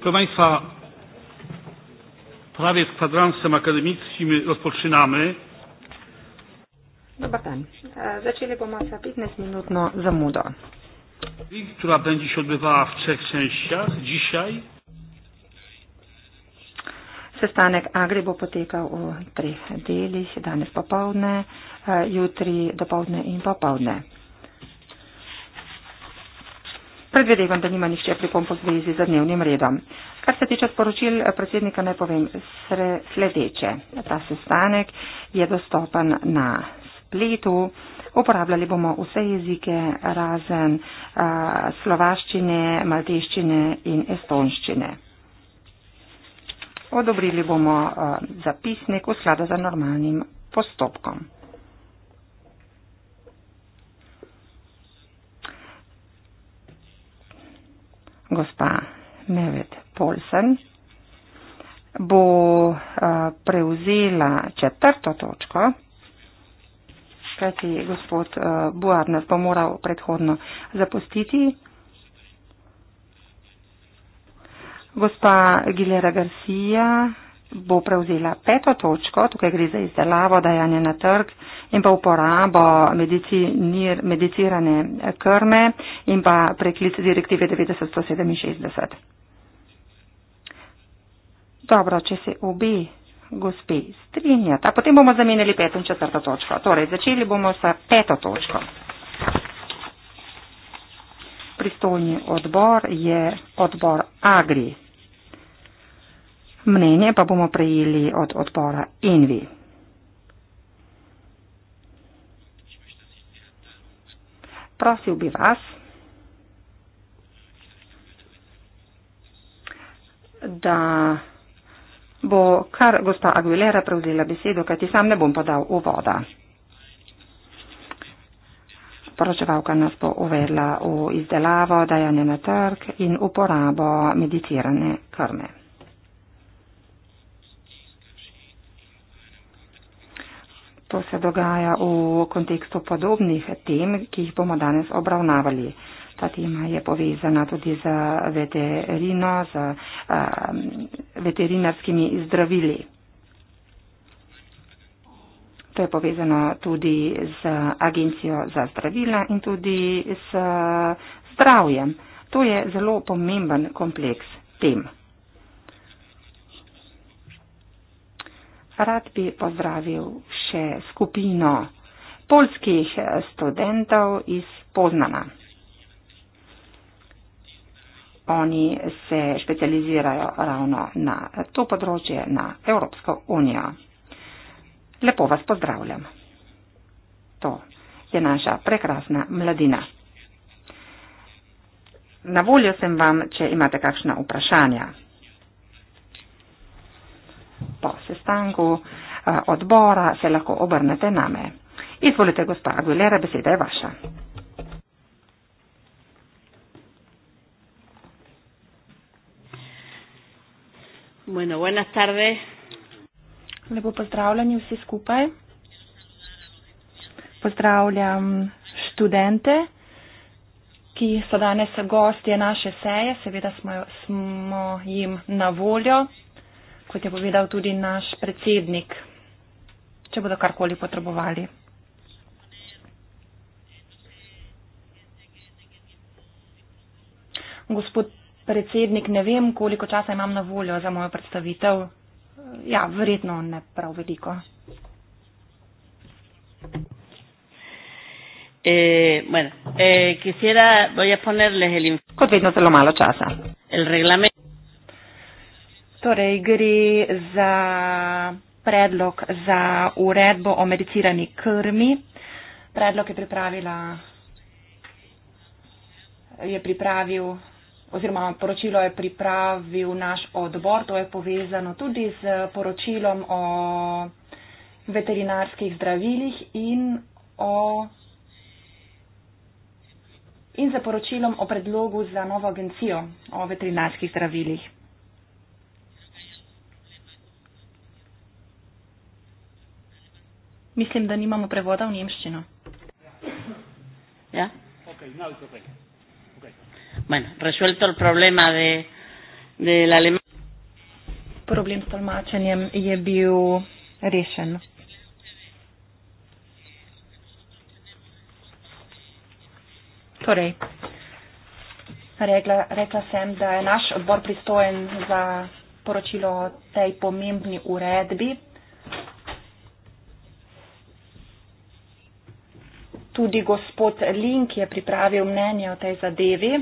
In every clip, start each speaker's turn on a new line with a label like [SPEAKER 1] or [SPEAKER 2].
[SPEAKER 1] Proszę Państwa, prawie z kwadransem akademickim rozpoczynamy. Dobra, ten.
[SPEAKER 2] Zaczęli po masa 15 minut no, za muda.
[SPEAKER 1] Która będzie się odbywała w trzech częściach dzisiaj?
[SPEAKER 2] Sestanek Agri bo potykał o trzech dni, danes popołudne, e, jutri do południa i popołudne. Predvedevam, da nima nišče pripomp v zvezi z dnevnim redom. Kar se tiče sporočil eh, predsednika, naj povem sledeče. Ta sestanek je dostopen na spletu. Uporabljali bomo vse jezike razen a, eh, slovaščine, malteščine in estonščine. Odobrili bomo a, eh, zapisnik v skladu za normalnim postopkom. gospa Meved Polsen, bo eh, prevzela četrto točko, kajti gospod eh, Buarnas bo moral predhodno zapustiti. Gospa Gilera Garcia bo prevzela peto točko, tukaj gre za izdelavo, dajanje na trg in pa uporabo medicirane eh, krme in pa preklic direktive 9067. Dobro, če se obe gospe strinjata, potem bomo zamenjali peto in četrto točko. Torej, začeli bomo s peto točko. Pristojni odbor je odbor Agri mnenje pa bomo prejeli od odbora Envi. Prosil bi vas, da bo kar gospa Aguilera prevzela besedo, kajti sam ne bom podal uvoda. Poročevalka nas bo uvedla v izdelavo, dajanje na trg in uporabo medicirane krme. To se dogaja v kontekstu podobnih tem, ki jih bomo danes obravnavali. Ta tema je povezana tudi z veterino, z um, veterinarskimi zdravili. To je povezano tudi z Agencijo za zdravila in tudi z zdravjem. To je zelo pomemben kompleks tem. rad bi pozdravil še skupino polskih studentov iz Poznana. Oni se specializirajo ravno na to področje, na Evropsko unijo. Lepo vas pozdravljam. To je naša prekrasna mladina. Na voljo sem vam, če imate kakšna vprašanja po sestanku eh, odbora se lahko obrnete name. Izvolite, gospa Aguilera, beseda je vaša.
[SPEAKER 3] Bueno, buenas tardes.
[SPEAKER 2] Lepo pozdravljeni vsi skupaj. Pozdravljam študente, ki so danes gostje naše seje. Seveda smo, smo jim na voljo kot je povedal tudi naš predsednik, če bodo karkoli potrebovali. Gospod predsednik, ne vem, koliko časa imam na voljo za mojo predstavitev.
[SPEAKER 4] Ja, verjetno
[SPEAKER 2] ne prav veliko.
[SPEAKER 3] Eh, bueno, eh, quisiera,
[SPEAKER 2] kot vedno zelo malo časa.
[SPEAKER 3] El reglame... Torej
[SPEAKER 2] gre za predlog za uredbo o medicirani krmi. Predlog je pripravila, je pripravil oziroma poročilo je pripravil naš odbor, to je povezano tudi z poročilom o veterinarskih zdravilih in o in za poročilom o predlogu za novo agencijo o veterinarskih zdravilih. Mislim, da nimamo
[SPEAKER 3] prevoda v nemščino. Ja?
[SPEAKER 4] No,
[SPEAKER 2] Problem s tolmačenjem je bil rešen. Torej, rekla, rekla sem, da je naš odbor pristojen za poročilo o tej pomembni uredbi, tudi gospod Link je pripravil mnenje o tej zadevi.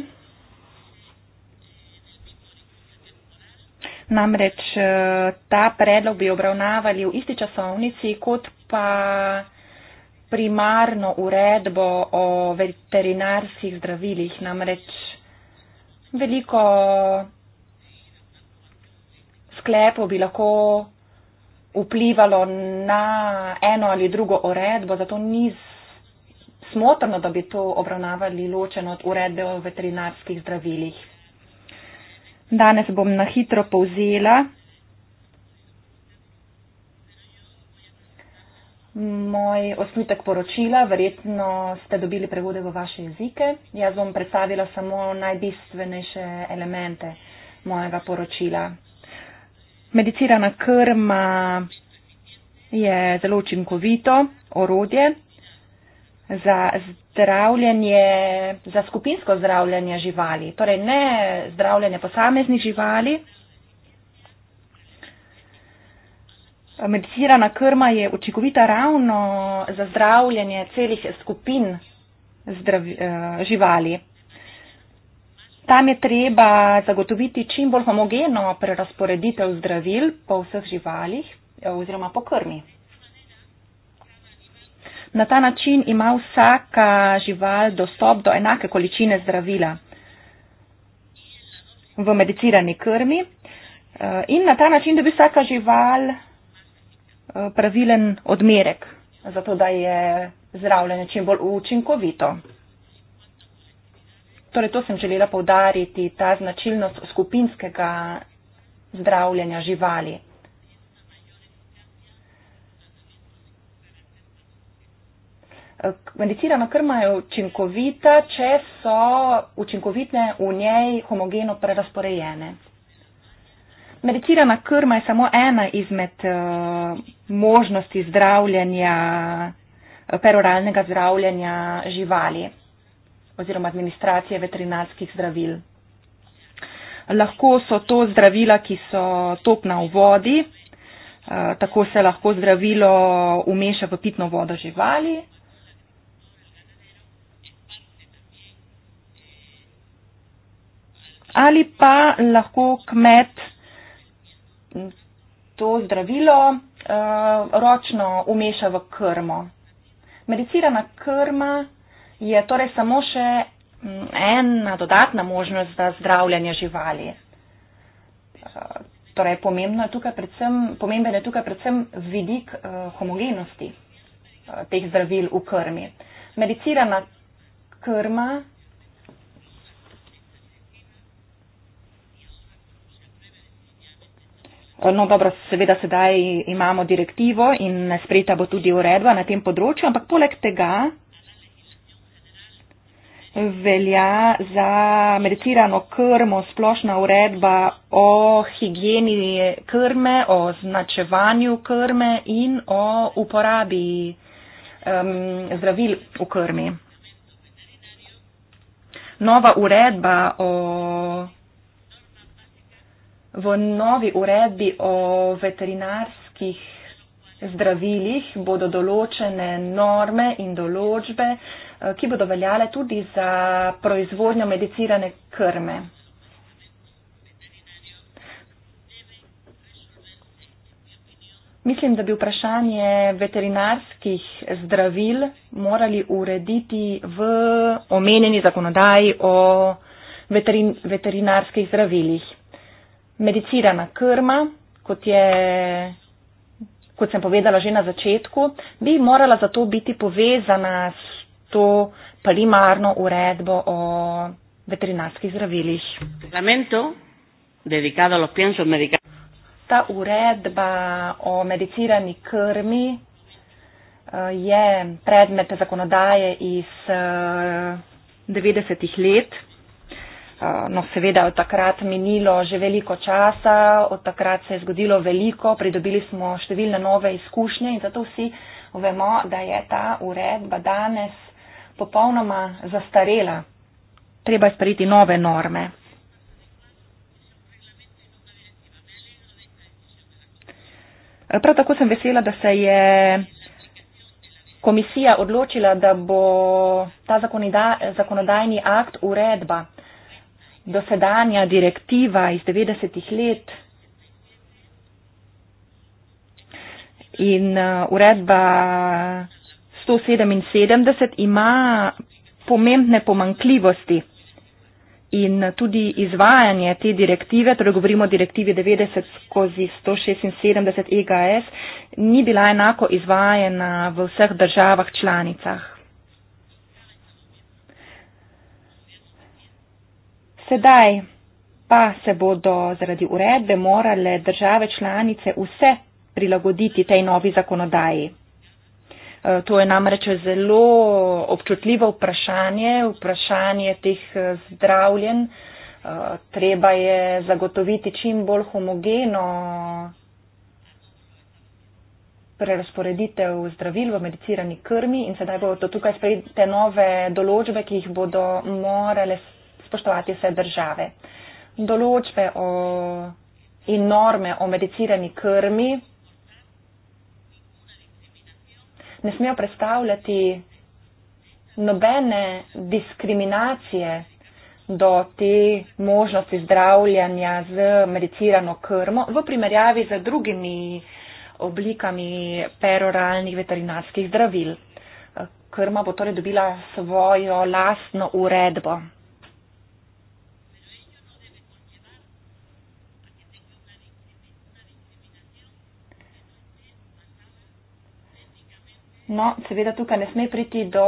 [SPEAKER 2] Namreč eh, ta predlog bi obravnavali v isti časovnici, kot pa primarno uredbo o veterinarskih zdravilih. Namreč veliko sklepov bi lahko vplivalo na eno ali drugo uredbo, zato ni smotrno, da bi to obravnavali ločeno od uredbe o veterinarskih zdravilih. Danes bom na hitro povzela. Moj osnutek poročila, verjetno ste dobili prevode v vaše jezike. Jaz bom predstavila samo najbistvenejše elemente mojega poročila. Medicirana krma je zelo učinkovito orodje, za zdravljenje, za skupinsko zdravljenje živali, torej ne zdravljenje posameznih živali. Medicirana krma je učinkovita ravno za zdravljenje celih skupin zdrav, eh, živali. Tam je treba zagotoviti čim bolj homogeno prerasporeditev zdravil po vseh živalih eh, oziroma po krmi. Na ta način ima vsaka žival dostop do enake količine zdravila v medicirani krmi eh, in na ta način dobi vsaka žival eh, pravilen odmerek, zato da je zdravljenje čim bolj učinkovito. Torej, to sem želela povdariti, ta značilnost skupinskega zdravljenja živali. Kondicirana krma je učinkovita, če so učinkovitne v njej homogeno prerasporejene. Medicirana krma je samo ena izmed uh, možnosti zdravljenja, eh, peroralnega zdravljenja živali oziroma administracije veterinarskih zdravil. Lahko so to zdravila, ki so topna v vodi, uh, tako se lahko zdravilo umeša v pitno vodo živali ali pa lahko kmet to zdravilo uh, ročno umeša v krmo. Medicirana krma je torej samo še mm, ena dodatna možnost za zdravljanje živali. Eh, torej, pomembno je tukaj predvsem, pomemben je tukaj predvsem vidik eh, homogenosti teh zdravil v krmi. Medicirana krma No, dobro, seveda sedaj imamo direktivo in sprejeta bo tudi uredba na tem področju, ampak poleg tega velja za medicirano krmo splošna uredba o higieni krme, o značevanju krme in o uporabi um, zdravil v krmi. Nova uredba o v novi uredbi o veterinarskih zdravilih bodo določene norme in določbe, eh, ki bodo veljale tudi za proizvodnjo medicirane krme. Mislim, da bi vprašanje veterinarskih zdravil morali urediti v omenjeni zakonodaji o veterin, veterinarskih zdravilih medicirana krma, kot, je, kot sem povedala že na začetku, bi morala zato biti povezana s to primarno uredbo o veterinarskih zdravilih. Ta uredba o medicirani krmi eh, je predmet zakonodaje iz 90-ih eh, let. Eh, no, seveda je od takrat minilo že veliko časa, od takrat se je zgodilo veliko, pridobili smo številne nove izkušnje in zato vsi vemo, da je ta uredba danes popolnoma zastarela. Treba je sprejeti nove norme. Prav tako sem vesela, da se je komisija odločila, da bo ta zakonodajni akt uredba dosedanja direktiva iz 90-ih let in uh, uredba 177 ima pomembne pomankljivosti in tudi izvajanje te direktive, torej govorimo o direktivi 90 skozi 176 EGS, ni bila enako izvajena v vseh državah članicah. Sedaj pa se bodo zaradi uredbe morale države članice vse prilagoditi tej novi zakonodaji. E, to je namreč zelo občutljivo vprašanje, vprašanje teh e, zdravljen. E, treba je zagotoviti čim bolj homogeno prerasporeditev zdravil v medicirani krmi in sedaj bodo tukaj sprejete nove določbe, ki jih bodo morale spoštovati vse države. Določbe o, in norme o medicirani krmi ne smejo predstavljati nobene diskriminacije do te možnosti zdravljanja z medicirano krmo v primerjavi z drugimi oblikami peroralnih veterinarskih zdravil. Krma bo torej dobila svojo lastno uredbo. No, seveda tukaj ne sme priti do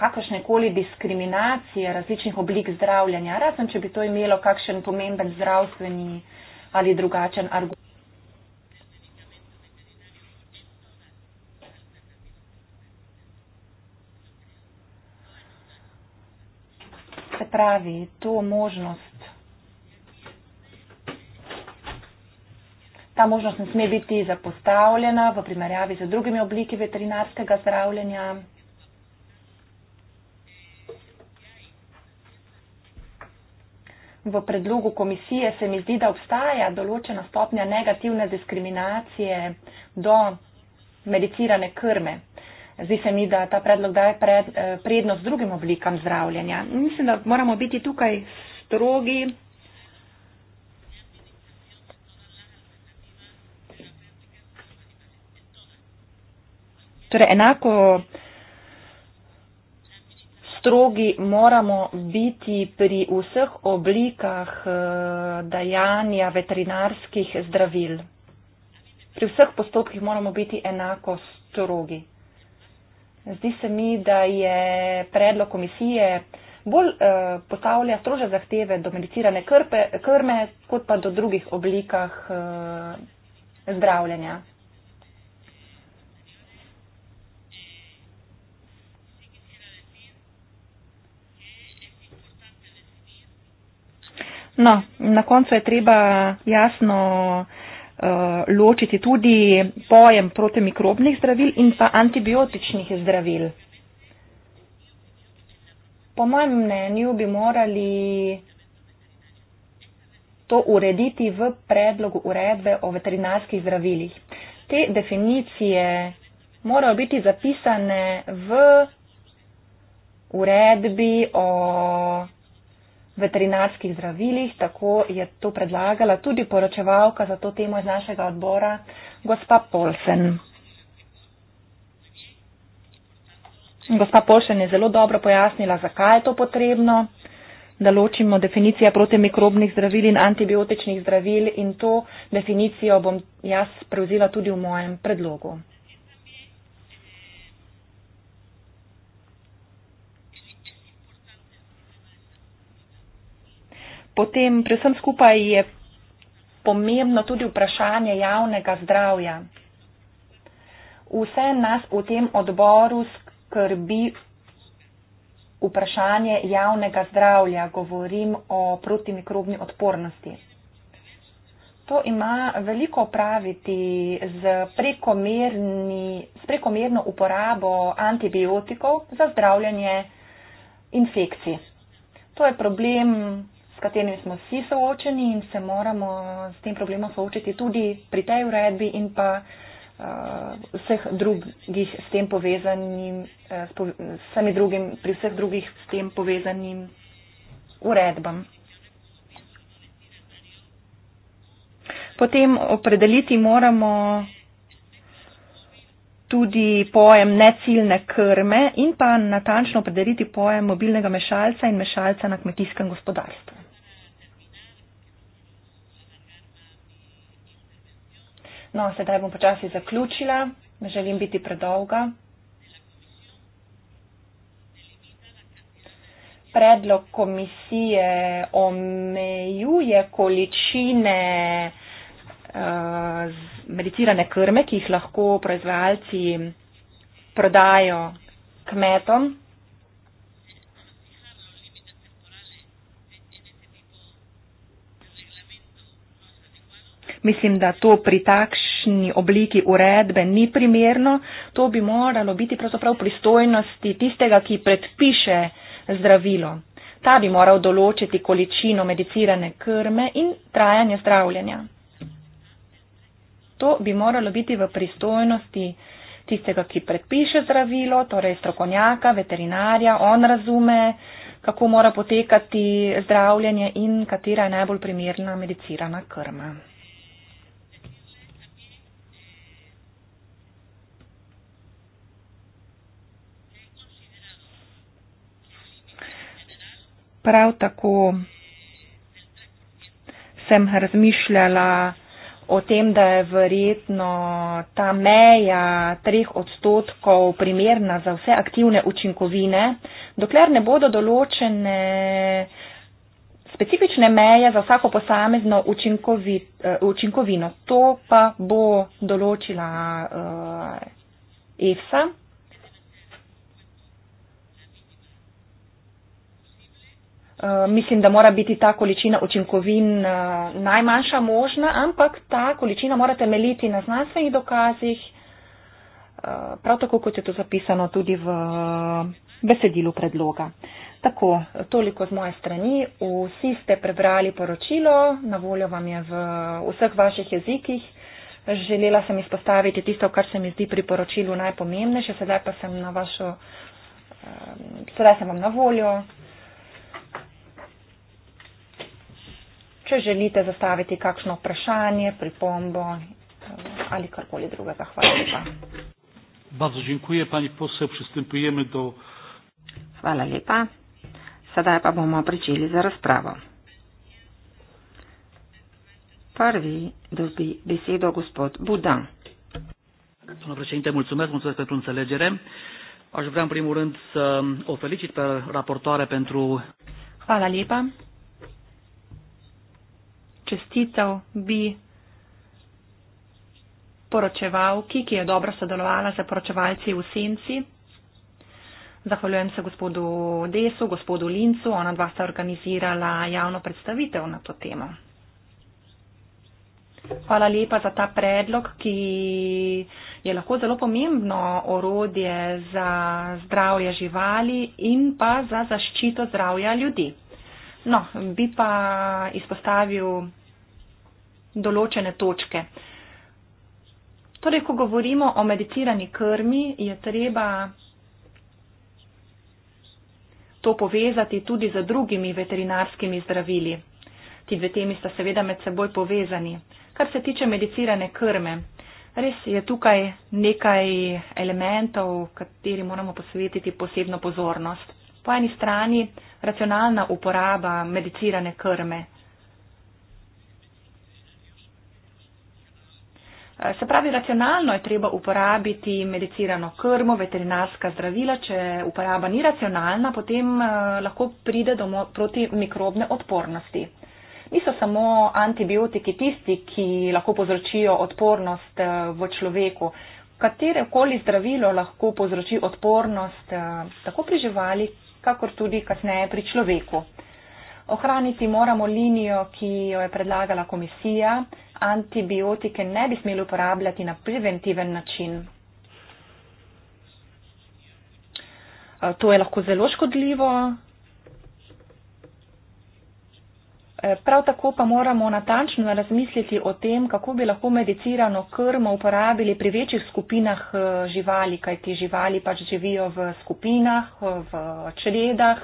[SPEAKER 2] kakršnekoli diskriminacije različnih oblik zdravljenja, razen če bi to imelo kakšen pomemben zdravstveni ali drugačen argument. Pravi, to možnost Ta možnost ne sme biti zapostavljena v primerjavi z drugimi obliki veterinarskega zdravljenja. V predlogu komisije se mi zdi, da obstaja določena stopnja negativne diskriminacije do medicirane krme. Zdi se mi, da ta predlog daje pred, eh, prednost drugim oblikam zdravljenja. Mislim, da moramo biti tukaj strogi Torej, enako strogi moramo biti pri vseh oblikah eh, dajanja veterinarskih zdravil. Pri vseh postopkih moramo biti enako strogi. Zdi se mi, da je predlog komisije bolj uh, postavlja strože zahteve do medicirane krpe, krme, kot pa do drugih oblikah uh, zdravljenja. No, na koncu je treba jasno uh, ločiti tudi pojem protimikrobnih zdravil in pa antibiotičnih zdravil. Po mojem mnenju bi morali to urediti v predlogu uredbe o veterinarskih zdravilih. Te definicije morajo biti zapisane v uredbi o veterinarskih zdravilih, tako je to predlagala tudi poročevalka za to temo iz našega odbora, gospa Polsen. Gospa Polsen je zelo dobro pojasnila, zakaj je to potrebno, da ločimo definicijo protimikrobnih zdravil in antibiotičnih zdravil in to definicijo bom jaz prevzela tudi v mojem predlogu. Potem, predvsem skupaj je pomembno tudi vprašanje javnega zdravja. Vse nas v tem odboru skrbi vprašanje javnega zdravja, govorim o protimikrobni odpornosti. To ima veliko praviti z, z prekomerno uporabo antibiotikov za zdravljanje infekcij. To je problem s katerimi smo vsi soočeni in se moramo s tem problemom soočiti tudi pri tej uredbi in pa uh, vseh drugih s tem povezanim, uh, eh, sami drugim, pri vseh drugih s tem povezanim uredbam. Potem opredeliti moramo tudi pojem neciljne krme in pa natančno opredeliti pojem mobilnega mešalca in mešalca na kmetijskem gospodarstvu. No, sedaj bom počasi zaključila, ne želim biti predolga. Predlog komisije omejuje količine uh, medicirane krme, ki jih lahko proizvajalci prodajo kmetom. Mislim, da to pri takšnih takšni obliki uredbe ni primerno, to bi moralo biti pravzaprav pristojnosti tistega, ki predpiše zdravilo. Ta bi moral določiti količino medicirane krme in trajanje zdravljenja. To bi moralo biti v pristojnosti tistega, ki predpiše zdravilo, torej strokovnjaka, veterinarja, on razume, kako mora potekati zdravljenje in katera je najbolj primerna medicirana krma. prav tako sem razmišljala o tem, da je verjetno ta meja treh odstotkov primerna za vse aktivne učinkovine, dokler ne bodo določene specifične meje za vsako posamezno učinkovi, eh, učinkovino. To pa bo določila uh, eh, EFSA. Eh, mislim, da mora biti ta količina učinkovin eh, najmanjša možna, ampak ta količina mora temeljiti na znanstvenih dokazih, eh, prav tako kot je to zapisano tudi v besedilu predloga. Tako, toliko z moje strani. Vsi ste prebrali poročilo, na voljo vam je v vseh vaših jezikih. Želela sem izpostaviti tisto, kar se mi zdi pri poročilu najpomembnejše, sedaj pa sem na vašo, sedaj sem vam na voljo. če želite zastaviti kakšno vprašanje, pripombo eh, ali karkoli drugega. Hvala lepa.
[SPEAKER 1] Bardzo dziękuję pani
[SPEAKER 2] poseł. Przystępujemy do. Hvala lepa. Sedaj pa bomo pričeli za razpravo. Prvi dobi besedo gospod Buda. Doamna președinte, mulțumesc, mulțumesc pentru înțelegere. Aș vrea în primul rând să o felicit pe raportoare pentru. Hvala lepa čestital bi poročevalki, ki je dobro sodelovala z poročevalci v Senci. Zahvaljujem se gospodu Desu, gospodu Lincu, ona dva sta organizirala javno predstavitev na to temo. Hvala lepa za ta predlog, ki je lahko zelo pomembno orodje za zdravje živali in pa za zaščito zdravja ljudi. No, bi pa izpostavil določene točke. Torej, ko govorimo o medicirani krmi, je treba to povezati tudi z drugimi veterinarskimi zdravili. Ti dve temi sta seveda med seboj povezani. Kar se tiče medicirane krme, res je tukaj nekaj elementov, kateri moramo posvetiti posebno pozornost po eni strani racionalna uporaba medicirane krme. Eh, se pravi, racionalno je treba uporabiti medicirano krmo, veterinarska zdravila. Če uporaba ni racionalna, potem eh, lahko pride do proti mikrobne odpornosti. Niso samo antibiotiki tisti, ki lahko povzročijo odpornost eh, v človeku. Katerekoli zdravilo lahko povzroči odpornost tako pri živali kakor tudi kasneje pri človeku. Ohraniti moramo linijo, ki jo je predlagala komisija. Antibiotike ne bi smeli uporabljati na preventiven način. E, to je lahko zelo škodljivo, Eh, prav tako pa moramo natančno razmisliti o tem, kako bi lahko medicirano krmo uporabili pri večjih skupinah eh, živali, kajti živali pač živijo v skupinah, eh, v čredah.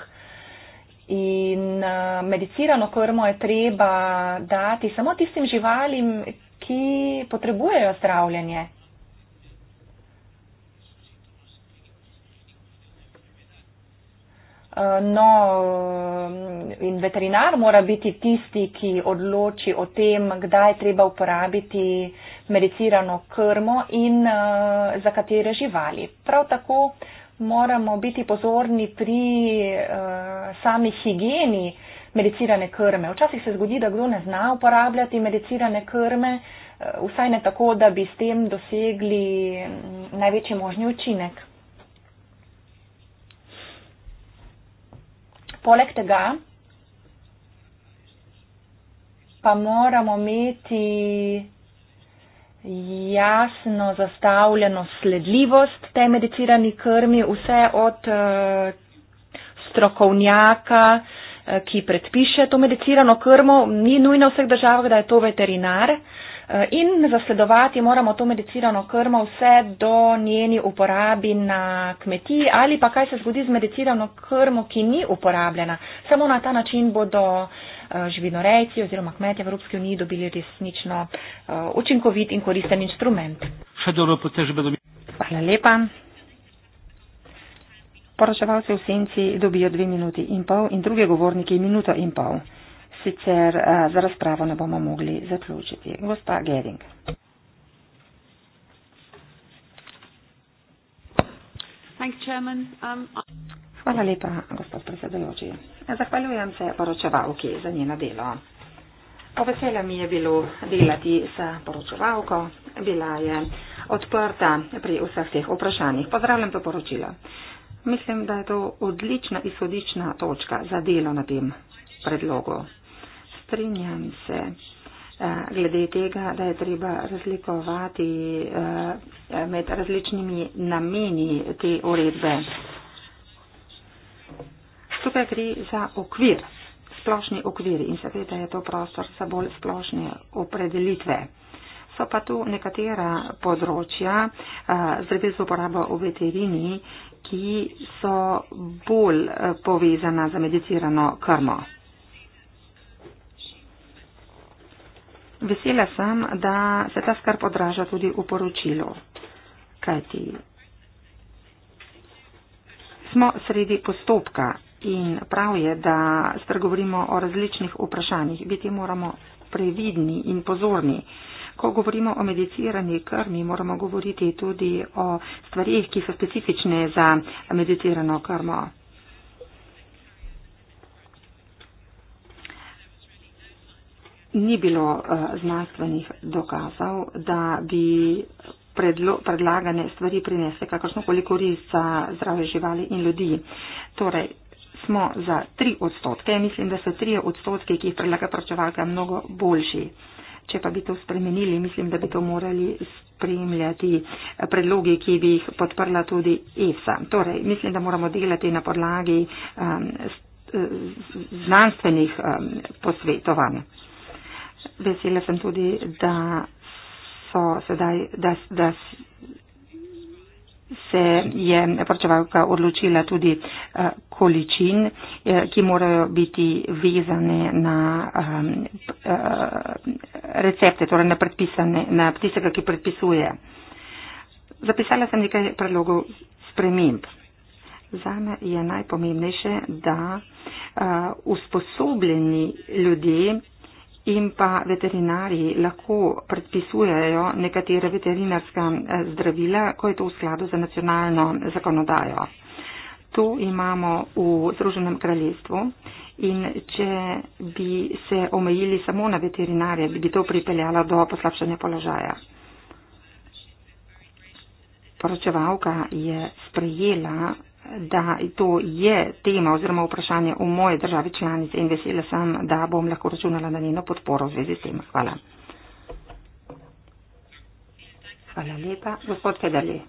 [SPEAKER 2] In medicirano krmo je treba dati samo tistim živalim, ki potrebujejo zdravljenje, Eh, no, eh, in veterinar mora biti tisti, ki odloči o tem, kdaj je treba uporabiti medicirano krmo in eh, za katere živali. Prav tako moramo biti pozorni pri sami higieni medicirane krme. Včasih se zgodi, da kdo ne zna uporabljati medicirane krme, vsaj ne tako, da bi s tem dosegli mm, največji možni učinek. poleg tega pa moramo imeti jasno zastavljeno sledljivost te medicirani krmi, vse od eh, strokovnjaka, eh, ki predpiše to medicirano krmo, ni nujno v vseh državah, da je to veterinar, uh, Eh, in zasledovati moramo to medicirano krmo vse do njeni uporabi na kmetiji ali pa kaj se zgodi z medicirano krmo, ki ni uporabljena. Samo na ta način bodo eh, živinorejci oziroma kmetje Evropske unije dobili resnično eh, učinkovit in koristen instrument. Hvala lepa. Poročevalce v senci dobijo dve minuti in pol in druge govornike minuto in pol sicer eh, za razpravo ne bomo mogli zaključiti. Gospa Geding. Um, Hvala lepa, gospod predsedujoči. Zahvaljujem se poročevalki za njeno delo. Poveselja mi je bilo delati s poročevalko, bila je odprta pri vseh teh vprašanjih. Pozdravljam to poročilo. Mislim, da je to odlična izhodična točka za delo na tem predlogu strinjam se eh, glede tega, da je treba razlikovati eh, med različnimi nameni te uredbe. Tukaj gre za okvir, splošni okvir in seveda je to prostor za bolj splošne opredelitve. So pa tu nekatera področja eh, z revizijo uporabo v veterini, ki so bolj povezana za medicirano krmo. Vesela sem, da se ta skrb odraža tudi v poročilu, kajti smo sredi postopka in prav je, da spregovorimo o različnih vprašanjih. Biti moramo previdni in pozorni. Ko govorimo o medicirani krmi, moramo govoriti tudi o stvarih, ki so specifične za medicirano krmo. ni bilo uh, znanstvenih dokazov, da bi predlagane stvari prinesle kakršnokoli korist za zdrave živali in ljudi. Torej, smo za tri odstotke, mislim, da so tri odstotke, ki jih predlaga pročevalka, mnogo boljši. Če pa bi to spremenili, mislim, da bi to morali spremljati eh, predlogi, ki bi jih podprla tudi EFSA. Torej, mislim, da moramo delati na podlagi um, znanstvenih um, posvetovanj. Vesela sem tudi, da so sedaj, da, da se je vrčevalka odločila tudi eh, količin, eh, ki morajo biti vezane na ehm, eh, recepte, torej na predpisane, na tistega, ki predpisuje. Zapisala sem nekaj predlogov sprememb. Zame je najpomembnejše, da uh, usposobljeni ljudje in pa veterinari lahko predpisujejo nekatere veterinarska eh, zdravila, ko je to v skladu za nacionalno zakonodajo. To imamo v Združenem kraljestvu in če bi se omejili samo na veterinarje, bi to pripeljalo do poslabšanja položaja. Poročevalka je sprejela da to je tema oziroma vprašanje v moje državi članice in vesela sem, da bom lahko računala na njeno podporo v zvezi s tem. Hvala. Hvala lepa. Gospod Federli.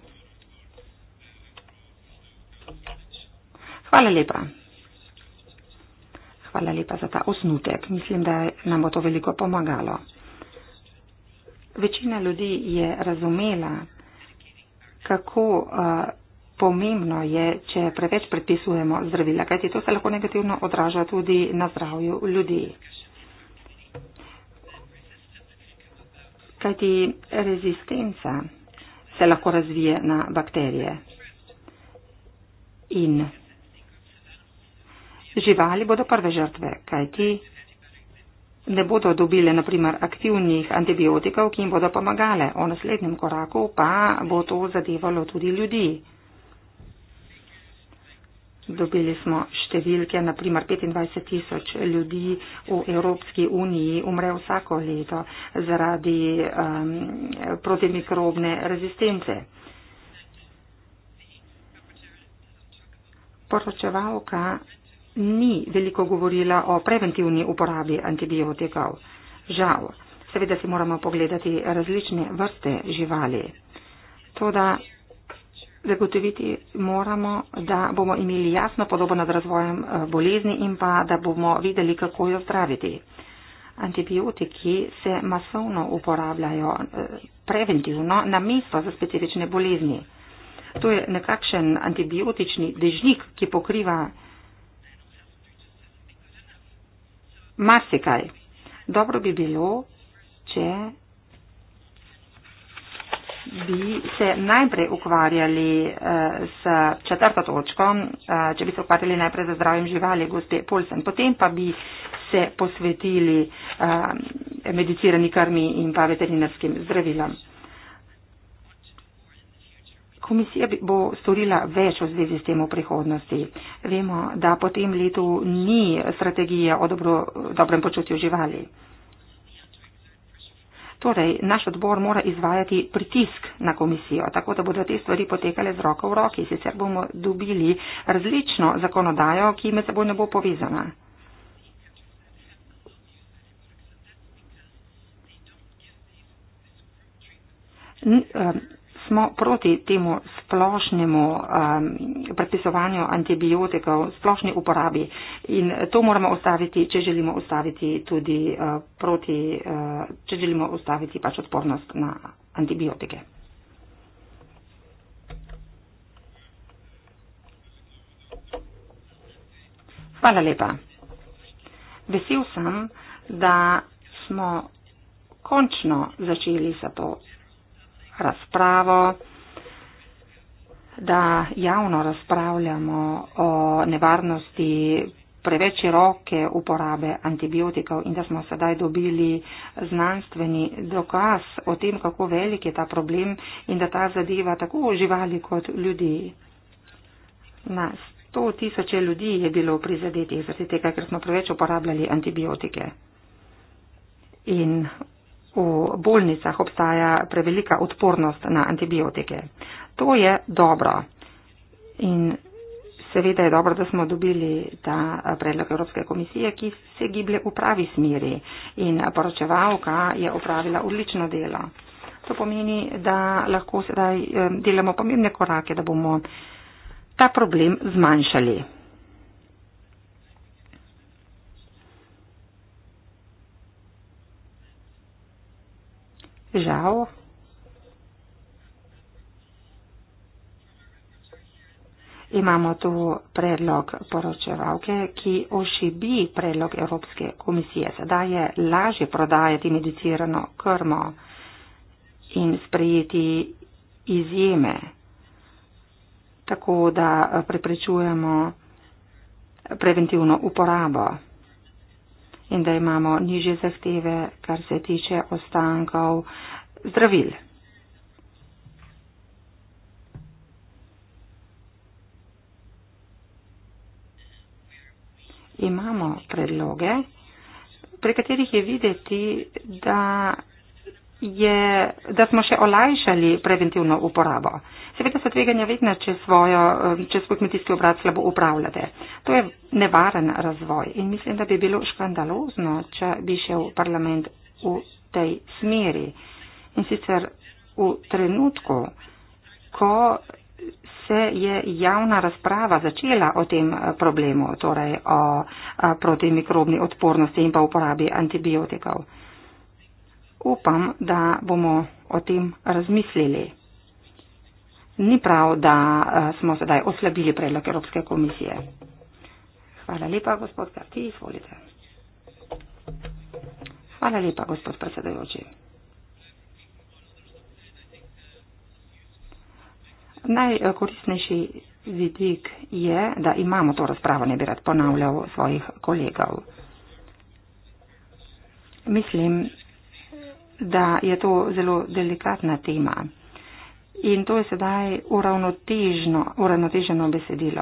[SPEAKER 2] Hvala lepa. Hvala lepa za ta osnutek. Mislim, da nam bo to veliko pomagalo. Večina ljudi je razumela, kako uh, pomembno je, če preveč predpisujemo zdravila, kajti to se lahko negativno odraža tudi na zdravju ljudi. Kajti rezistenca se lahko razvije na bakterije. In živali bodo prve žrtve, kajti ne bodo dobile naprimer aktivnih antibiotikov, ki jim bodo pomagale. O naslednjem koraku pa bo to zadevalo tudi ljudi. Dobili smo številke, naprimer 25 tisoč ljudi v Evropski uniji umre vsako leto zaradi um, protimikrobne rezistence. Poročevalka ni veliko govorila o preventivni uporabi antibiotikov. Žal, seveda si moramo pogledati različne vrste živali. Toda zagotoviti moramo, da bomo imeli jasno podobo nad razvojem eh, bolezni in pa da bomo videli, kako jo zdraviti. Antibiotiki se masovno uporabljajo eh, preventivno na mesto za specifične bolezni. To je nekakšen antibiotični dežnik, ki pokriva marsikaj. Dobro bi bilo, če bi se najprej ukvarjali eh, s četrto točko, eh, če bi se ukvarjali najprej za zdravjem živali, gospe Polsen, potem pa bi se posvetili eh, medicirani krmi in pa veterinarskim zdravilom. Komisija bo storila več v zvezi s tem v prihodnosti. Vemo, da po tem letu ni strategija o dobro, dobrem počutju živali. Torej, naš odbor mora izvajati pritisk na komisijo, tako da bodo te stvari potekale z roko v roki, sicer bomo dobili različno zakonodajo, ki med seboj ne bo povezana. N uh, smo proti temu splošnemu um, predpisovanju antibiotikov, splošni uporabi in to moramo ustaviti, če želimo ustaviti tudi uh, proti, uh, če želimo ustaviti pač odpornost na antibiotike. Hvala lepa. Vesel sem, da smo končno začeli sa to razpravo, da javno razpravljamo o nevarnosti preveč roke uporabe antibiotikov in da smo sedaj dobili znanstveni dokaz o tem, kako velik je ta problem in da ta zadeva tako živali kot ljudi. Na sto tisoče ljudi je bilo prizadetih zaradi tega, ker smo preveč uporabljali antibiotike. In v bolnicah obstaja prevelika odpornost na antibiotike. To je dobro. In seveda je dobro, da smo dobili ta eh, predlog Evropske komisije, ki se giblje v pravi smeri. In poročevalka je opravila odlično delo. To pomeni, da lahko sedaj eh, delamo pomembne korake, da bomo ta problem zmanjšali. žal. Imamo tu predlog poročevalke, ki ošibi predlog Evropske komisije. Sedaj je lažje prodajati medicirano krmo in sprejeti izjeme, tako da preprečujemo preventivno uporabo in da imamo niže zahteve, kar se tiče ostankov zdravil. Imamo predloge, pri katerih je videti, da je, da smo še olajšali preventivno uporabo. Seveda so tveganja vedno, če, svojo, eh, če svoj kmetijski obrat slabo upravljate. To je nevaren razvoj in mislim, da bi bilo škandalozno, če bi šel parlament v tej smeri. In sicer v trenutku, ko se je javna razprava začela o tem eh, problemu, torej o eh, protimikrobni odpornosti in pa uporabi antibiotikov upam, da bomo o tem razmislili. Ni prav, da eh, smo sedaj oslabili predlog Evropske komisije. Hvala lepa, gospod Karti, izvolite. Hvala lepa, gospod predsedajoči. Najkoristnejši vidik je, da imamo to razpravo, ne bi rad ponavljal svojih kolegov. Mislim, da je to zelo delikatna tema. In to je sedaj uravnoteženo besedilo.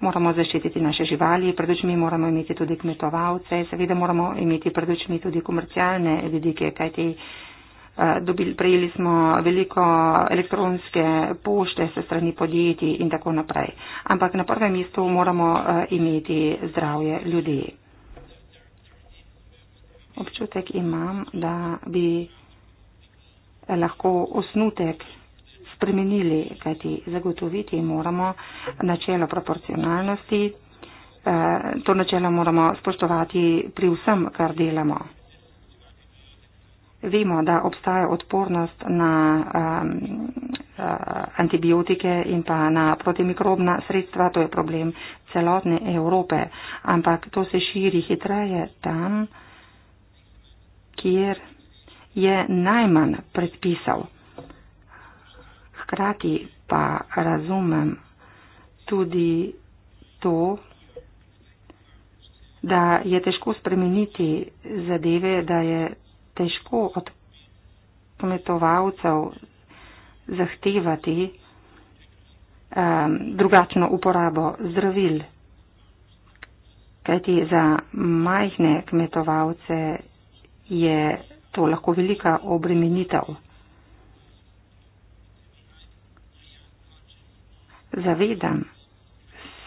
[SPEAKER 2] Moramo zaščititi naše živali, pred očmi moramo imeti tudi kmetovalce, seveda moramo imeti pred očmi tudi komercialne vidike, kajti eh, dobili, prejeli smo veliko elektronske pošte se strani podjetij in tako naprej. Ampak na prvem mestu moramo eh, imeti zdravje ljudi občutek imam, da bi lahko osnutek spremenili, kajti zagotoviti moramo načelo proporcionalnosti. Eh, to načelo moramo spoštovati pri vsem, kar delamo. Vemo, da obstaja odpornost na um, antibiotike in pa na protimikrobna sredstva, to je problem celotne Evrope, ampak to se širi hitreje tam, kjer je najmanj predpisal. Hkrati pa razumem tudi to, da je težko spremeniti zadeve, da je težko od kmetovalcev zahtevati um, drugačno uporabo zdravil. Kajti za majhne kmetovalce je to lahko velika obremenitev. Zavedam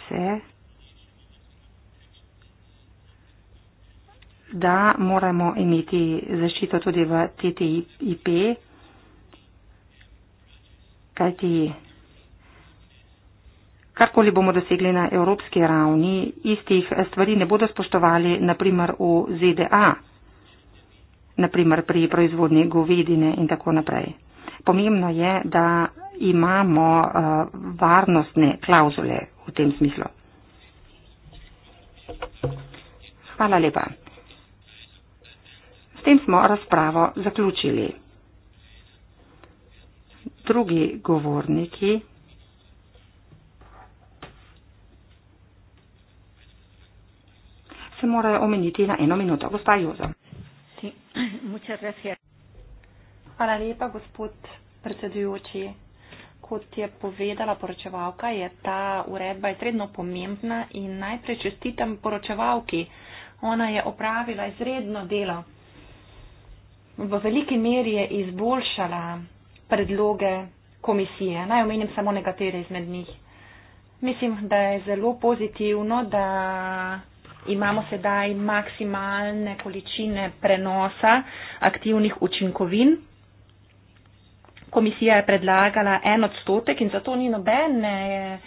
[SPEAKER 2] se, da moramo imeti zaščito tudi v TTIP, kajti karkoli bomo dosegli na evropski ravni, istih stvari ne bodo spoštovali, naprimer v ZDA naprimer pri proizvodnji govedine in tako naprej. Pomembno je, da imamo uh, varnostne klauzule v tem smislu. Hvala lepa. S tem smo razpravo zaključili. Drugi govorniki. se morajo omeniti na eno minuto. Gospa Jozo. Sí, muchas gracias. Hvala lepa, gospod predsedujoči. Kot je povedala poročevalka, je ta uredba izredno pomembna in najprej čestitam poročevalki. Ona je opravila izredno delo. V veliki meri je izboljšala predloge komisije. Naj omenim samo nekatere izmed njih. Mislim, da je zelo pozitivno, da imamo sedaj maksimalne količine prenosa aktivnih učinkovin. Komisija je predlagala en odstotek in zato ni nobene eh,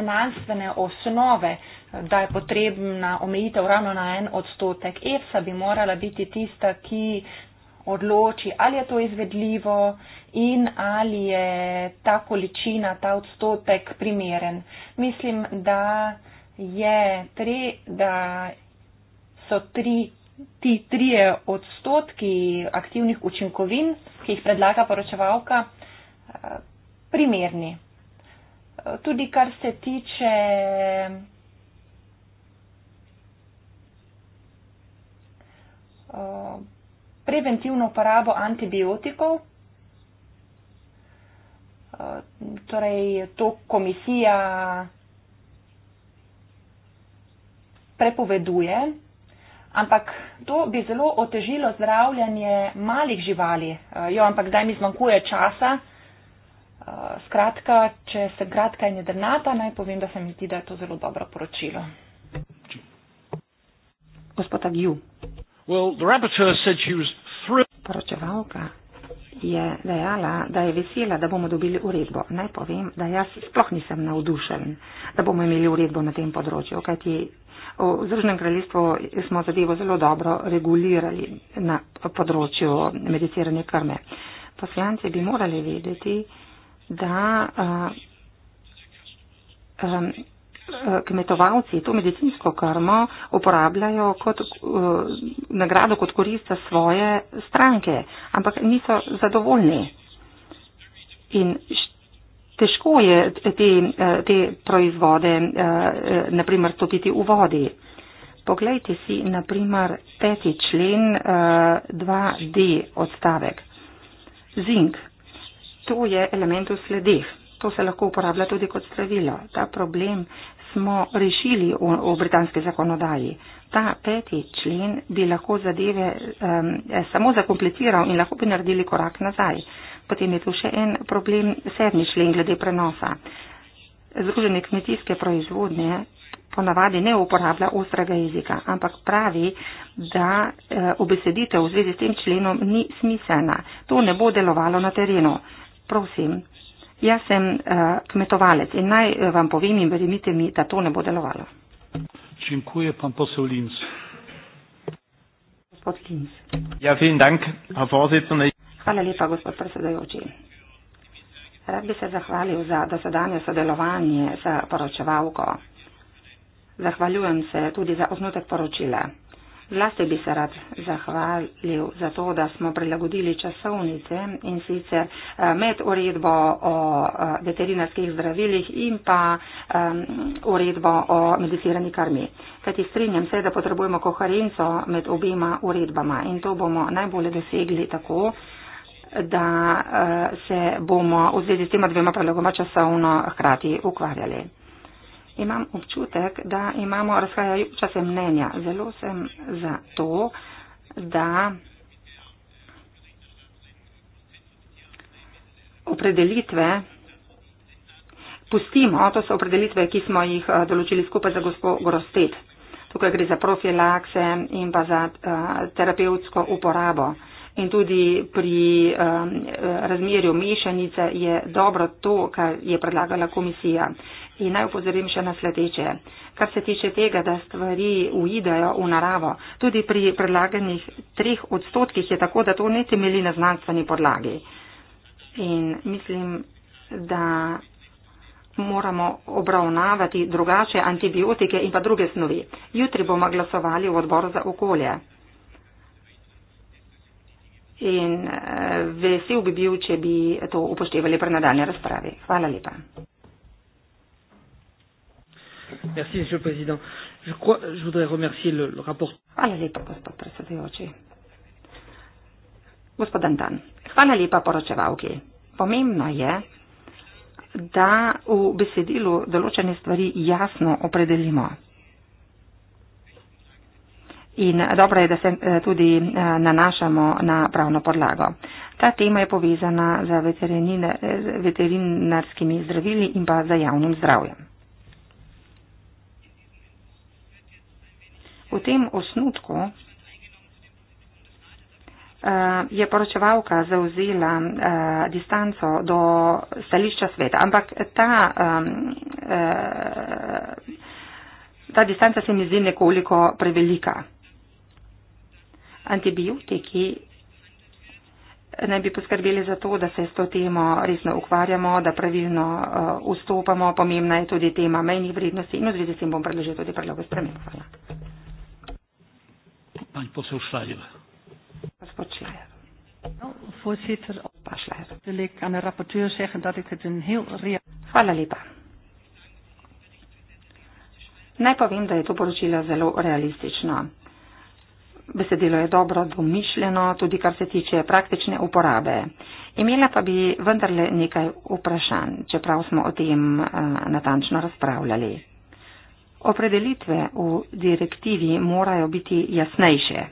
[SPEAKER 2] znanstvene osnove, eh, da je potrebna omejitev ravno na en odstotek. EFSA bi morala biti tista, ki odloči, ali je to izvedljivo in ali je ta količina, ta odstotek primeren. Mislim, da je tri, da so tri, ti trije odstotki aktivnih učinkovin, ki jih predlaga poročevalka, eh, primerni. Eh, tudi kar se tiče eh, preventivno uporabo antibiotikov, torej to komisija prepoveduje, ampak to bi zelo otežilo zdravljanje malih živali. Eh, jo, ampak daj mi zmanjkuje časa. Eh, skratka, če sem kratka in jedrnata, naj povem, da se mi zdi, da je to zelo dobro poročilo. Gospod Agiu. Well, Poročevalka je dejala, da je vesela, da bomo dobili uredbo. Naj povem, da jaz sploh nisem navdušen, da bomo imeli uredbo na tem področju, kajti V Združenem kraljestvu smo zadevo zelo dobro regulirali na področju medicirane krme. Poslanci bi morali vedeti, da eh, eh, eh, kmetovalci to medicinsko krmo uporabljajo kot nagrado, kot korist za svoje stranke, ampak niso zadovoljni. In težko je te, eh, te proizvode eh, eh, naprimer topiti v vodi. Poglejte si naprimer peti člen 2D odstavek. Zink. To je element v sledih. To se lahko uporablja tudi kot zdravilo. Ta problem smo rešili v, v britanski zakonodaji. Ta peti člen bi lahko zadeve um, samo zakompliciral in lahko bi naredili korak nazaj. Uh, Potem je tu še en problem, sedmi člen glede prenosa. Združene kmetijske proizvodnje ponavadi ne uporablja ostrega jezika, ampak pravi, da eh, obesedite v zvezi s tem členom ni smiselna. To ne bo delovalo na terenu. Prosim, jaz sem eh, kmetovalec in naj eh, vam povem in verjemite mi, da to ne bo delovalo.
[SPEAKER 1] Činkuje pan posel Linz. Gospod Linz. Ja, vielen dank, Herr Vorsitzende.
[SPEAKER 2] Hvala lepa, gospod predsedajoči. Rad bi se zahvalil za dosedanje sodelovanje s poročevalko. Zahvaljujem se tudi za osnutek poročila. Vlasti bi se rad zahvalil za to, da smo prilagodili časovnice in sicer eh, med uredbo o eh, veterinarskih zdravilih in pa uredbo o medicirani karmi. Kajti strinjam se, da potrebujemo koherenco med obima uredbama in to bomo najbolje dosegli tako, da eh, se bomo v zvezi s tema dvema predlogoma časovno hkrati ukvarjali. Imam občutek, da imamo razhajajoča se mnenja. Zelo sem za to, da opredelitve pustimo, to so opredelitve, ki smo jih eh, določili skupaj za gospo Grostet. Tukaj gre za profilakse in pa za eh, terapevtsko uporabo. In tudi pri um, razmerju mešanice je dobro to, kar je predlagala komisija. In naj upozorim še na sledeče. Kar se tiče tega, da stvari uidejo v naravo, tudi pri predlaganih treh odstotkih je tako, da to ne temeli na znanstveni podlagi. In mislim, da moramo obravnavati drugače antibiotike in pa druge snovi. Jutri bomo glasovali v odboru za okolje in eh, vesel bi bil, če bi to upoštevali pri nadaljni razpravi. Hvala lepa. Merci, monsieur le président. Je, crois, je voudrais remercier le, le rapport. Hvala lepa, gospod predsedujoči. Gospod Antan, hvala lepa poročevalki. Pomembno je, da v besedilu določene stvari jasno opredelimo in dobro je, da se eh, tudi eh, nanašamo na pravno podlago. Ta tema je povezana z veterinarskimi zdravili in pa za javnim zdravjem. V tem osnutku eh, je poročevalka zauzela distanco do stališča sveta, ampak ta, ta distanca se mi zdi nekoliko prevelika antibiotiki naj bi poskrbeli za to, da se s to temo resno ukvarjamo, da pravilno eh, vstopamo. Pomembna je tudi tema mejnih vrednosti in v zvezi s tem bom predložil tudi predlog sprememb. Hvala. No, Hvala lepa. Naj povem, da je to poročilo zelo realistično besedilo je dobro domišljeno, tudi kar se tiče praktične uporabe. Imela pa bi vendarle nekaj vprašanj, čeprav smo o tem eh, natančno razpravljali. Opredelitve v direktivi morajo biti jasnejše.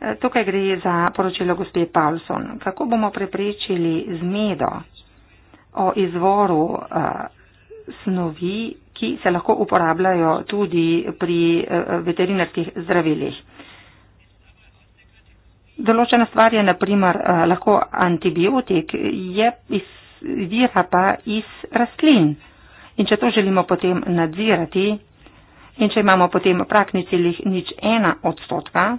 [SPEAKER 2] Eh, tukaj gre za poročilo gospe Paulson. Kako bomo preprečili zmedo o izvoru uh, snovi ki se lahko uporabljajo tudi pri eh, veterinarskih zdravilih. Določena stvar je naprimer eh, lahko antibiotik, je izvira pa iz rastlin. In če to želimo potem nadzirati in če imamo potem prakni celih nič ena odstotka,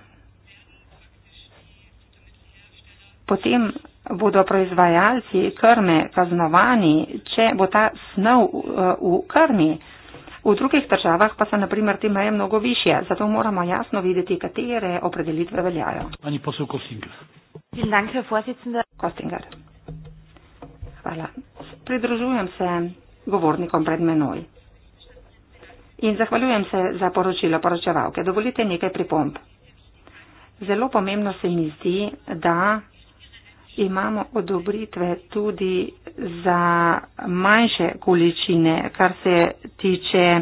[SPEAKER 2] potem bodo proizvajalci krme kaznovani, če bo ta snov eh, v krmi. V drugih državah pa so, naprimer, te meje mnogo više, zato moramo jasno videti, katere opredelitve veljajo. Ani posel Kostinger. Dank, Kostinger. Hvala. Pridružujem se govornikom pred menoj. In zahvaljujem se za poročilo poročevalke. Dovolite nekaj pripomb. Zelo pomembno se mi zdi, da imamo odobritve tudi za manjše količine, kar se tiče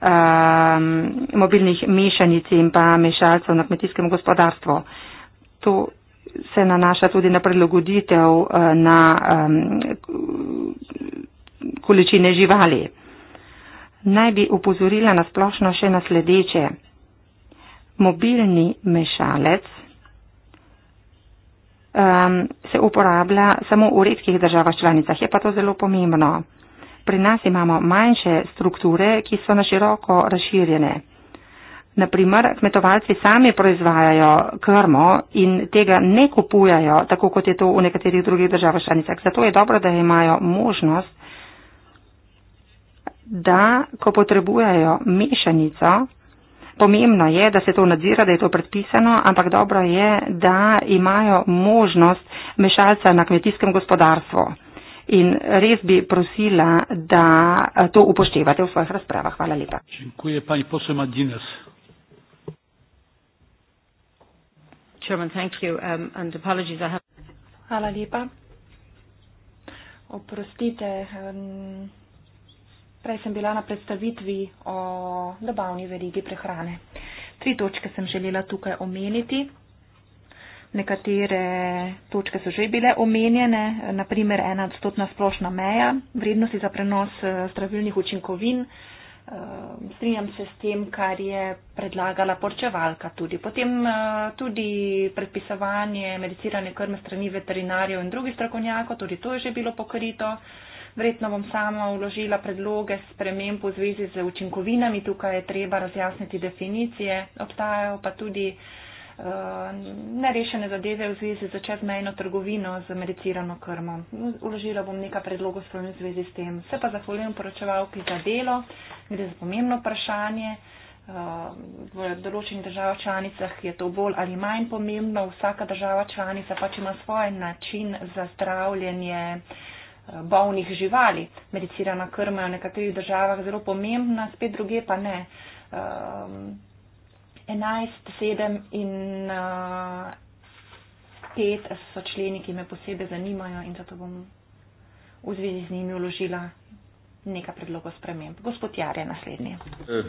[SPEAKER 2] um, mobilnih mešanic in pa mešalcev na kmetijskem gospodarstvu. To se nanaša tudi na prilagoditev uh, na um, količine živali. Naj bi upozorila na splošno še na sledeče. Mobilni mešalec um, se uporablja samo v redkih državah članicah. Je pa to zelo pomembno. Pri nas imamo manjše strukture, ki so na široko razširjene. Naprimer, kmetovalci sami proizvajajo krmo in tega ne kupujajo, tako kot je to v nekaterih drugih državah članicah. Zato je dobro, da imajo možnost, da ko potrebujejo mešanico, Pomembno je, da se to nadzira, da je to predpisano, ampak dobro je, da imajo možnost mešalca na kmetijskem gospodarstvu. In res bi prosila, da to upoštevate v svojih razpravah. Hvala lepa. Um, Hvala lepa. Oprostite. Um... Prej sem bila na predstavitvi o dobavni verigi prehrane. Tri točke sem želela tukaj omeniti. Nekatere točke so že bile omenjene, naprimer ena odstotna splošna meja, vrednosti za prenos eh, zdravilnih učinkovin. Eh, strinjam se s tem, kar je predlagala porčevalka tudi. Potem eh, tudi predpisovanje medicirane krme strani veterinarjev in drugih strokovnjakov, tudi to je že bilo pokrito. Verjetno bom sama uložila predloge sprememb v zvezi z učinkovinami, tukaj je treba razjasniti definicije, obstajajo pa tudi uh, nerešene zadeve v zvezi z čezmejno trgovino z medicirano krmo. Uložila bom nekaj predlogov sprememb v zvezi s tem. Se pa zahvaljujem poročevalki za delo, gre za pomembno vprašanje. Eh, v določenih državah članicah je to bolj ali manj pomembno, vsaka država članica pač ima svoj način za zdravljenje bolnih živali. Medicirana krma je v nekaterih državah zelo pomembna, spet druge pa ne. Um, 11, 7 in uh, 5 so členi, ki me posebej zanimajo in zato bom v zvezi z njimi vložila nekaj predlogov sprememb. Gospod Jar je naslednji. Äh,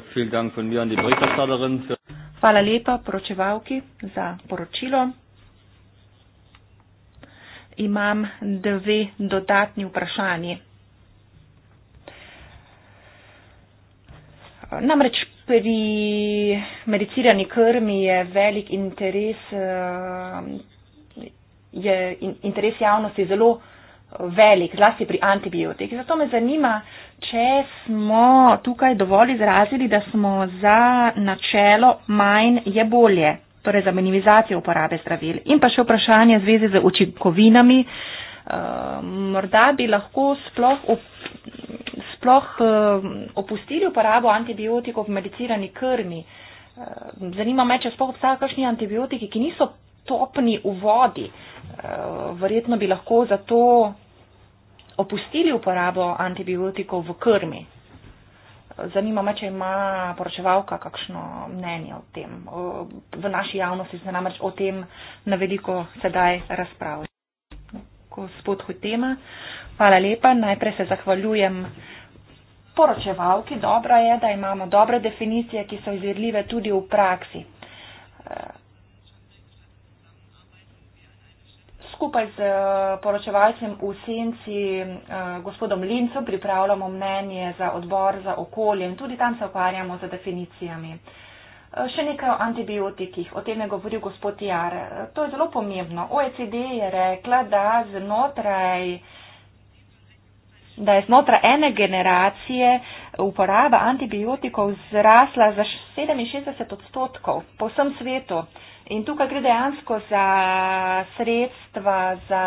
[SPEAKER 2] Hvala lepa poročevalki za poročilo imam dve dodatni vprašanji. Namreč pri medicirani krmi je velik interes, eh, je interes javnosti zelo velik, zlasti pri antibiotikih. Zato me zanima, če smo tukaj dovolj izrazili, da smo za načelo manj je bolje torej za minimizacijo uporabe zdravil. In pa še vprašanje v zvezi z učinkovinami. Ehm, morda bi lahko sploh, op, sploh ehm, opustili uporabo antibiotikov v medicirani krmi. Ehm, zanima me, če sploh obstajajo kakšni antibiotiki, ki niso topni v vodi. Verjetno bi lahko zato opustili uporabo antibiotikov v krmi. Zanima me, če ima poročevalka kakšno mnenje o tem. V naši javnosti se namreč o tem na veliko sedaj razpravlja. Gospod Hutema, hvala lepa. Najprej se zahvaljujem poročevalki. Dobro je, da imamo dobre definicije, ki so izvedljive tudi v praksi. skupaj z eh, poročevalcem v senci eh, gospodom Lincom pripravljamo mnenje za odbor za okolje in tudi tam se ukvarjamo z definicijami. Eh, še nekaj o antibiotikih, o tem je govoril gospod Jar. To je zelo pomembno. OECD je rekla, da, znotraj, da je znotraj ene generacije uporaba antibiotikov zrasla za 67 odstotkov po vsem svetu. In tukaj gre dejansko za sredstva, za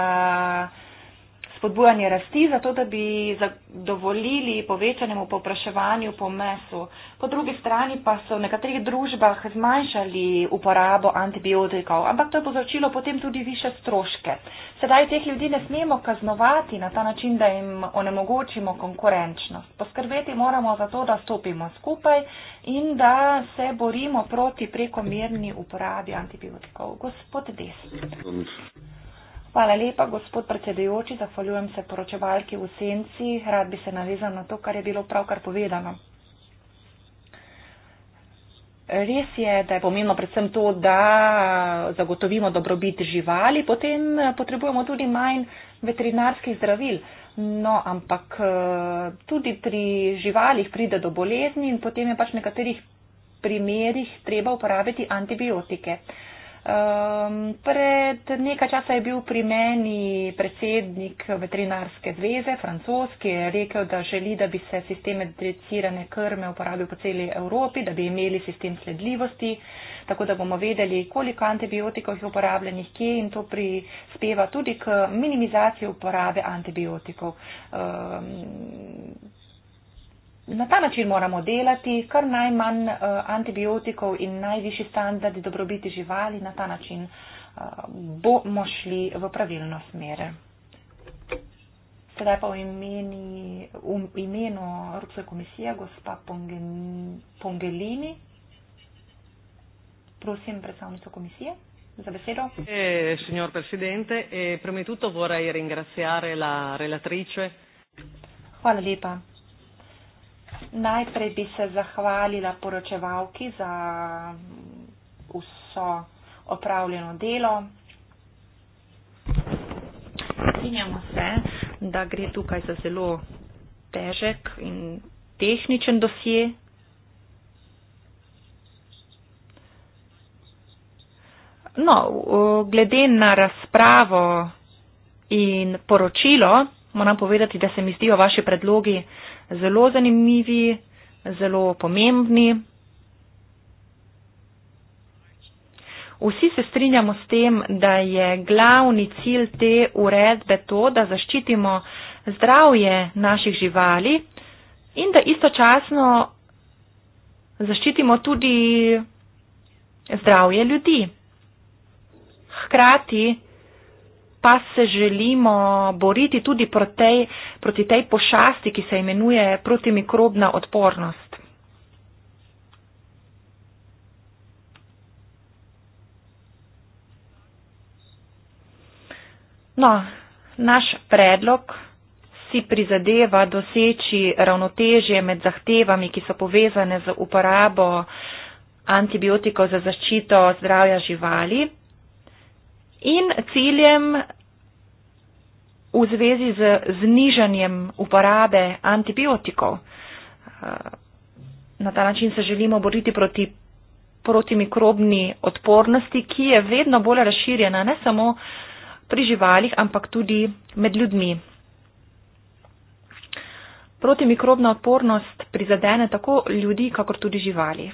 [SPEAKER 2] spodbujanje rasti, zato da bi zadovoljili povečanemu popraševanju po mesu. Po drugi strani pa so v nekaterih družbah zmanjšali uporabo antibiotikov, ampak to je povzročilo potem tudi više stroške. Sedaj teh ljudi ne smemo kaznovati na ta način, da jim onemogočimo konkurenčnost. Poskrbeti moramo za to, da stopimo skupaj in da se borimo proti prekomerni uporabi antibiotikov. Gospod
[SPEAKER 4] Desni.
[SPEAKER 2] Hvala lepa, gospod predsedujoči. Zahvaljujem se poročevalki v senci. Rad bi se navezal na to, kar je bilo pravkar povedano. Res je, da je pomembno predvsem to, da zagotovimo dobrobit živali, potem potrebujemo tudi manj veterinarskih zdravil. No, ampak eh, tudi pri živalih pride do bolezni in potem je pač v nekaterih primerjih treba uporabiti antibiotike. Uh, Um, pred nekaj časa je bil pri meni predsednik veterinarske zveze, francos, ki je rekel, da želi, da bi se sistem medicirane krme uporabil po celi Evropi, da bi imeli sistem sledljivosti, tako da bomo vedeli, koliko antibiotikov je uporabljenih kje in to prispeva tudi k minimizaciji uporabe antibiotikov. Um, Na ta način moramo delati, kar najmanj eh, antibiotikov in najvišji standardi dobrobiti živali, na ta način eh, bomo šli v pravilno smer. Sedaj pa v, imeni, v imenu Evropske komisije, gospa Pongelini, prosim predstavnico komisije. Za besedo. Eh, Hvala lepa. Najprej bi se zahvalila poročevalki za vso opravljeno delo. Strinjamo se, da gre tukaj za zelo težek in tehničen dosje. No, glede na razpravo in poročilo, moram povedati, da se mi zdijo vaši predlogi uh, zelo zanimivi, zelo pomembni. Vsi se strinjamo s tem, da je glavni cilj te uredbe to, da zaščitimo zdravje naših živali in da istočasno zaščitimo tudi zdravje ljudi. Hkrati pa se želimo boriti tudi protej, proti tej pošasti, ki se imenuje protimikrobna odpornost. No, naš predlog si prizadeva doseči ravnotežje med zahtevami, ki so povezane z uporabo antibiotikov za zaščito zdravja živali In ciljem v zvezi z znižanjem uporabe antibiotikov. Na ta način se želimo boriti proti protimikrobni odpornosti, ki je vedno bolj razširjena ne samo pri živalih, ampak tudi med ljudmi. Protimikrobna odpornost prizadene tako ljudi, kakor tudi živali.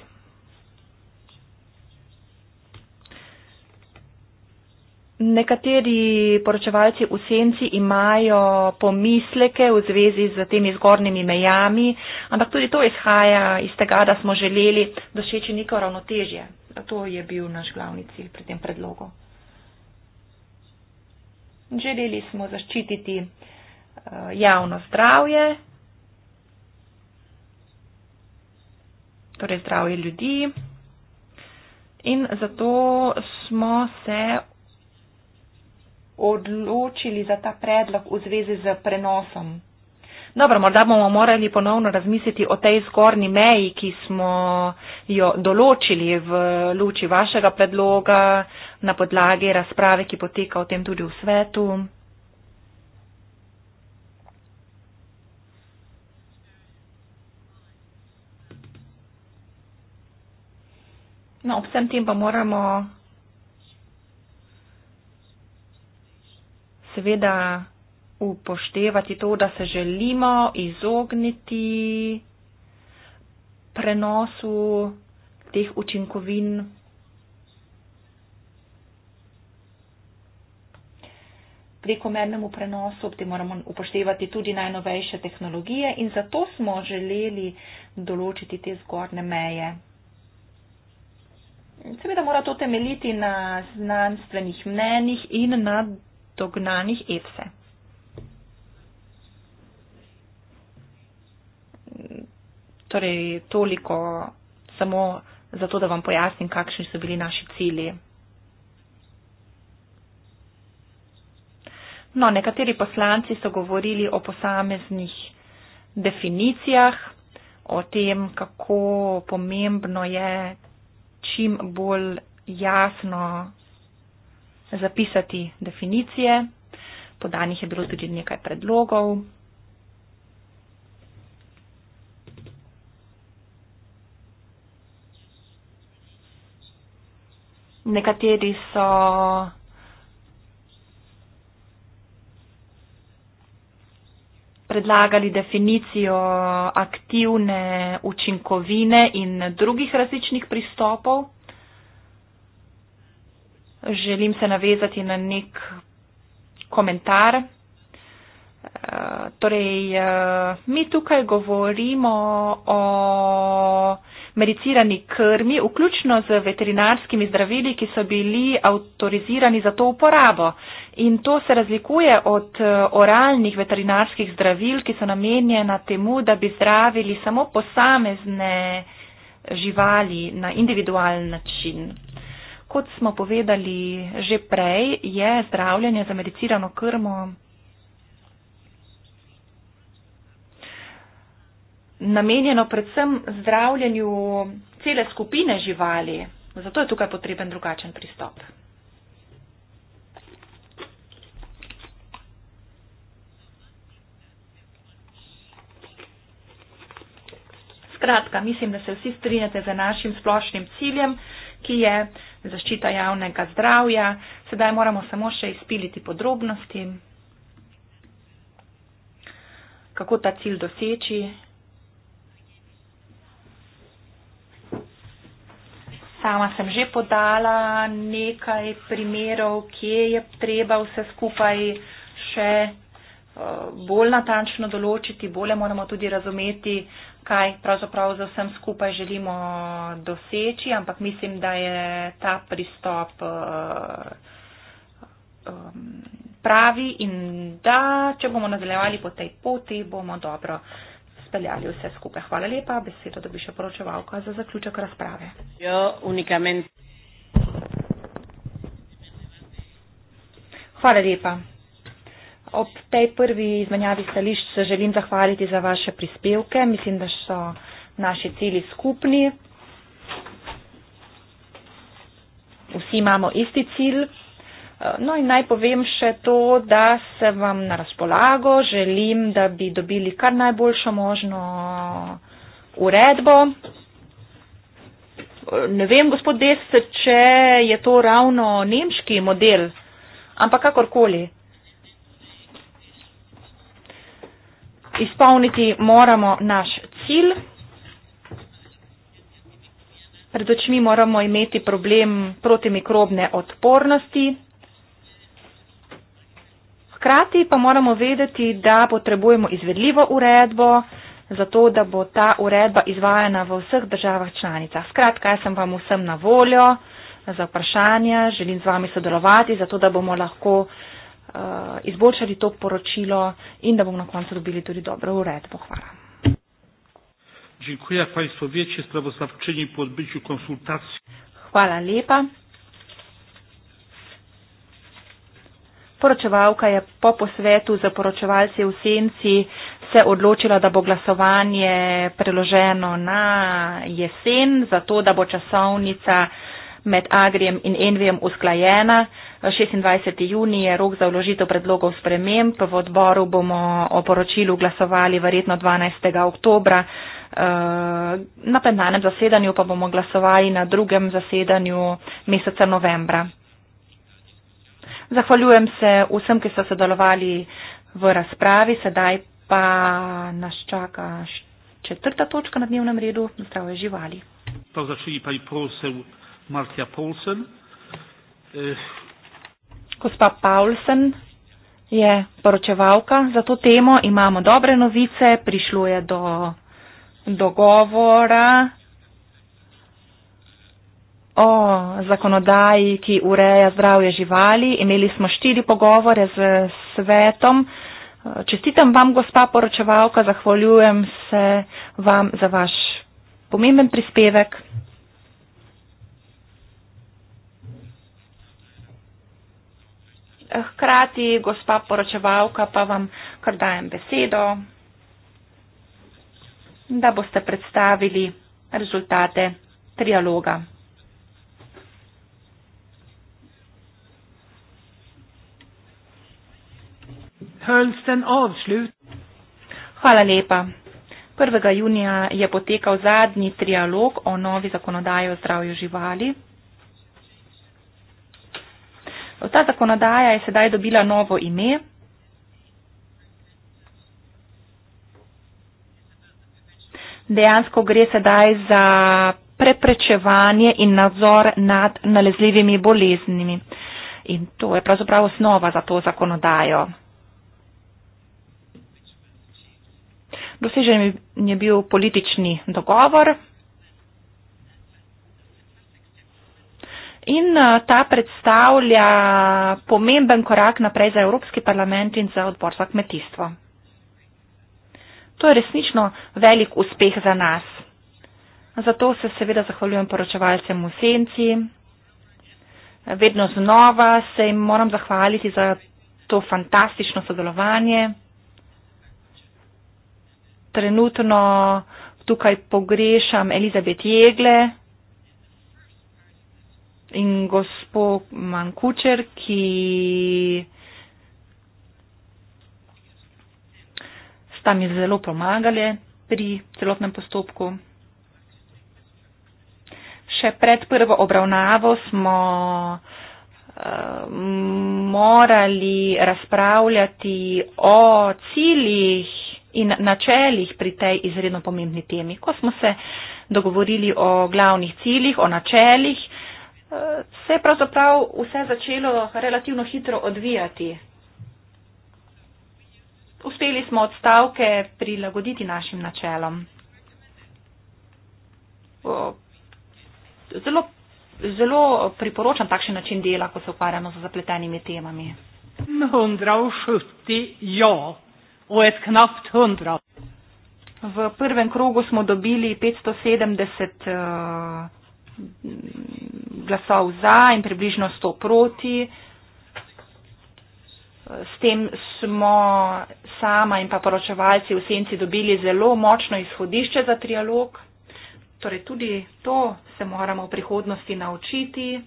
[SPEAKER 2] Nekateri poročevalci v senci imajo pomisleke v zvezi z temi zgornjimi mejami, ampak tudi to izhaja iz tega, da smo želeli doseči neko ravnotežje. To je bil naš glavni cilj pri tem predlogu. Želeli smo zaščititi eh, javno zdravje, torej zdravje ljudi. In zato smo se odločili za ta predlog v zvezi z prenosom. Dobro, morda bomo morali ponovno razmisliti o tej zgornji meji, ki smo jo določili v luči vašega predloga na podlagi razprave, ki poteka o tem tudi v svetu. No, ob vsem tem pa moramo seveda upoštevati to, da se želimo izogniti prenosu teh učinkovin. Prekomernemu prenosu, ob tem moramo upoštevati tudi najnovejše tehnologije in zato smo želeli določiti te zgornje meje. Seveda mora to temeljiti na znanstvenih mnenjih in na dognanih Efse. Torej, toliko samo zato, da vam pojasnim, kakšni so bili naši cilji. No, nekateri poslanci so govorili o posameznih definicijah, o tem, kako pomembno je čim bolj jasno zapisati definicije, podanih je bilo tudi nekaj predlogov. Nekateri so predlagali definicijo aktivne učinkovine in drugih različnih pristopov želim se navezati na nek komentar. Eh, torej, eh, mi tukaj govorimo o medicirani krmi, vključno z veterinarskimi zdravili, ki so bili avtorizirani za to uporabo. In to se razlikuje od eh, oralnih veterinarskih zdravil, ki so namenjena temu, da bi zdravili samo posamezne živali na individualen način kot smo povedali že prej, je zdravljenje za medicirano krmo namenjeno predvsem zdravljenju cele skupine živali. Zato je tukaj potreben drugačen pristop. Skratka, mislim, da se vsi strinjate za našim splošnim ciljem, ki je zaščita javnega zdravja. Sedaj moramo samo še izpiliti podrobnosti, kako ta cilj doseči. Sama sem že podala nekaj primerov, kje je treba vse skupaj še eh, bolj natančno določiti, bolje moramo tudi razumeti, kaj pravzaprav za vsem skupaj želimo doseči, ampak mislim, da je ta pristop eh, eh, pravi in da, če bomo nadaljevali po tej poti, bomo dobro speljali vse skupaj. Hvala lepa, besedo dobi še poročevalka za zaključek razprave.
[SPEAKER 3] Jo, unikament.
[SPEAKER 2] Hvala lepa. Ob tej prvi izmenjavi stališč se želim zahvaliti za vaše prispevke. Mislim, da so naši cilji skupni. Vsi imamo isti cilj. No in naj povem še to, da se vam na razpolago želim, da bi dobili kar najboljšo možno uredbo. Ne vem, gospod Des, če je to ravno nemški model, ampak kakorkoli. izpolniti moramo naš cilj. Pred očmi moramo imeti problem protimikrobne odpornosti. Hkrati pa moramo vedeti, da potrebujemo izvedljivo uredbo, zato da bo ta uredba izvajana v vseh državah članicah. Skratka, jaz sem vam vsem na voljo za vprašanja, želim z vami sodelovati, zato da bomo lahko. Eh, izboljšali to poročilo in da bomo na koncu dobili tudi dobro uredbo. Hvala. Hvala lepa. Poročevalka je po posvetu za poročevalce v Senci se odločila, da bo glasovanje preloženo na jesen, zato da bo časovnica med Agrijem in Envijem usklajena. 26. juni je rok za vložitev predlogov sprememb. V odboru bomo o poročilu glasovali verjetno 12. oktobra. Eh, na plenarnem zasedanju pa bomo glasovali na drugem zasedanju meseca novembra. Zahvaljujem se vsem, ki so sodelovali v razpravi. Sedaj pa nas čaka četrta točka na dnevnem redu, zdravje živali.
[SPEAKER 1] Pa začeli pa je prosil Martija Polsen. Eh.
[SPEAKER 2] Gospa Paulsen je poročevalka za to temo. Imamo dobre novice, prišlo je do dogovora o zakonodaji, ki ureja zdravje živali. Imeli smo štiri pogovore z svetom. Čestitam vam, gospa poročevalka, zahvaljujem se vam za vaš pomemben prispevek. hkrati, gospa poročevalka, pa vam kar dajem besedo, da boste predstavili rezultate trialoga. Hvala lepa. 1. junija je potekal zadnji trialog o novi zakonodaji o zdravju živali. Ta zakonodaja je sedaj dobila novo ime. Dejansko gre sedaj za preprečevanje in nadzor nad nalezljivimi boleznimi. In to je pravzaprav osnova za to zakonodajo. Dosežen je bil politični dogovor. In eh, ta predstavlja pomemben korak naprej za Evropski parlament in za odbor za kmetijstvo. To je resnično velik uspeh za nas. Zato se seveda zahvaljujem poročevalcem v senci. Vedno znova se jim moram zahvaliti za to fantastično sodelovanje. Trenutno tukaj pogrešam Elizabet Jegle, in gospo Mankučer, ki sta mi zelo pomagali pri celotnem postopku. Še pred prvo obravnavo smo eh, morali razpravljati o ciljih in načeljih pri tej izredno pomembni temi. Ko smo se dogovorili o glavnih ciljih, o načeljih, se je pravzaprav vse začelo relativno hitro odvijati. Uspeli smo odstavke prilagoditi našim načelom. Zelo, zelo priporočam takšen način dela, ko se ukvarjamo z zapletenimi temami. Ja. V prvem krogu smo dobili 570 uh, glasov za in približno 100 proti. S tem smo sama in pa poročevalci v senci dobili zelo močno izhodišče za trialog. Torej tudi to se moramo v prihodnosti naučiti.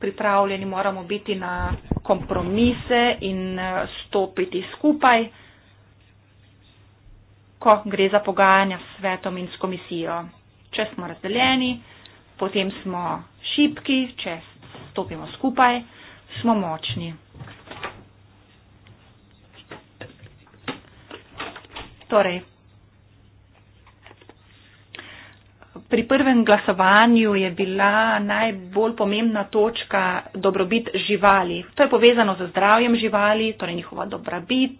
[SPEAKER 2] Pripravljeni moramo biti na kompromise in eh, stopiti skupaj, ko gre za pogajanja s svetom in s komisijo. Če smo razdeljeni, potem smo šipki, če stopimo skupaj, smo močni. Torej, pri prvem glasovanju je bila najbolj pomembna točka dobrobit živali. To je povezano z zdravjem živali, torej njihova dobrobit.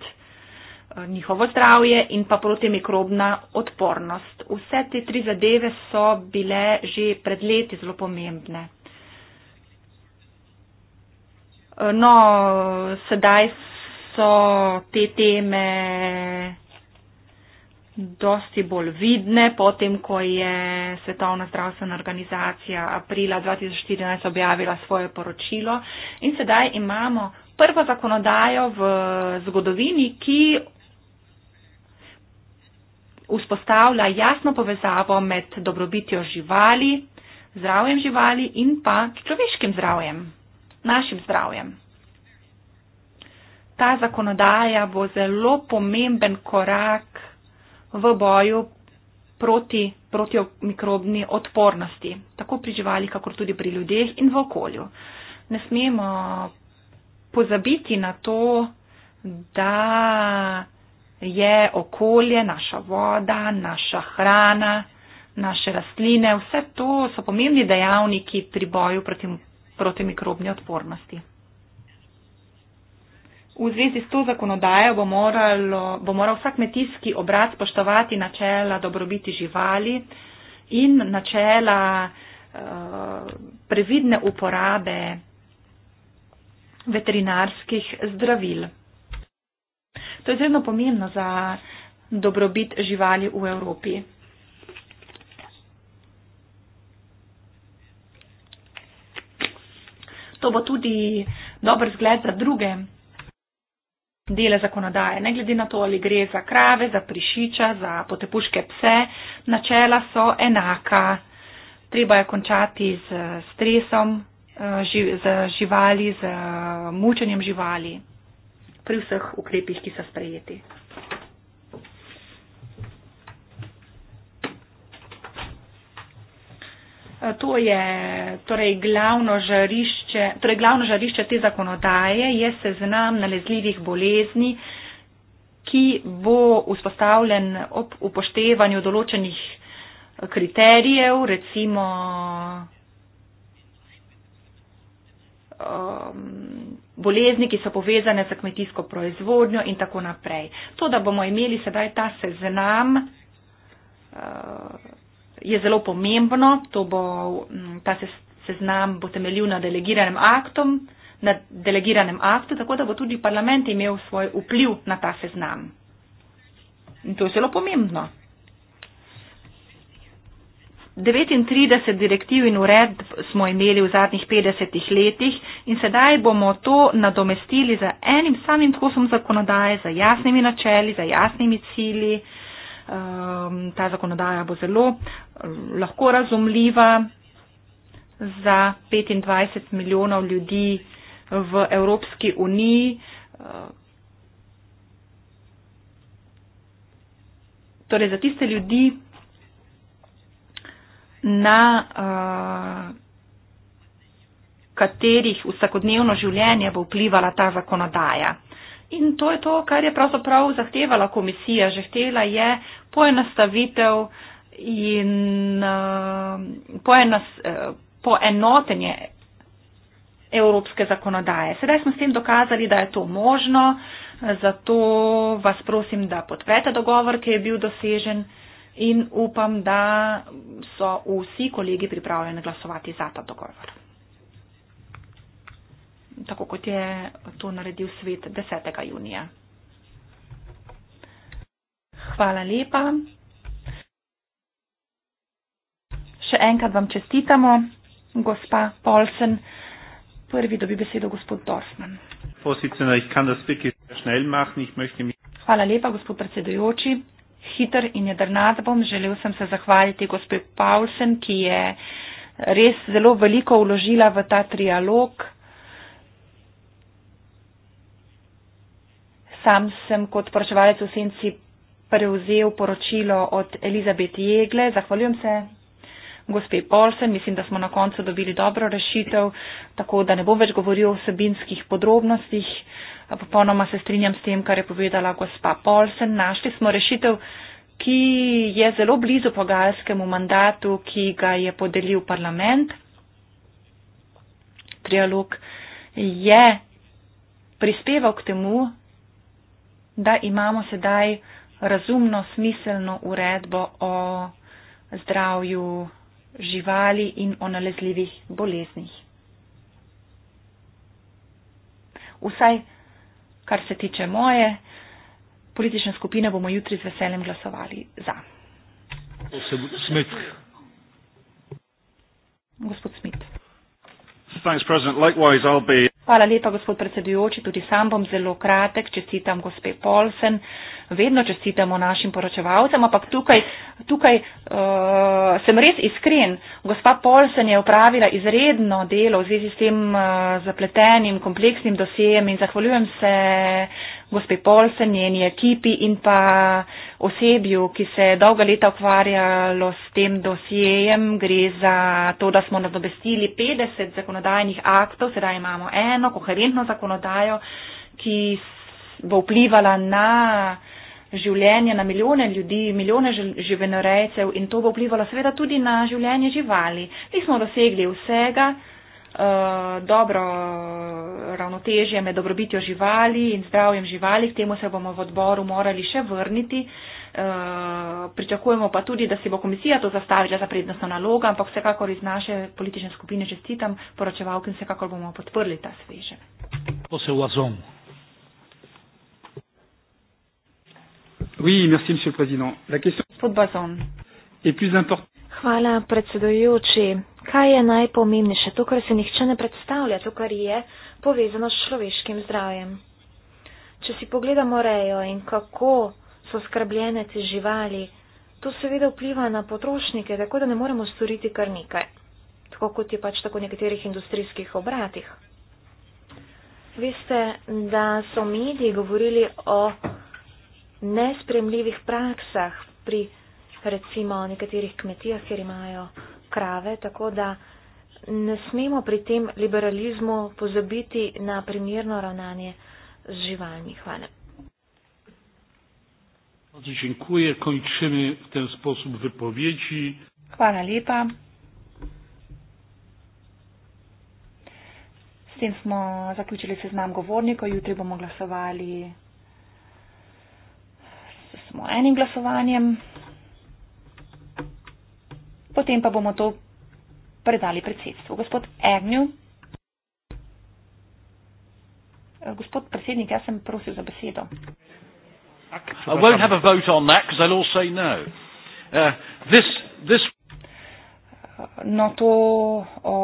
[SPEAKER 2] Eh, njihovo zdravje in pa protimikrobna odpornost. Vse te tri zadeve so bile že pred leti zelo pomembne. Eh, no, sedaj so te teme dosti bolj vidne, potem ko je Svetovna zdravstvena organizacija aprila 2014 objavila svoje poročilo in sedaj imamo prvo zakonodajo v zgodovini, ki vzpostavlja jasno povezavo med dobrobitjo živali, zdravjem živali in pa človeškim zdravjem, našim zdravjem. Ta zakonodaja bo zelo pomemben korak v boju proti, proti mikrobni odpornosti, tako pri živali, kakor tudi pri ljudeh in v okolju. Ne smemo pozabiti na to, da je okolje, naša voda, naša hrana, naše rastline. Vse to so pomembni dejavniki pri boju proti, proti mikrobni odpornosti. V zvezi s to zakonodajo bo, moralo, bo moral vsak metijski obrat spoštovati načela dobrobiti živali in načela uh, previdne uporabe veterinarskih zdravil. To je izredno pomembno za dobrobit živali v Evropi. To bo tudi dober zgled za druge dele zakonodaje. Ne glede na to, ali gre za krave, za prišiča, za potepuške pse, načela so enaka. Treba je končati z stresom, eh, z živali, z eh, mučenjem živali pri vseh ukrepih, ki so sprejeti. E, to je torej glavno žarišče, torej glavno žarišče te zakonodaje, je seznam nalezljivih bolezni, ki bo vzpostavljen ob upoštevanju določenih kriterijev, recimo um, bolezni, ki so povezane z kmetijsko proizvodnjo in tako naprej. To, da bomo imeli sedaj ta seznam, eh, je zelo pomembno. Bo, mm, ta seznam bo temeljil na delegiranem aktu, na delegiranem aktu, tako da bo tudi parlament imel svoj vpliv na ta seznam. In to je zelo pomembno. 39 direktiv in uredb smo imeli v zadnjih 50 letih in sedaj bomo to nadomestili za enim samim kosom zakonodaje, za jasnimi načeli, za jasnimi cilji. Um, ta zakonodaja bo zelo eh, lahko razumljiva za 25 milijonov ljudi v Evropski uniji. Torej za tiste ljudi, na uh, katerih vsakodnevno življenje bo vplivala ta zakonodaja. In to je to, kar je pravzaprav zahtevala komisija. Žehtela je poenostavitev in uh, eh, poenas, uh, eh, poenotenje evropske zakonodaje. Sedaj smo s tem dokazali, da je to možno, zato vas prosim, da podprete dogovor, ki je bil dosežen in upam, da so vsi kolegi pripravljeni glasovati za ta dogovor. Tako kot je to naredil svet 10. junija. Hvala lepa. Še enkrat vam čestitamo, gospa Polsen. Prvi dobi besedo gospod Dorfman. Hvala lepa, gospod predsedujoči hiter in jedrnat bom. Želel sem se zahvaliti gospe Paulsen, ki je res zelo veliko uložila v ta trialog. Sam sem kot poročevalec v senci prevzel poročilo od Elizabet Jegle. Zahvaljujem se gospe Paulsen, mislim, da smo na koncu dobili dobro rešitev, tako da ne bom več govoril o vsebinskih podrobnostih popolnoma se strinjam s tem, kar je povedala gospa Polsen. Našli smo rešitev, ki je zelo blizu pogajalskemu mandatu, ki ga je podelil parlament. Trialog je prispeval k temu, da imamo sedaj razumno, smiselno uredbo o zdravju živali in o nalezljivih boleznih. Vsaj kar se tiče moje politične skupine, bomo jutri z veseljem glasovali za. Gospod Smit.
[SPEAKER 1] Thanks, President. Likewise,
[SPEAKER 2] I'll be. Hvala lepa, gospod predsedujoči. Tudi sam bom zelo kratek. Čestitam gospe Polsen. Vedno čestitamo našim poročevalcem, ampak tukaj, tukaj uh, sem res iskren. Gospa Polsen je upravila izredno delo v zvezi s tem uh, zapletenim, kompleksnim dosijem in zahvaljujem se uh, gospe Polsen, njeni ekipi in pa osebju, ki se je dolga leta ukvarjalo s tem dosjejem. Gre za to, da smo nadobestili 50 zakonodajnih aktov, sedaj imamo eno koherentno zakonodajo, ki bo vplivala na življenje na milijone ljudi, milijone živenorejcev in to bo vplivalo seveda tudi na življenje živali. Nismo dosegli vsega, Eh, dobro ravnotežje med dobrobitjo živali in zdravjem živali. K temu se bomo v odboru morali še vrniti. Eh, pričakujemo pa tudi, da si bo komisija to zastavila za prednostno nalogo, ampak vsekakor iz naše politične skupine čestitam poročevalkim, vsekakor bomo podprli ta sveže.
[SPEAKER 1] Oui, merci, monsieur le président. La
[SPEAKER 2] question...
[SPEAKER 3] Hvala, predsedujoči kaj je najpomembnejše, to, kar se nihče ne predstavlja, to, kar je povezano s človeškim zdravjem. Če si pogledamo rejo in kako so skrbljene te živali, to seveda vpliva na potrošnike, tako da ne moremo storiti kar nekaj, tako kot je pač tako v nekaterih industrijskih obratih. Veste, da so mediji govorili o nespremljivih praksah pri recimo nekaterih kmetijah, ker imajo krave, tako da ne smemo pri tem liberalizmu pozabiti na primirno ravnanje z živalmi. Hvala.
[SPEAKER 1] Dziękuję. Kończymy w ten sposób wypowiedzi.
[SPEAKER 2] Hvala lepa. S tem smo zaključili seznam govornikov. Jutri bomo glasovali s samo enim glasovanjem potem pa bomo to predali predsedstvu. Gospod Agnew. Eh, gospod predsednik, jaz sem prosil za besedo.
[SPEAKER 1] I won't have a vote on that, because they'll all say no. Uh, this, this...
[SPEAKER 2] Eh, no, to o,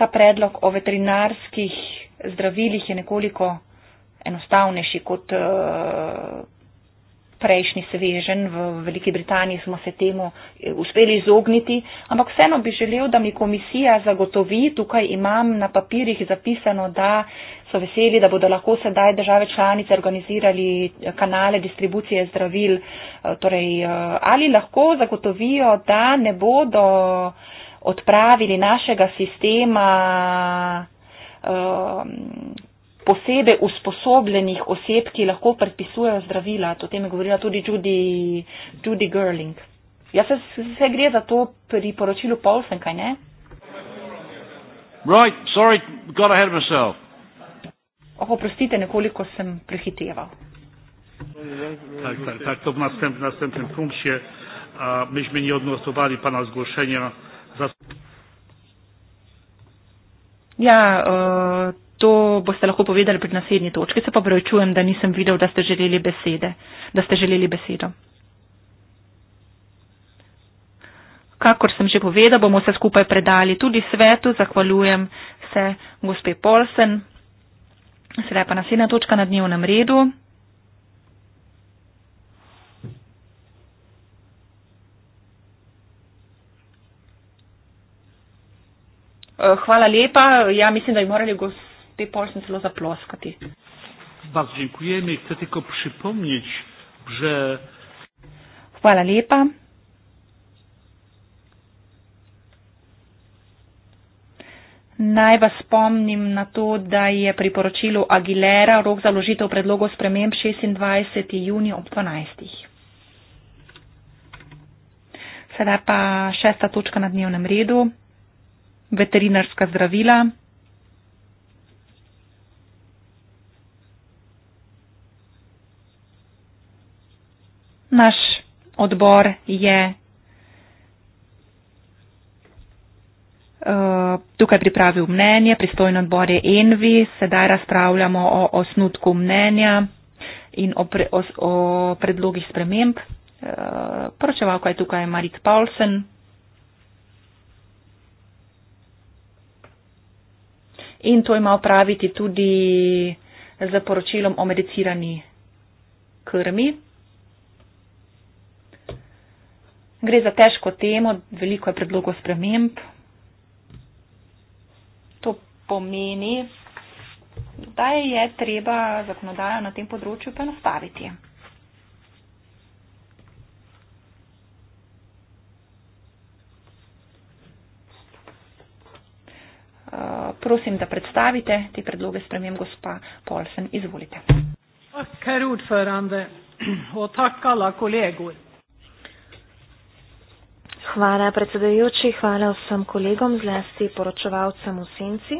[SPEAKER 2] ta predlog o veterinarskih zdravilih je nekoliko enostavnejši kot uh, prejšnji svežen v Veliki Britaniji smo se temu eh, uspeli izogniti, ampak vseeno bi želel, da mi komisija zagotovi, tukaj imam na papirjih zapisano, da so veseli, da bodo lahko sedaj države članice organizirali eh, kanale distribucije zdravil, eh, torej ali lahko zagotovijo, da ne bodo odpravili našega sistema posebej usposobljenih oseb, ki lahko predpisujejo zdravila. O tem je govorila tudi Judy, Judy Girling. Ja, se, se gre za to priporočilo Paulsen, kaj ne?
[SPEAKER 1] Right, sorry, got ahead of myself.
[SPEAKER 2] Oh, oprostite, nekoliko sem prehiteval.
[SPEAKER 1] Tak, tak, tak, to v następnym, następnym punkcie. A myśmy nie odnotowali Pana zgłoszenia. Za...
[SPEAKER 2] Ja, uh to boste lahko povedali pri naslednji točki, se pa pravičujem, da nisem videl, da ste želeli besede, da ste želeli besedo. Kakor sem že povedal, bomo se skupaj predali tudi svetu, zahvaljujem se gospe Polsen. Sedaj pa naslednja točka na dnevnem redu. Eh, hvala lepa. Ja, mislim, da bi morali gospod tej polsce celo zaploskati.
[SPEAKER 1] Bardzo dziękujemy. Chcę tylko przypomnieć, że.
[SPEAKER 2] Hvala lepa. Naj vas spomnim na to, da je priporočilo Aguilera rok za ložitev predlogov sprememb 26. junija ob 12. Sedaj pa šesta točka na dnevnem redu. Veterinarska zdravila. naš odbor je eh, tukaj pripravil mnenje, pristojni odbor je Envi, sedaj razpravljamo o osnutku mnenja in o, pre, o, o predlogih sprememb. Eh, poročevalka je tukaj Marit Paulsen. In to ima opraviti tudi z poročilom o medicirani krmi. Gre za težko temo, veliko je predlogov sprememb. To pomeni, da je treba zakonodajo na tem področju poenostaviti. Uh, prosim, da predstavite te predloge sprememb,
[SPEAKER 3] gospa Polsen. Izvolite.
[SPEAKER 4] Tak,
[SPEAKER 3] Hvala predsedajoči, hvala vsem kolegom, zlasti poročevalcem v senci,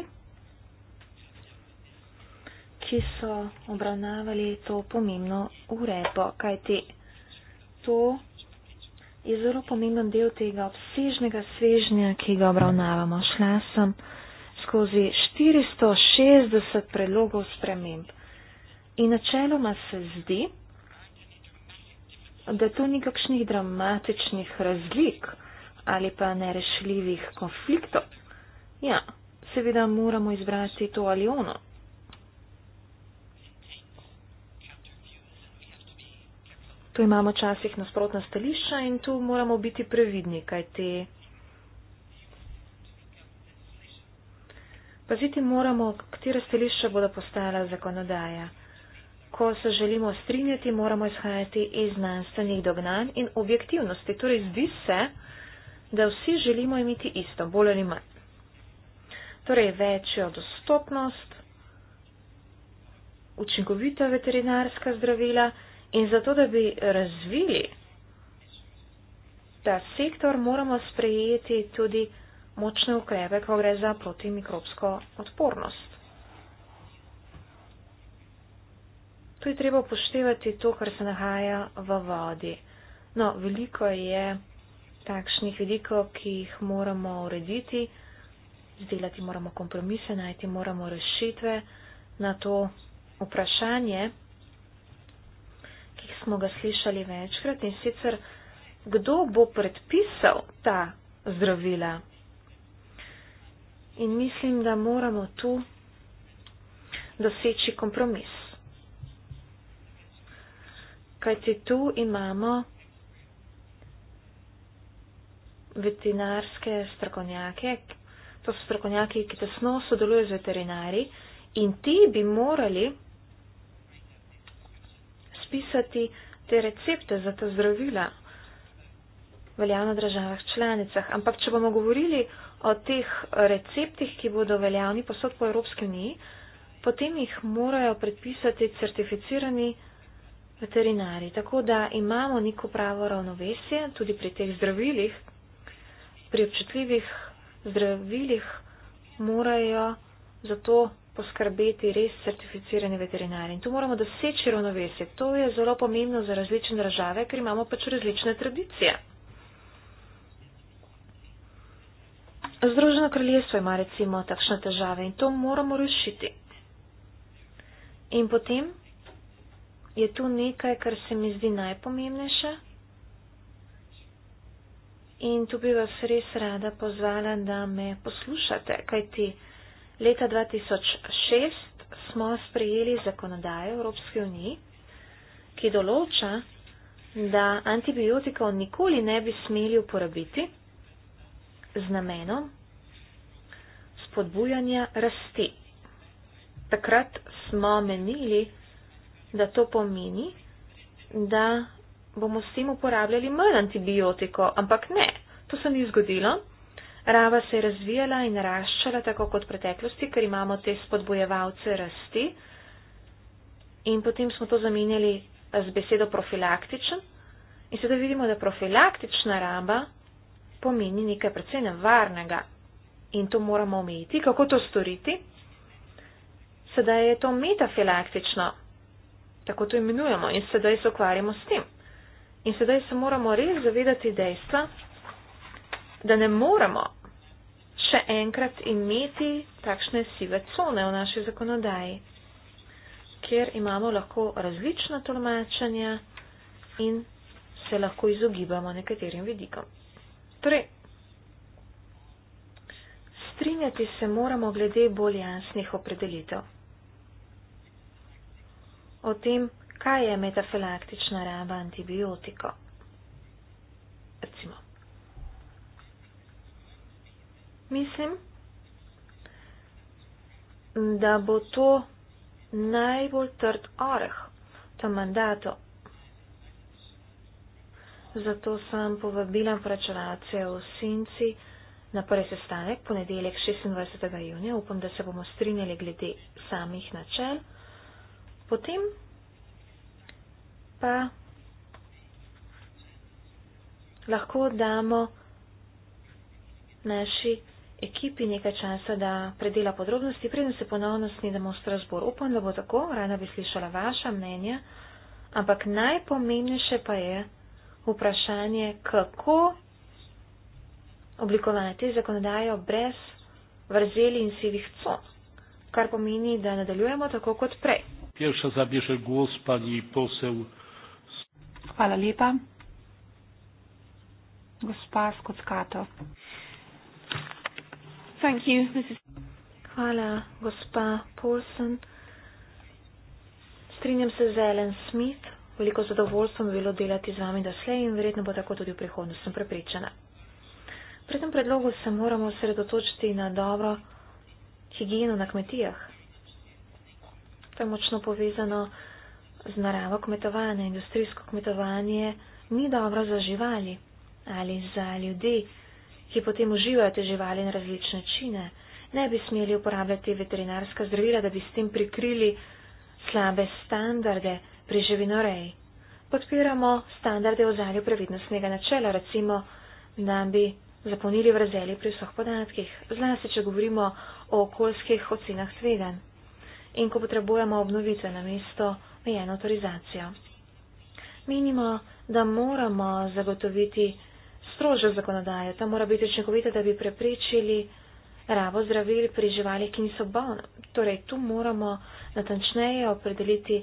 [SPEAKER 3] ki so obravnavali to pomembno urepo, kajti to je zelo pomemben del tega obsežnega svežnja, ki ga obravnavamo. Šla sem skozi 460 predlogov sprememb. In načeloma se zdi, da tu ni kakšnih dramatičnih razlik ali pa nerešljivih konfliktov. Ja, seveda moramo izbrati to ali ono. Tu imamo časih nasprotna stališča in tu moramo biti previdni, kaj te. Paziti moramo, katera stališča bodo postala zakonodaja ko se želimo strinjati, moramo izhajati iz znanstvenih dognanj in objektivnosti. Torej, zdi se, da vsi želimo imeti isto, bolj ali manj. Torej, večjo dostopnost, učinkovita veterinarska zdravila in zato, da bi razvili ta sektor, moramo sprejeti tudi močne ukrepe, ko gre za protimikrobsko odpornost. Tu je treba upoštevati to, kar se nahaja v vodi. No, veliko je takšnih vidikov, ki jih moramo urediti, izdelati moramo kompromise, najti moramo rešitve na to vprašanje, ki smo ga slišali večkrat in sicer, kdo bo predpisal ta zdravila. In mislim, da moramo tu doseči kompromis kajti tu imamo veterinarske strokovnjake, to so strokovnjaki, ki tesno sodelujejo z veterinari in ti bi morali spisati te recepte za ta zdravila veljavno državah članicah. Ampak, če bomo govorili o teh receptih, ki bodo veljavni posod po Evropski uniji, potem jih morajo predpisati certificirani veterinari. Tako da imamo neko pravo ravnovesje tudi pri teh zdravilih. Pri občutljivih zdravilih morajo za to poskrbeti res certificirani veterinari. In tu moramo doseči ravnovesje. To je zelo pomembno za različne države, ker imamo pač različne tradicije. Združeno kraljestvo ima recimo takšne težave in to moramo rešiti. In potem je tu nekaj, kar se mi zdi najpomembnejše. In tu bi vas res rada pozvala, da me poslušate, kajti leta 2006 smo sprejeli zakonodajo Evropske unije, ki določa, da antibiotikov nikoli ne bi smeli uporabiti z namenom spodbujanja rasti. Takrat smo menili, da to pomeni, da bomo s tem uporabljali manj antibiotiko, ampak ne, to se ni zgodilo. Rava se je razvijala in naraščala tako kot v preteklosti, ker imamo te spodbojevalce rasti in potem smo to zamenjali eh, z besedo profilaktičen in sedaj vidimo, da profilaktična raba pomeni nekaj precej nevarnega in to moramo omejiti. Kako to storiti? Sedaj je to metafilaktično, tako to imenujemo in sedaj se ukvarjamo s tem. In sedaj se moramo res zavedati dejstva, da ne moramo še enkrat imeti takšne sive cone v naši zakonodaji, kjer imamo lahko različna tolmačanja in se lahko izogibamo nekaterim vidikom. Torej, strinjati se moramo glede bolj jasnih opredelitev o tem, kaj je metafilaktična raba antibiotiko. Recimo. Mislim, da bo to najbolj trd oreh, to mandato. Zato sem povabila vračunavce v Sinci na prvi sestanek, ponedeljek 26. junija. Upam, da se bomo strinjali glede samih načel. Potem pa lahko damo naši ekipi nekaj časa, da predela podrobnosti, preden se ponovno snedemo v Strasbourg. Upam, da bo tako, rada bi slišala vaša mnenja, ampak najpomembnejše pa je vprašanje, kako oblikovati zakonodajo brez vrzeli in sivih con, kar pomeni, da nadaljujemo tako kot prej.
[SPEAKER 1] Pierwsza zabierze głos pani poseł.
[SPEAKER 3] Hvala lepa.
[SPEAKER 2] Gospa Skockato.
[SPEAKER 3] Thank you, Mrs. Hvala, gospa Paulsen. Strinjam se z Ellen Smith. Veliko zadovoljstvo mi bilo delati z vami doslej in verjetno bo tako tudi v prihodnosti, sem prepričana. Pri tem predlogu se moramo osredotočiti na dobro higieno na kmetijah. To je močno povezano z naravo kmetovanja. Industrijsko kmetovanje ni dobro za živali ali za ljudi, ki potem uživajo te živali na različne načine. Ne bi smeli uporabljati veterinarska zdravila, da bi s tem prikrili slabe standarde pri živinoreji. Podpiramo standarde v zalju previdnostnega načela, recimo, da bi zapolnili vrzeli pri vseh podatkih, zlasti, če govorimo o okoljskih ocenah tveganj in ko potrebujemo obnovitve na mesto, mejeno autorizacijo. Menimo, da moramo zagotoviti strožjo zakonodajo, ta mora biti učinkovita, da bi preprečili rabo zdravil pri živalih, ki niso bolni. Torej, tu moramo natančneje opredeliti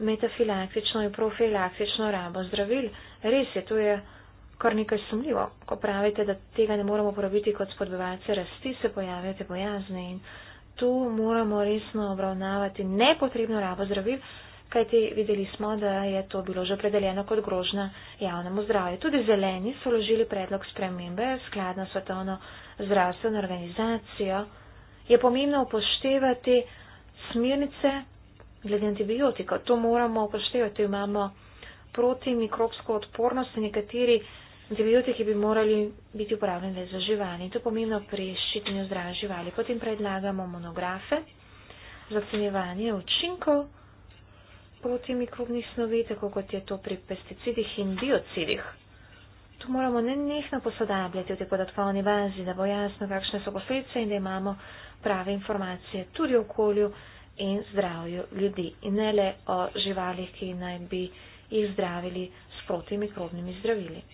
[SPEAKER 3] metafilaktično in profilaktično rabo zdravil. Res je, to je kar nekaj sumljivo, ko pravite, da tega ne moramo uporabiti kot spodbevalce rasti, se pojavljate bojazni in tu moramo resno obravnavati nepotrebno rabo zdravil, kajti videli smo, da je to bilo že opredeljeno kot grožna javnemu zdravju. Tudi zeleni so vložili predlog spremembe skladno svetovno zdravstveno organizacijo. Je pomembno upoštevati smernice glede antibiotikov. To moramo upoštevati. Imamo protimikrobsko odpornost in nekateri. Antibiotiki bi morali biti uporabljeni le za živali. To pomeni pri ščitenju zdravja živali. Potem predlagamo monografe za ocenjevanje učinkov proti mikrobnih snovi, tako kot je to pri pesticidih in biocidih. Tu moramo ne nehno posodabljati v tej podatkovni bazi, da bo jasno, kakšne so posledice in da imamo prave informacije tudi o okolju in zdravju ljudi. In ne le o živalih, ki naj bi jih zdravili s protimikrobnimi zdravili.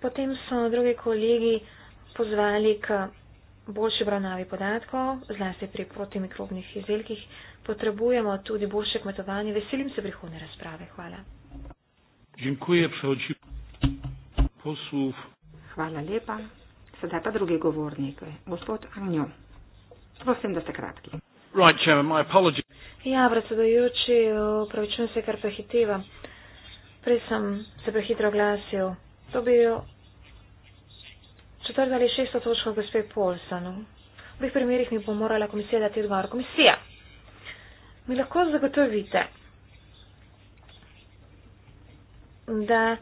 [SPEAKER 3] Potem so druge kolegi pozvali k boljši obravnavi podatkov, zlasti pri protimikrobnih izdelkih. Potrebujemo tudi boljše kmetovanje. Veselim se prihodne razprave. Hvala. Hvala lepa.
[SPEAKER 2] Sedaj pa drugi govornik. Gospod Anjo, prosim, da ste kratki.
[SPEAKER 1] Right, chairman,
[SPEAKER 3] ja, predsedujoči, upravičujem se, ker prehitevam. Prej sem se prehitro oglasil to bi jo četrta ali šesta točka gospe Polsanu. V teh primerih mi bo morala komisija dati odgovor. Komisija, mi lahko zagotovite, da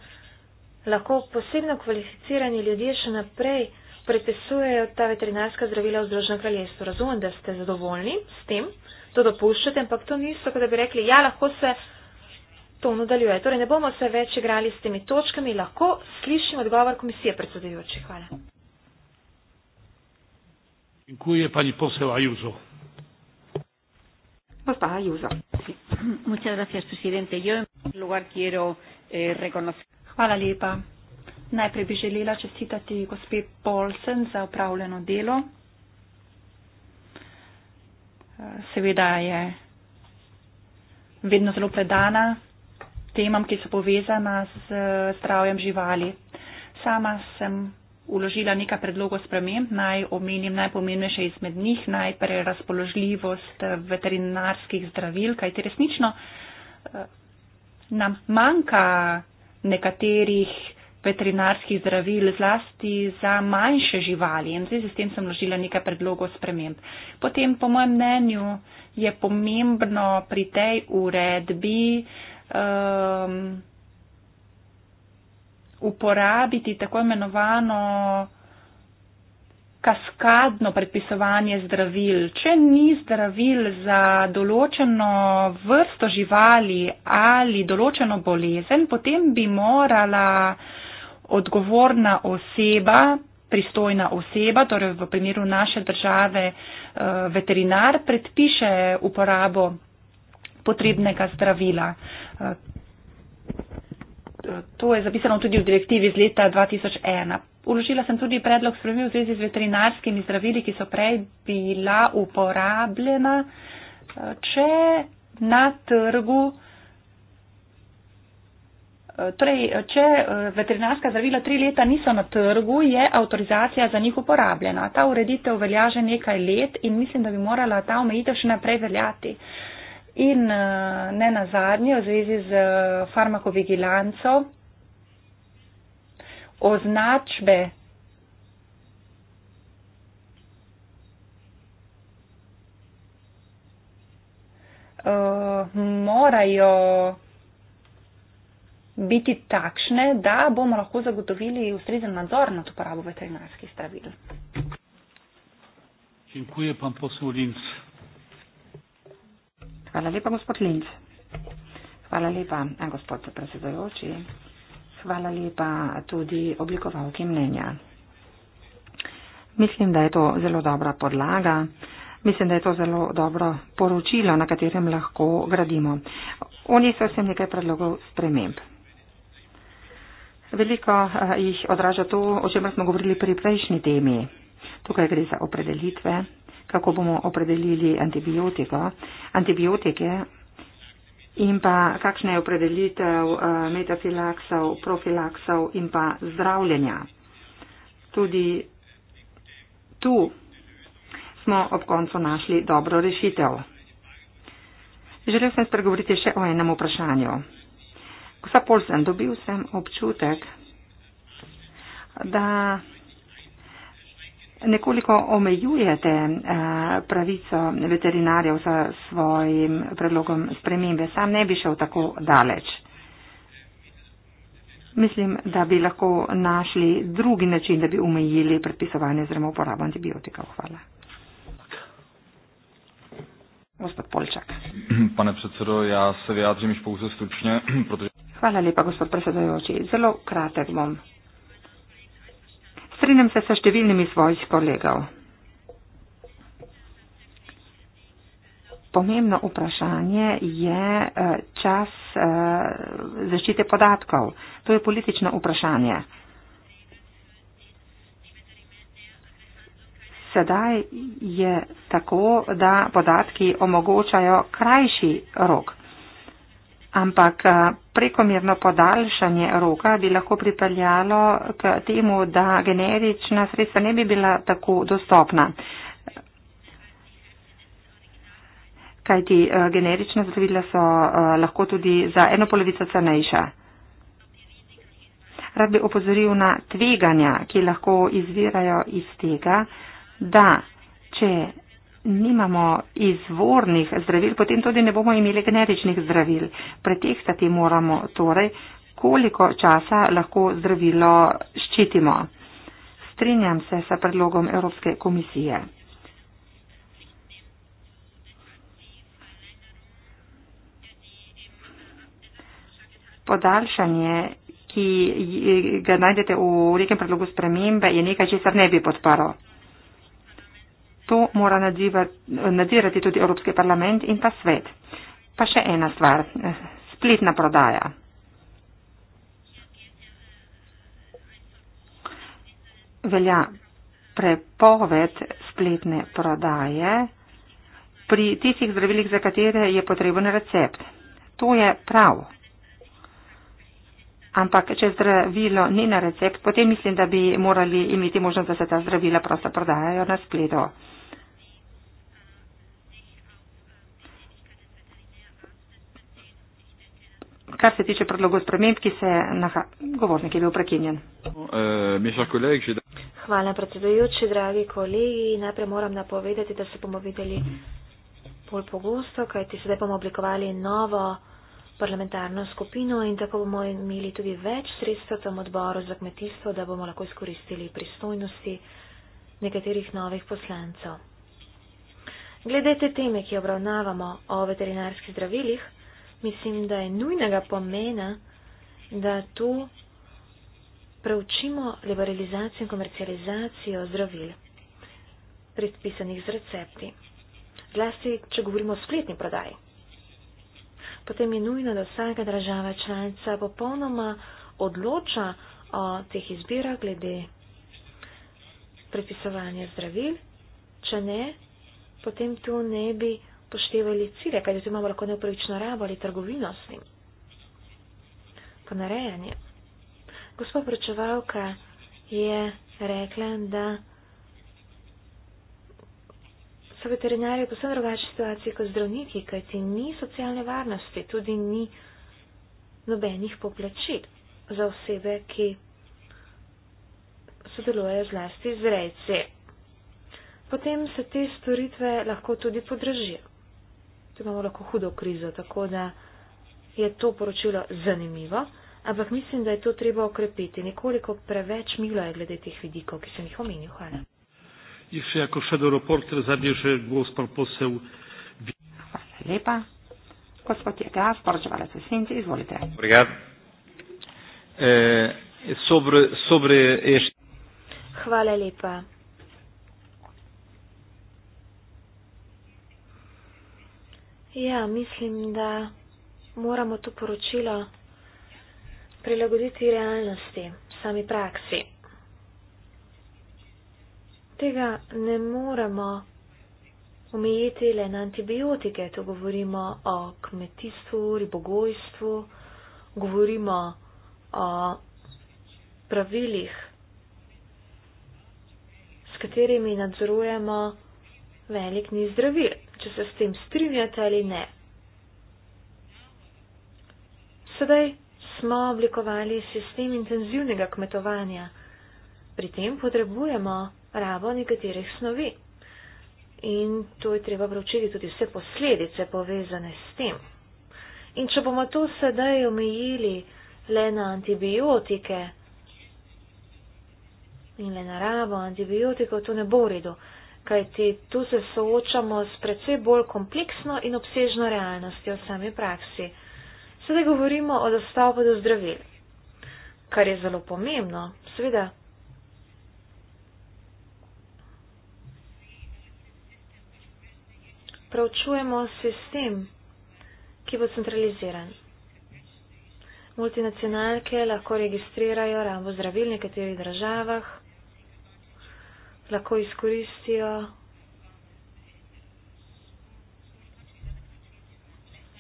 [SPEAKER 3] lahko posebno kvalificirani ljudje še naprej predpisujejo ta veterinarska zdravila v Združenem kraljestvu. Razumem, da ste zadovoljni s tem, to dopuščate, ampak to niso, kot da bi rekli, ja, lahko se to nadaljuje. Torej, ne bomo se več igrali s temi točkami, lahko slišim odgovor komisije predsedujoči. Hvala.
[SPEAKER 1] Dziękuję pani poseł Ayuso.
[SPEAKER 2] Posta Ayuso. Sí. Muchas gracias, presidente. Yo en primer lugar quiero eh, reconocer. Hvala lepa. Najprej bi želela čestitati gospe Paulsen za upravljeno delo. Eh, seveda je vedno zelo predana temam, ki so povezana z eh, zdravjem živali. Sama sem uložila nekaj predlogov sprememb, naj omenim najpomembnejše izmed njih, najprej razpoložljivost eh, veterinarskih zdravil, kajti resnično eh, nam manjka nekaterih veterinarskih zdravil zlasti za manjše živali. In zdaj s tem sem vložila nekaj predlogov sprememb. Potem, po mojem mnenju, je pomembno pri tej uredbi uh, um, uporabiti tako imenovano kaskadno predpisovanje zdravil. Če ni zdravil za določeno vrsto živali ali določeno bolezen, potem bi morala odgovorna oseba, pristojna oseba, torej v primeru naše države uh, veterinar, predpiše uporabo potrebnega zdravila. To je zapisano tudi v direktivi iz leta 2001. Uložila sem tudi predlog spremljiv v zvezi z veterinarskimi zdravili, ki so prej bila uporabljena, če na trgu, torej, če eh, veterinarska zdravila tri leta niso na trgu, je avtorizacija za njih uporabljena. Ta ureditev velja že nekaj let in mislim, da bi morala ta omejitev še naprej veljati. Uh, In eh, ne na zadnje, v zvezi z eh, farmakovigilanco, označbe eh, morajo biti takšne, da bomo lahko zagotovili ustrezen nadzor nad uporabo veterinarskih stravil.
[SPEAKER 1] Dziękuję pan poseł Linz.
[SPEAKER 2] Hvala lepa, gospod Linc. Hvala lepa, gospod predsedujoči. Hvala lepa tudi oblikovalki mnenja. Mislim, da je to zelo dobra podlaga. Mislim, da je to zelo dobro poročilo, na katerem lahko gradimo. Oni so se nekaj predlogov sprememb. Veliko jih odraža to, o čemer smo govorili pri prejšnji temi. Tukaj gre za opredelitve, kako bomo opredelili antibiotika, antibiotike in pa kakšna je opredelitev eh, metafilaksov, profilaksov in pa zdravljenja. Tudi tu smo ob koncu našli dobro rešitev. Želel sem spregovoriti še o enem vprašanju. Gospod Polsen, dobil sem občutek, da nekoliko omejujete eh, pravico veterinarjev za svojim predlogom spremembe. Sam ne bi šel tako daleč. Mislim, da bi lahko našli drugi način, da bi omejili predpisovanje oziroma uporabo antibiotikov. Hvala.
[SPEAKER 3] Gospod Polčak. Pane predsedo, ja se vyjadrim, že pouze stručne.
[SPEAKER 2] Hvala lepa, gospod predsedojoči. Zelo kratek bom strinjam se s številnimi svojih kolegov. Pomembno vprašanje je eh, čas eh, zaščite podatkov. To je politično vprašanje. Sedaj je tako, da podatki omogočajo krajši rok ampak eh, prekomerno podaljšanje roka bi lahko pripeljalo k temu, da generična sredstva ne bi bila tako dostopna. Kajti eh, generična zdravila so eh, lahko tudi za eno polovico cenejša. Rad bi opozoril na tveganja, ki lahko izvirajo iz tega, da če nimamo izvornih zdravil, potem tudi ne bomo imeli generičnih zdravil. Pretehtati moramo torej, koliko časa lahko zdravilo ščitimo. Strinjam se sa predlogom Evropske komisije. Podaljšanje, ki ga najdete v nekem predlogu spremembe, je nekaj, česar ne bi podparo. To mora nadzirati tudi Evropski parlament in pa svet. Pa še ena stvar, eh, spletna prodaja. Velja prepoved spletne prodaje pri tistih zdravilih, za katere je potreben recept. To je prav. Ampak, če zdravilo ni na recept, potem mislim, da bi morali imeti možnost, da se ta zdravila prosto prodajajo na spletu. kar se tiče predlogov sprememb, ki se naha, govornik je bil prekinjen.
[SPEAKER 1] Eh,
[SPEAKER 3] Hvala predsedujoči, dragi kolegi. Najprej moram napovedati, da se bomo videli bolj pogosto, kajti sedaj bomo oblikovali novo parlamentarno skupino in tako bomo imeli tudi več sredstev tam odboru za kmetijstvo, da bomo lahko izkoristili pristojnosti nekaterih novih poslancev. Glede te teme, ki obravnavamo o veterinarskih zdravilih, mislim, da je nujnega pomena, da tu preučimo liberalizacijo in komercializacijo zdravil, predpisanih z recepti. Zlasti, če govorimo o spletni prodaji. Potem je nujno, da vsaka država članica popolnoma odloča o teh izbirah glede predpisovanja zdravil. Če ne, potem tu ne bi poštevali cilje, kaj zdaj imamo lahko neupravično rabo ali trgovino s njim. Ponarejanje. Gospod pričevalka je rekla, da so veterinari v posebno drugačni situaciji kot zdravniki, kajti ni socialne varnosti, tudi ni nobenih poplačil za osebe, ki sodelujejo zlasti z rejci. Potem se te storitve lahko tudi podražijo da imamo lahko hudo krizo. Tako da je to poročilo zanimivo, ampak mislim, da je to treba okrepiti. Nekoliko preveč milo je glede teh vidikov, ki sem jih omenil. Hvala.
[SPEAKER 1] Jih še jako še do reporter, zadnji še gospod posel.
[SPEAKER 2] Hvala lepa. Gospod je gaz, poročevalec v Sinci, izvolite.
[SPEAKER 1] Obrigado. E, sobre, sobre ješ...
[SPEAKER 3] Hvala lepa. Ja, mislim, da moramo to poročilo prilagoditi realnosti, sami praksi. Tega ne moremo omejiti le na antibiotike, to govorimo o kmetijstvu, ribogojstvu, govorimo o pravilih, s katerimi nadzorujemo velik niz zdravil če se s tem strinjate ali ne. Sedaj smo oblikovali sistem intenzivnega kmetovanja. Pri tem potrebujemo rabo nekaterih snovi. In to je treba pravčiti tudi vse posledice povezane s tem. In če bomo to sedaj omejili le na antibiotike in le na rabo antibiotikov, to ne bo redo kajti tu se soočamo s precej bolj kompleksno in obsežno realnostjo v sami praksi. Sedaj govorimo o dostopu do zdravil, kar je zelo pomembno, seveda. Pravčujemo sistem, ki bo centraliziran. Multinacionalke lahko registrirajo rabo zdravil v nekaterih državah lahko izkoristijo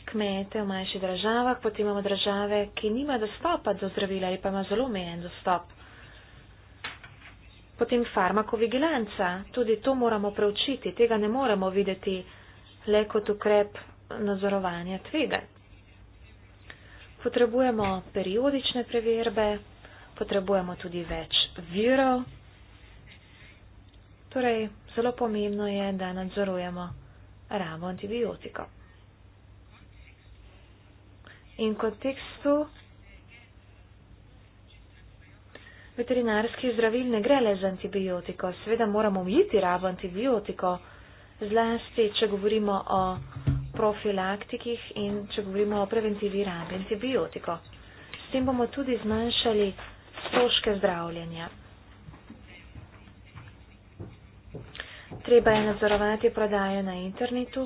[SPEAKER 3] kmete v manjših državah, potem imamo države, ki nima dostopa do zdravila ali pa ima zelo omejen dostop. Potem farmakovigilanca, tudi to moramo preučiti, tega ne moramo videti le kot ukrep nadzorovanja tvega. Potrebujemo periodične preverbe, potrebujemo tudi več virov. Torej, zelo pomembno je, da nadzorujemo ramo antibiotika. In v kontekstu veterinarskih zdravil ne gre le za antibiotiko. Seveda moramo umiti ravo antibiotiko, zlasti, če govorimo o profilaktikih in če govorimo o preventivi rabi antibiotiko. S tem bomo tudi zmanjšali stroške zdravljenja. treba je nadzorovati prodajo na internetu,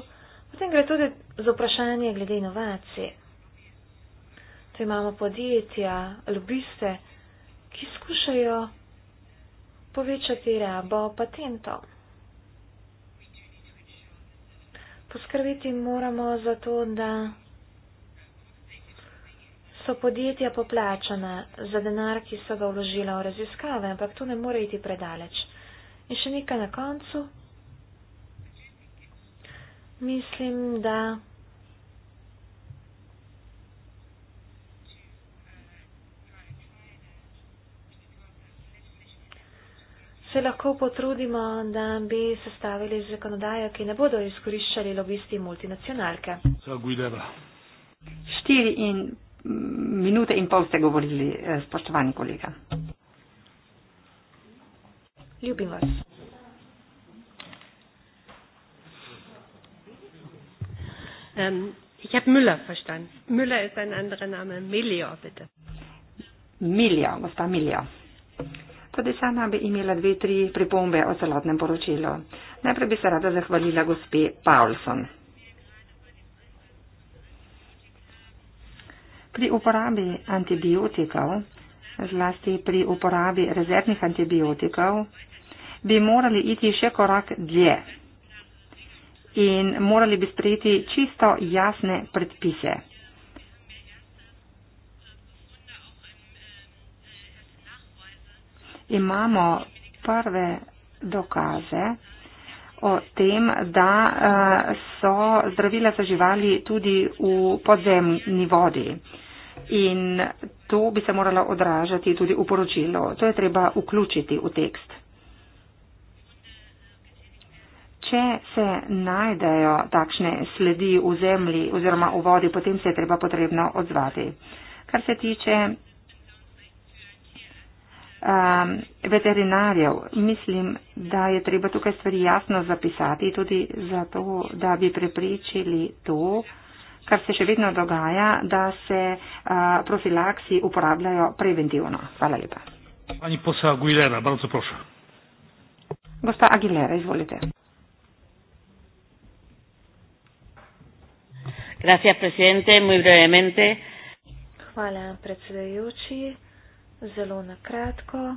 [SPEAKER 3] potem gre tudi za vprašanje glede inovacije. Tu imamo podjetja, lobiste, ki skušajo povečati rabo patentov. Poskrbeti moramo za to, da so podjetja poplačana za denar, ki so ga vložila v raziskave, ampak to ne more iti predaleč. In še nekaj na koncu. Mislim, da se lahko potrudimo, da bi sestavili zakonodajo, ki ne bodo izkoriščali lobisti multinacionalke.
[SPEAKER 2] Štiri in mm, minute in pol ste govorili, eh, spoštovani kolega.
[SPEAKER 3] Ljubim vas.
[SPEAKER 2] Ähm, ich habe Müller verstanden. Müller ist ein anderer Name. Milior, bitte. Milior, was da Milior? Tudi sama bi imela dve, tri pripombe o celotnem poročilu. Najprej bi se rada zahvalila gospe Paulson. Pri uporabi antibiotikov, zlasti pri uporabi rezervnih antibiotikov, bi morali iti še korak dlje in morali bi sprejeti čisto jasne predpise. Imamo prve dokaze o tem, da eh, so zdravila za živali tudi v podzemni vodi. In to bi se moralo odražati tudi v poročilo. To je treba vključiti v tekst. Če se najdejo takšne sledi v zemlji oziroma v vodi, potem se je treba potrebno odzvati. Kar se tiče um, veterinarjev, mislim, da je treba tukaj stvari jasno zapisati tudi zato, da bi prepričili to, kar se še vedno dogaja, da se uh, profilaksi uporabljajo preventivno. Hvala lepa. Gospa Aguilera, izvolite. Gracias, presidente. Muy brevemente.
[SPEAKER 3] Hvala, predsedujoči. Zelo na kratko.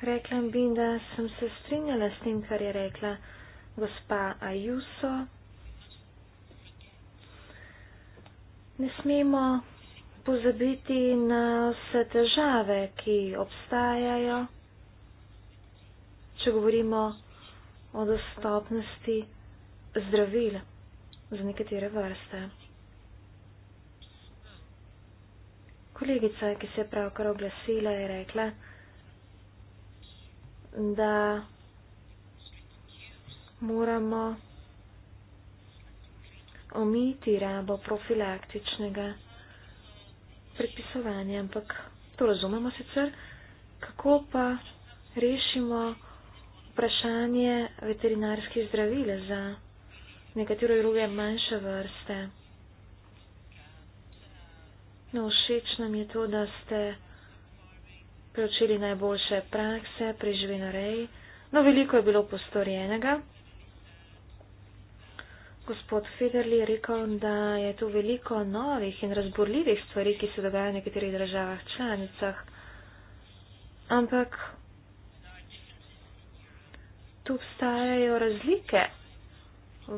[SPEAKER 3] Rekla bi, da sem se strinjala s tem, kar je rekla gospa Ajuso. Ne smemo pozabiti na vse težave, ki obstajajo, če govorimo o dostopnosti zdravil za nekatere vrste. Kolegica, ki se je pravkar oglasila, je rekla, da moramo omiti rabo profilaktičnega predpisovanja, ampak to razumemo sicer, kako pa rešimo vprašanje veterinarskih zdravil za nekatere druge manjše vrste. No, všeč nam je to, da ste preučili najboljše prakse pri živinoreji. No, veliko je bilo postorjenega. Gospod Federli je rekel, da je tu veliko novih in razborljivih stvari, ki se dogajajo v nekaterih državah članicah. Ampak tu obstajajo razlike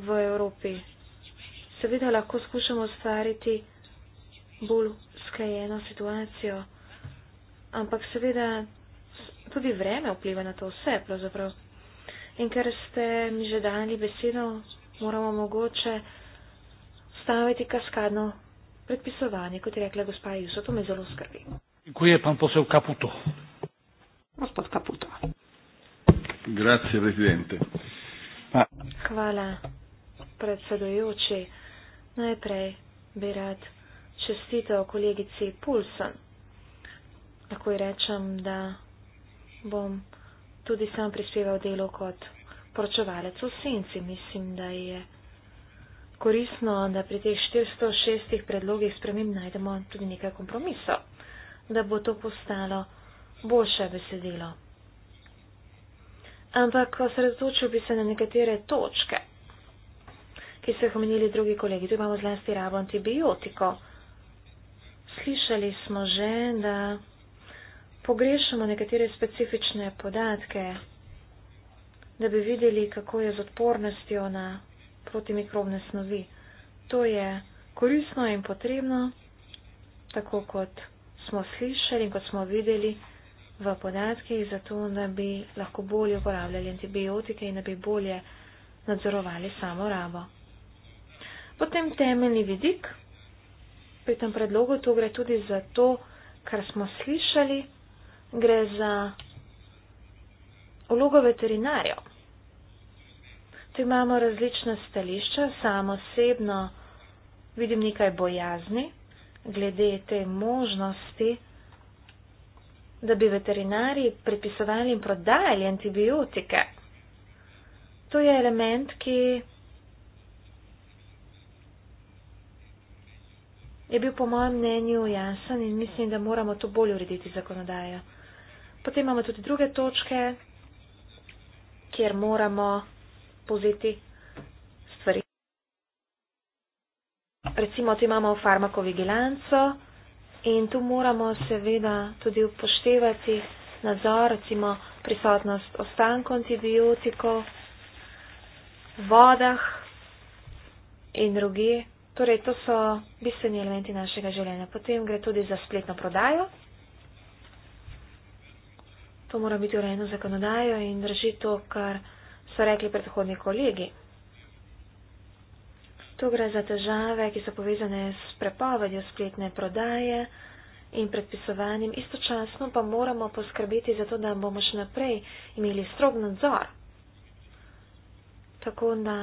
[SPEAKER 3] v Evropi. Seveda lahko skušamo ustvariti bolj sklejeno situacijo, ampak seveda tudi vreme vpliva na to vse pravzaprav. In ker ste mi že dali besedo, moramo mogoče ustaviti kaskadno predpisovanje, kot je rekla gospa Jusa, to me zelo skrbi.
[SPEAKER 1] Kuje pan posel kaputo? Gospod kaputo. Grazie Presidente. Ma...
[SPEAKER 3] Hvala, predsedujoči. Najprej bi rad čestitev kolegici Pulson. Tako ji rečem, da bom tudi sam prispeval delo kot poročevalec v senci. Mislim, da je koristno, da pri teh 406 predlogih spremim najdemo tudi nekaj kompromisov, da bo to postalo boljše besedilo ampak osredotočil bi se na nekatere točke, ki so jih omenili drugi kolegi. Tu imamo zlasti rabo antibiotiko. Slišali smo že, da pogrešamo nekatere specifične podatke, da bi videli, kako je z odpornostjo na protimikrobne snovi. To je koristno in potrebno, tako kot smo slišali in kot smo videli, v podatkih, zato da bi lahko bolje uporabljali antibiotike in da bi bolje nadzorovali samo rabo. Potem temeljni vidik pri tem predlogu, to gre tudi za to, kar smo slišali, gre za vlogo veterinarjev. Tu imamo različna stališča, samo osebno vidim nekaj bojazni glede te možnosti, da bi veterinari predpisovali in prodajali antibiotike. To je element, ki je bil po mojem mnenju jasen in mislim, da moramo to bolje urediti zakonodajo. Potem imamo tudi druge točke, kjer moramo povzeti stvari. Recimo, tu imamo farmakovigilanco. In tu moramo seveda tudi upoštevati nadzor, recimo prisotnost ostankov antibiotikov v vodah in druge. Torej, to so bistveni elementi našega življenja. Potem gre tudi za spletno prodajo. To mora biti urejeno zakonodajo in drži to, kar so rekli predhodni kolegi. To gre za težave, ki so povezane s prepovedjo spletne prodaje in predpisovanjem. Istočasno pa moramo poskrbeti za to, da bomo še naprej imeli strog nadzor, tako da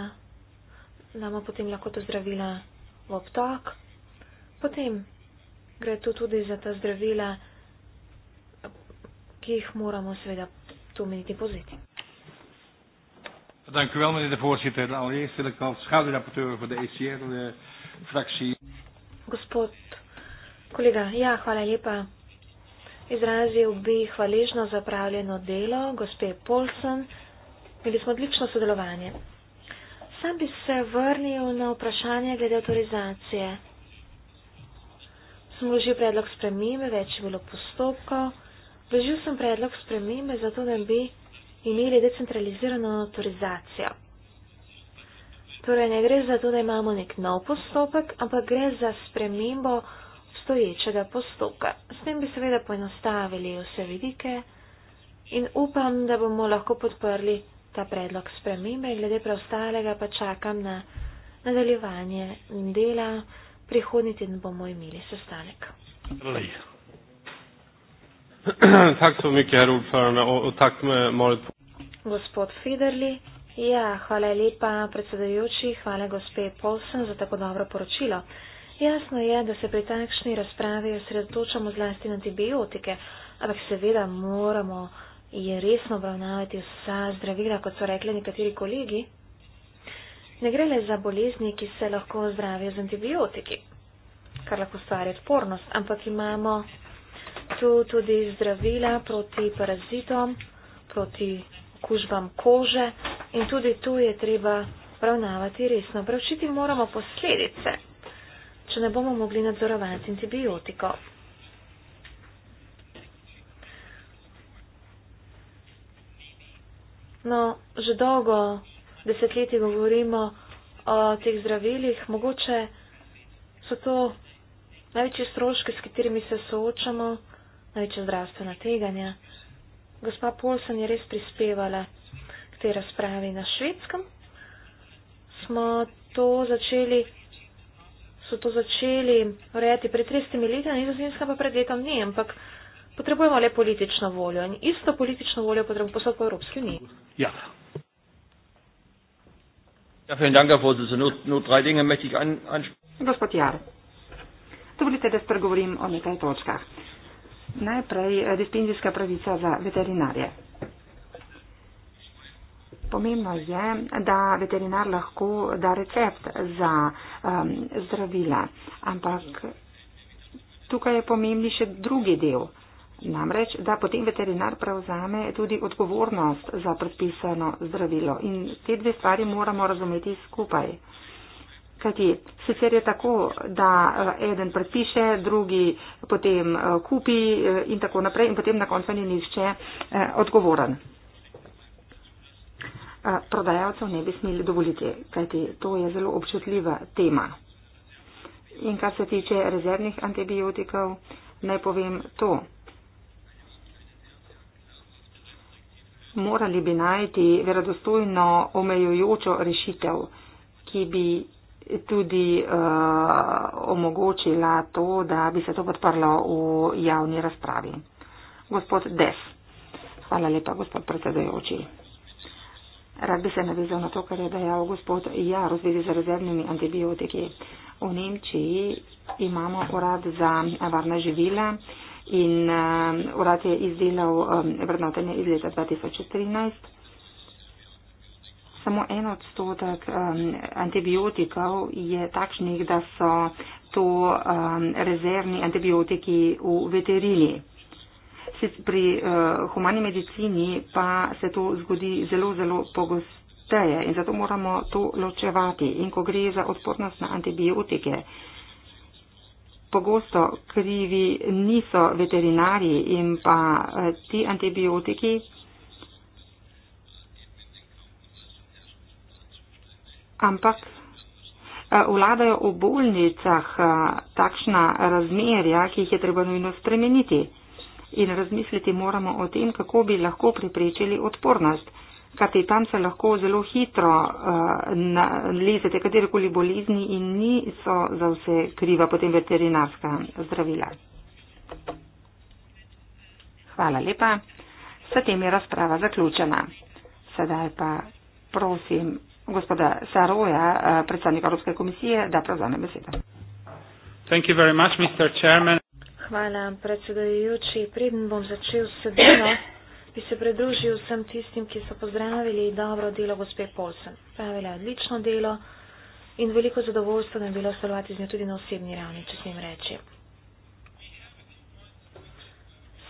[SPEAKER 3] nam potem lahko to zdravila v obtok. Potem gre tu tudi za ta zdravila, ki jih moramo seveda tu meniti pozitivno.
[SPEAKER 1] Dank u wel, meneer de voorzitter. Allereerst wil ik als schaduwrapporteur voor de ECR-fractie...
[SPEAKER 3] Eh, Gospod, collega, ja, hvala lepa. Izrazil bi hvaležno zapravljeno delo gospe Polsen. Bili smo odlično sodelovanje. Sam bi se vrnil na vprašanje glede autorizacije. Sem vložil predlog spremembe, več je bilo postopkov. Vložil sem predlog spremembe, zato ne bi imeli decentralizirano notorizacijo. Torej, ne gre za to, da imamo nek nov postopek, ampak gre za spremembo obstoječega postopka. S tem bi seveda poenostavili vse vidike in upam, da bomo lahko podprli ta predlog spremembe. Glede preostalega pa čakam na nadaljevanje dela. Prihodnji teden bomo imeli sestanek.
[SPEAKER 1] Tak so mi, ker upam, otakme, molim.
[SPEAKER 3] Gospod Federli. Ja, hvala lepa predsedajoči, hvala gospe Polsen za tako dobro poročilo. Jasno je, da se pri takšni razpravi osredotočamo zlasti na antibiotike, ampak seveda moramo je resno obravnavati vsa zdravila, kot so rekli nekateri kolegi. Ne gre le za bolezni, ki se lahko zdravijo z antibiotiki, kar lahko stvari odpornost, ampak imamo tu tudi zdravila proti parazitom, proti okužbam kože in tudi tu je treba ravnavati resno. Pravčiti moramo posledice, če ne bomo mogli nadzorovati antibiotiko. No, že dolgo desetletji govorimo o teh zdravilih, mogoče so to največji stroški, s katerimi se soočamo, največja zdravstvena teganja. Gospa Polsen je res prispevala k tej razpravi na švedskem. Smo to začeli, so to začeli urejati pred 30 leti, na nizozemska pa pred letom ni, ampak potrebujemo le politično voljo in isto politično voljo potrebujemo posod po Evropski uniji.
[SPEAKER 1] Ja. Ja, vielen Dank, Herr Vorsitzender. Nur, nur drei Dinge möchte ich ansprechen.
[SPEAKER 2] An Gospod Jar, dovolite, da spregovorim o nekaj točkah. Najprej eh, distinzijska pravica za veterinarje. Pomembno je, da veterinar lahko da recept za um, zdravila, ampak tukaj je pomembni še drugi del. Namreč, da potem veterinar prevzame tudi odgovornost za predpisano zdravilo. In te dve stvari moramo razumeti skupaj. Uh, Kajti sicer je tako, da eh, eden predpiše, drugi eh, potem eh, kupi in tako naprej in potem na koncu ni nišče odgovoren. Prodajalcev ne bi smeli dovoliti, kajti to je zelo občutljiva tema. In kar se tiče rezervnih antibiotikov, naj povem to. Morali bi najti verodostojno omejujočo rešitev, ki bi tudi uh, omogočila to, da bi se to podprlo v javni razpravi. Gospod Des. Hvala lepa, gospod predsedajoči. Rad bi se navezal na to, kar je dejal gospod Jar v zvezi z rezervnimi antibiotiki. V Nemčiji imamo urad za varna živila in eh, urad je izdelal eh, vrednotenje iz leta 2013 samo en odstotek um, antibiotikov je takšnih, da so to um, rezervni antibiotiki v veterini. Pri uh, humani medicini pa se to zgodi zelo, zelo pogosteje in zato moramo to ločevati. In ko gre za odpornost na antibiotike, pogosto krivi niso veterinari in pa uh, ti antibiotiki ampak eh, vladajo v bolnicah eh, takšna razmerja, ki jih je treba nujno spremeniti. In razmisliti moramo o tem, kako bi lahko preprečili odpornost, kajti tam se lahko zelo hitro uh, eh, nalezete katerekoli bolezni in niso za vse kriva potem veterinarska zdravila. Hvala lepa. S tem je razprava zaključena. Sedaj pa prosim gospoda Saroja, eh, predsednika Evropske komisije, da prevzame besedo.
[SPEAKER 3] Hvala, predsedajoči. Preden bom začel sedelo, bi se pridružil vsem tistim, ki so pozdravili dobro delo gospe Polsen. Pravila je odlično delo in veliko zadovoljstvo nam je bilo sodelovati z njo tudi na osebni ravni, če smem reči.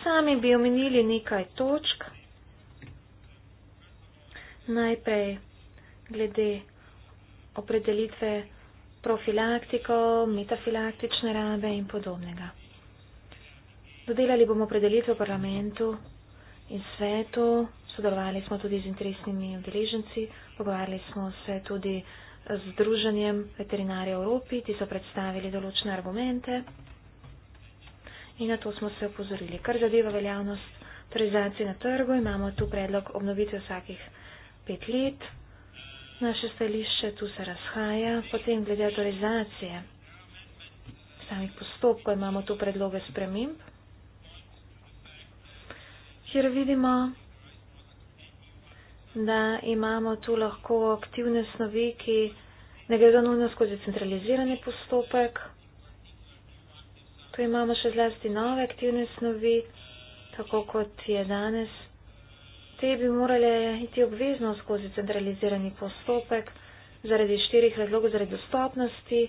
[SPEAKER 3] Sami bi omenili nekaj točk. Najprej glede opredelitve profilaktiko, metafilaktične rabe in podobnega. Dodelali bomo opredelitve v parlamentu in svetu, sodelovali smo tudi z interesnimi udeleženci, pogovarjali smo se tudi z Združenjem veterinarjev Evropi, ti so predstavili določene argumente in na to smo se opozorili. Kar zadeva veljavnost, Torej, zdaj na trgu imamo tu predlog obnovitve vsakih pet let, Naše stališče tu se razhaja, potem glede autorizacije samih postopkov imamo tu predloge sprememb, kjer vidimo, da imamo tu lahko aktivne snovi, ki ne gredo nujno skozi centralizirani postopek. Tu imamo še zlasti nove aktivne snovi, tako kot je danes Te bi morale iti obvezno skozi centralizirani postopek zaradi štirih razlogov, zaradi dostopnosti,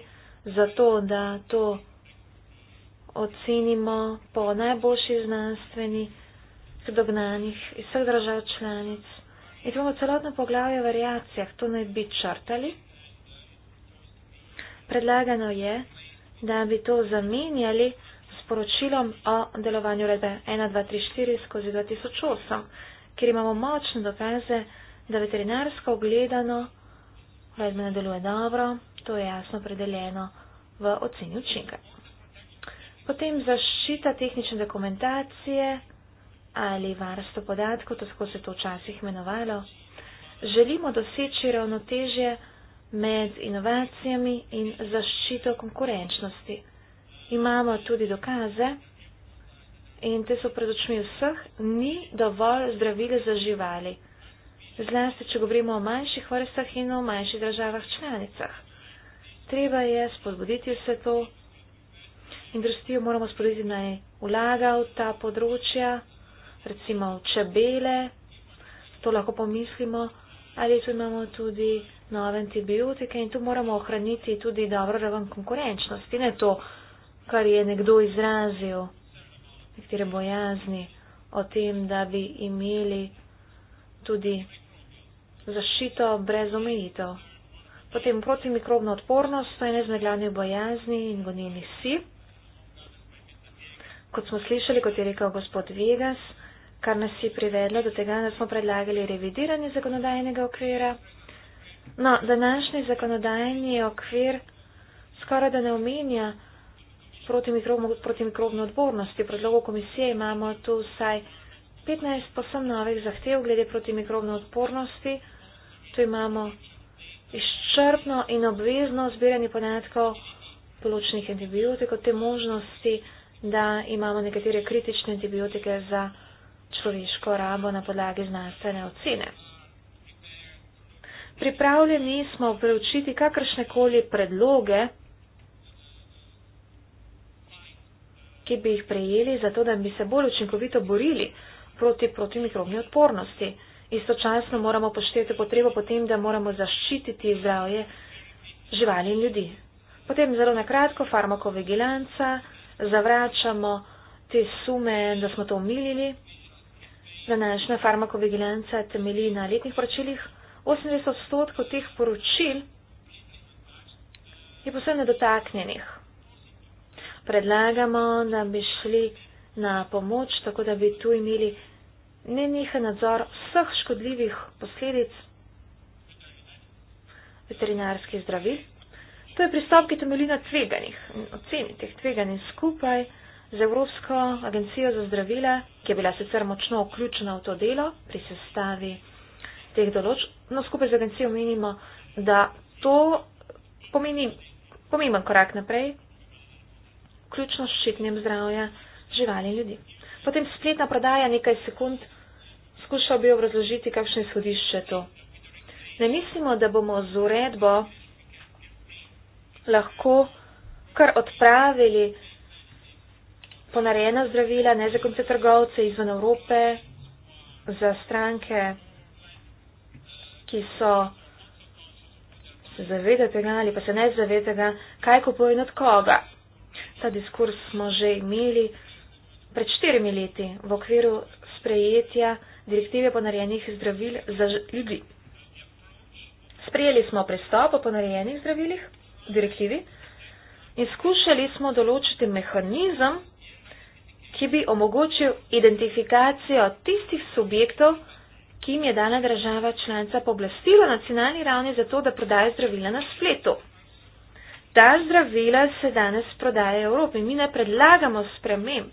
[SPEAKER 3] zato da to ocenimo po najboljši znanstveni dognanjih iz vseh držav članic. In tu imamo celotno poglavje o variacijah, to naj bi črtali. Predlagano je, da bi to zamenjali s poročilom o delovanju uredbe 1234 skozi 2008 kjer imamo močne dokaze, da veterinarsko gledano redno ne deluje dobro, to je jasno predeljeno v oceni učinka. Potem zaščita tehnične dokumentacije ali varstvo podatkov, tako se to včasih imenovalo. Želimo doseči ravnotežje med inovacijami in zaščito konkurenčnosti. Imamo tudi dokaze, in te so pred očmi vseh, ni dovolj zdravile za živali. Zlasti, če govorimo o manjših vrstah in o manjših državah članicah. Treba je spodbuditi vse to. Industrijo moramo spodbuditi naj vlaga v ta področja, recimo v čebele, to lahko pomislimo, ali tu imamo tudi nove antibiotike in tu moramo ohraniti tudi dobro raven konkurenčnosti, ne to, kar je nekdo izrazil nekatere bojazni o tem, da bi imeli tudi zaščito brez omejitev. Potem protimikrobna odpornost, to je ena izmed glavnih bojazni in gonilni si. Kot smo slišali, kot je rekel gospod Vegas, kar nas je privedlo do tega, da smo predlagali revidiranje zakonodajnega okvira. No, današnji zakonodajni okvir skoraj da ne omenja protimikrobno odbornosti. Predlogo komisije imamo tu vsaj 15 posem novih zahtev glede protimikrobno odbornosti. Tu imamo izčrpno in obvezno zbiranje podatkov določenih antibiotikov, te možnosti, da imamo nekatere kritične antibiotike za človeško rabo na podlagi znanstvene ocene. Pripravljeni smo preučiti kakršne koli predloge, ki bi jih prejeli, zato da bi se bolj učinkovito borili proti protimikrobni odpornosti. Istočasno moramo poštevati potrebo potem, da moramo zaščititi zdravje živali in ljudi. Potem zelo na kratko farmakovigilanca, zavračamo te sume, da smo to omilili. Današnja farmakovigilanca temelji na letnih poročilih. 80 odstotkov teh poročil je posebno dotaknjenih predlagamo, da bi šli na pomoč, tako da bi tu imeli neniha nadzor vseh škodljivih posledic veterinarskih zdravil. To je pristop, ki temelji na tveganjih, oceni teh tveganj skupaj z Evropsko agencijo za zdravila, ki je bila sicer močno vključena v to delo pri sestavi teh določ, no skupaj z agencijo menimo, da to pomeni pomemben korak naprej, vključno s ščitnjem zdravja živali ljudi. Potem spletna prodaja nekaj sekund, skušal bi obrazložiti, kakšno je sodišče to. Ne mislimo, da bomo z uredbo lahko kar odpravili ponarejena zdravila, nezakonite trgovce izven Evrope, za stranke, ki so se zavedajo tega ali pa se ne zavedajo tega, kaj kupujo in od koga. Ta diskurs smo že imeli pred štirimi leti v okviru sprejetja direktive ponarejenih zdravil za ljudi. Sprejeli smo pristop o ponarejenih zdravilih v direktivi in skušali smo določiti mehanizem, ki bi omogočil identifikacijo tistih subjektov, ki jim je dana država članca pooblastila na nacionalni ravni za to, da prodaje zdravila na spletu ta zdravila se danes prodajajo Evropi. Mi ne predlagamo sprememb.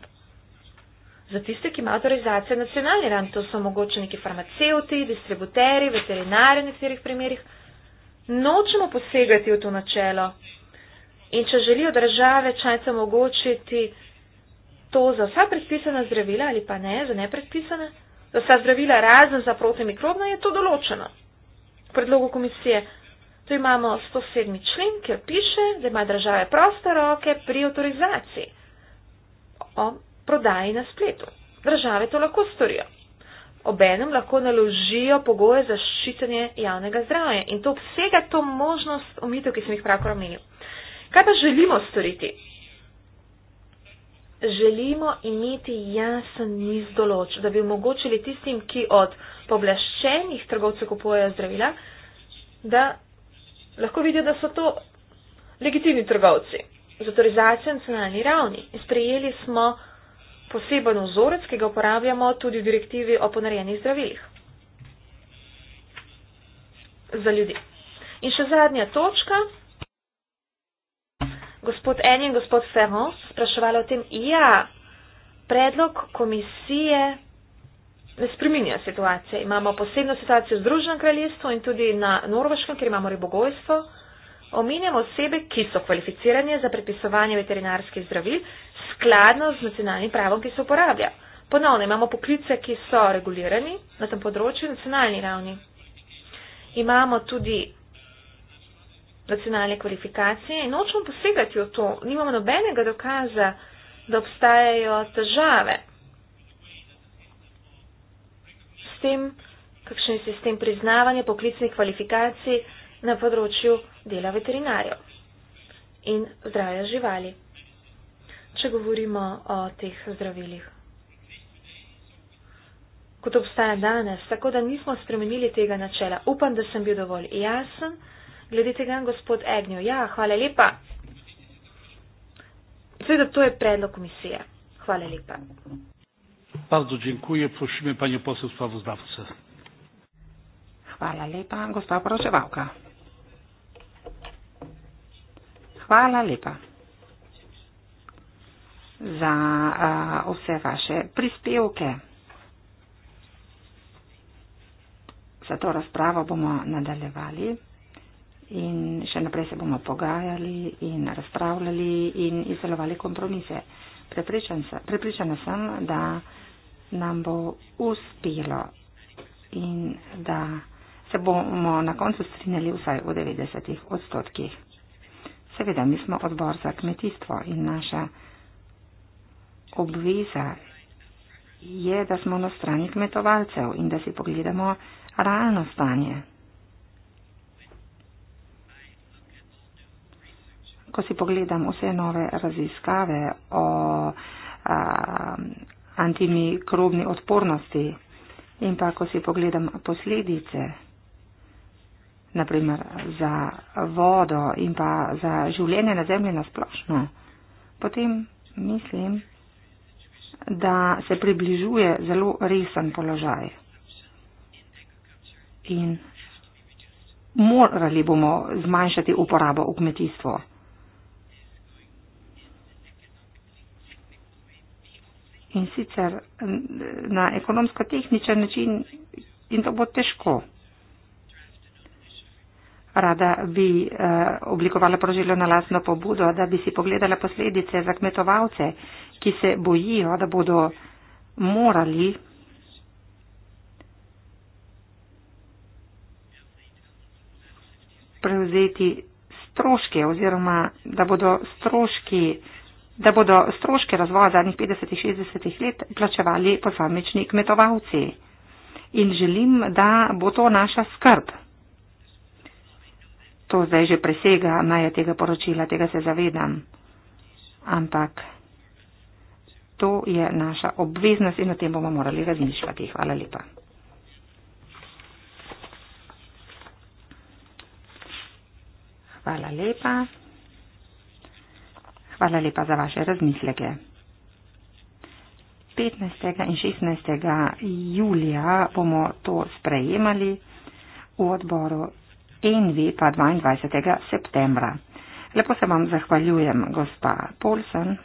[SPEAKER 3] Za tiste, ki imajo autorizacijo nacionalni ran, to so mogoče neki farmacevti, distributeri, veterinari v nekaterih primerjih, nočemo posegati v to načelo. In če želijo države članice omogočiti to za vsa predpisana zdravila ali pa ne, za nepredpisane, za vsa zdravila razen za protimikrobna, je to določeno v predlogu komisije. Tu imamo 107. člen, kjer piše, da ima država proste roke pri autorizaciji o prodaji na spletu. Države to lahko storijo. Obenem lahko naložijo pogoje za ščitanje javnega zdravja in to obsega to možnost omitev, ki sem jih pravkar omenil. Kaj pa želimo storiti? Želimo imeti jasen niz določb, da bi omogočili tistim, ki od povlaščenih trgovcev kupujejo zdravila, da lahko vidijo, da so to legitimni trgovci z autorizacijo na nacionalni ravni. In sprejeli smo poseben vzorec, ki ga uporabljamo tudi v direktivi o ponarejenih zdravilih za ljudi. In še zadnja točka. Gospod Enin, gospod Ferro, spraševala o tem, ja, predlog komisije ne spreminja situacije. Imamo posebno situacijo v Združenem kraljestvu in tudi na Norveškem, kjer imamo ribogojstvo. Omenjamo osebe, ki so kvalificirane za predpisovanje veterinarskih zdravil skladno z nacionalnim pravom, ki se uporablja. Ponovno imamo poklice, ki so regulirani na tem področju, nacionalni ravni. Imamo tudi nacionalne kvalifikacije in nočemo posegati v to. Nimamo nobenega dokaza, da obstajajo težave sistem, kakšen je sistem priznavanja poklicnih kvalifikacij na področju dela veterinarjev in zdravja živali, če govorimo o teh zdravilih. Kot obstaja danes, tako da nismo spremenili tega načela. Upam, da sem bil dovolj jasen. Glede tega, gospod Egnjo, ja, hvala lepa. Seveda, to je predlog komisije. Hvala lepa.
[SPEAKER 1] Bardzo dziękuję. Prosimy panią poseł sprawozdawcę.
[SPEAKER 3] Chwala
[SPEAKER 2] lipa, gospa Proczewałka. Chwala lipa za wszystkie uh, wasze przyspiewki. Za to rozprawę będziemy nadalewali i jeszcze na się będziemy pogajali i rozprawiali i izolowali kompromisy. Przepryczana jestem, że nam bo uspelo in da se bomo na koncu strinjali vsaj v 90 odstotkih. Seveda, mi smo odbor za kmetijstvo in naša obveza je, da smo na strani kmetovalcev in da si pogledamo realno stanje. Ko si pogledam vse nove raziskave o a, antimikrobni odpornosti. In pa, ko si pogledam posledice, naprimer za vodo in pa za življenje na zemlji nasplošno, potem mislim, da se približuje zelo resen položaj. In morali bomo zmanjšati uporabo v kmetijstvu. in sicer na ekonomsko-tehničen način in to bo težko. Rada bi uh, oblikovala prožilo na lastno pobudo, da bi si pogledala posledice za kmetovalce, ki se bojijo, da bodo morali prevzeti stroške oziroma da bodo stroški da bodo stroške razvoja zadnjih 50-60 let plačevali posamični kmetovalci. In želim, da bo to naša skrb. To zdaj že presega meje tega poročila, tega se zavedam. Ampak to je naša obveznost in o tem bomo morali razmišljati. Hvala lepa. Hvala lepa. Hvala lepa za vaše razmisleke. 15. in 16. julija bomo to sprejemali v odboru NV pa 22. septembra. Lepo se vam zahvaljujem, gospa Polsen.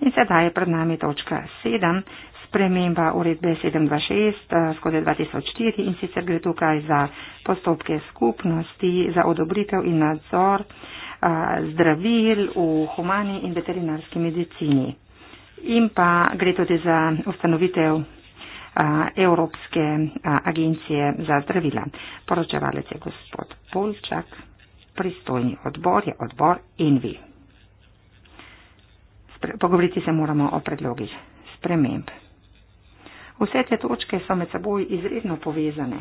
[SPEAKER 2] In sedaj je pred nami točka 7, sprememba uredbe 726 eh, skozi 2004 in sicer gre tukaj za postopke skupnosti, za odobritev in nadzor zdravil v humani in veterinarski medicini. In pa gre tudi za ustanovitev Evropske agencije za zdravila. Poročevalec je gospod Polčak, pristojni odbor je odbor Envi. Pogovoriti se moramo o predlogih sprememb. Vse te točke so med seboj izredno povezane.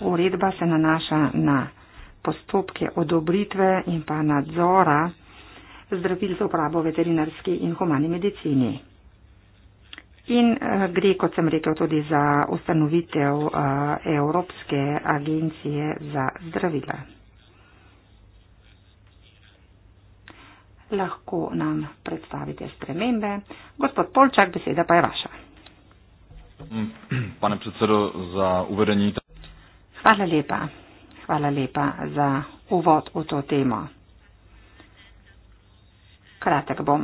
[SPEAKER 2] Uredba se nanaša na postopke odobritve in pa nadzora zdravil za uporabo v veterinarski in humani medicini. In eh, gre, kot sem rekel, tudi za ustanovitev eh, Evropske agencije za zdravila. Lahko nam predstavite spremembe. Gospod Polčak, beseda pa je vaša.
[SPEAKER 1] Mm, pane predsedo, za uvedenje.
[SPEAKER 2] Hvala lepa. Hvala lepa za uvod v to temo. Kratek bom.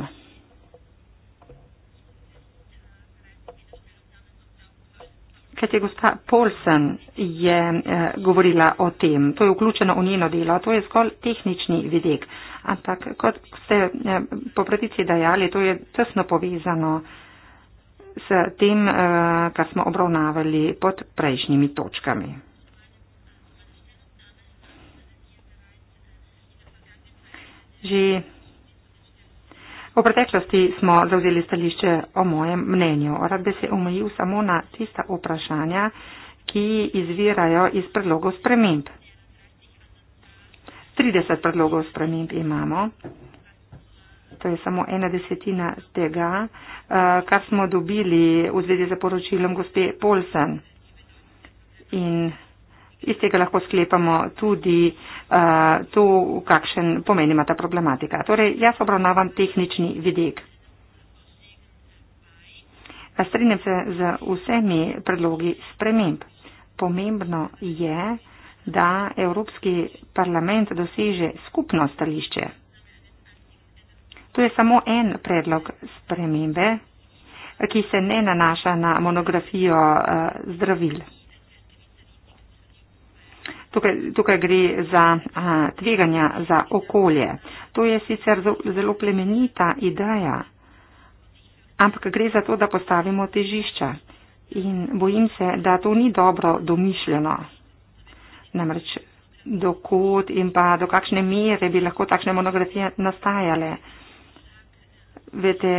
[SPEAKER 2] Kaj je gospa Polsen je eh, govorila o tem, to je vključeno v njeno delo, to je zgolj tehnični vidik. Ampak kot ste eh, po pravici dejali, to je tesno povezano s tem, eh, kar smo obravnavali pod prejšnjimi točkami. že v preteklosti smo zauzeli stališče o mojem mnenju. Rad bi se omejil samo na tista vprašanja, ki izvirajo iz predlogov sprememb. 30 predlogov sprememb imamo. To je samo ena desetina tega, eh, kar smo dobili v zvezi z poročilom gospe Polsen. In Iz tega lahko sklepamo tudi uh, to, kakšen pomen ima ta problematika. Torej, jaz obravnavam tehnični vidik. Strinjam se z vsemi predlogi sprememb. Pomembno je, da Evropski parlament doseže skupno stališče. To je samo en predlog spremembe, ki se ne nanaša na monografijo eh, zdravil. Tukaj, tukaj gre za a, tveganja za okolje. To je sicer zelo plemenita ideja, ampak gre za to, da postavimo težišča. In bojim se, da to ni dobro domišljeno. Namreč dokot in pa do kakšne mere bi lahko takšne monografije nastajale. Vete,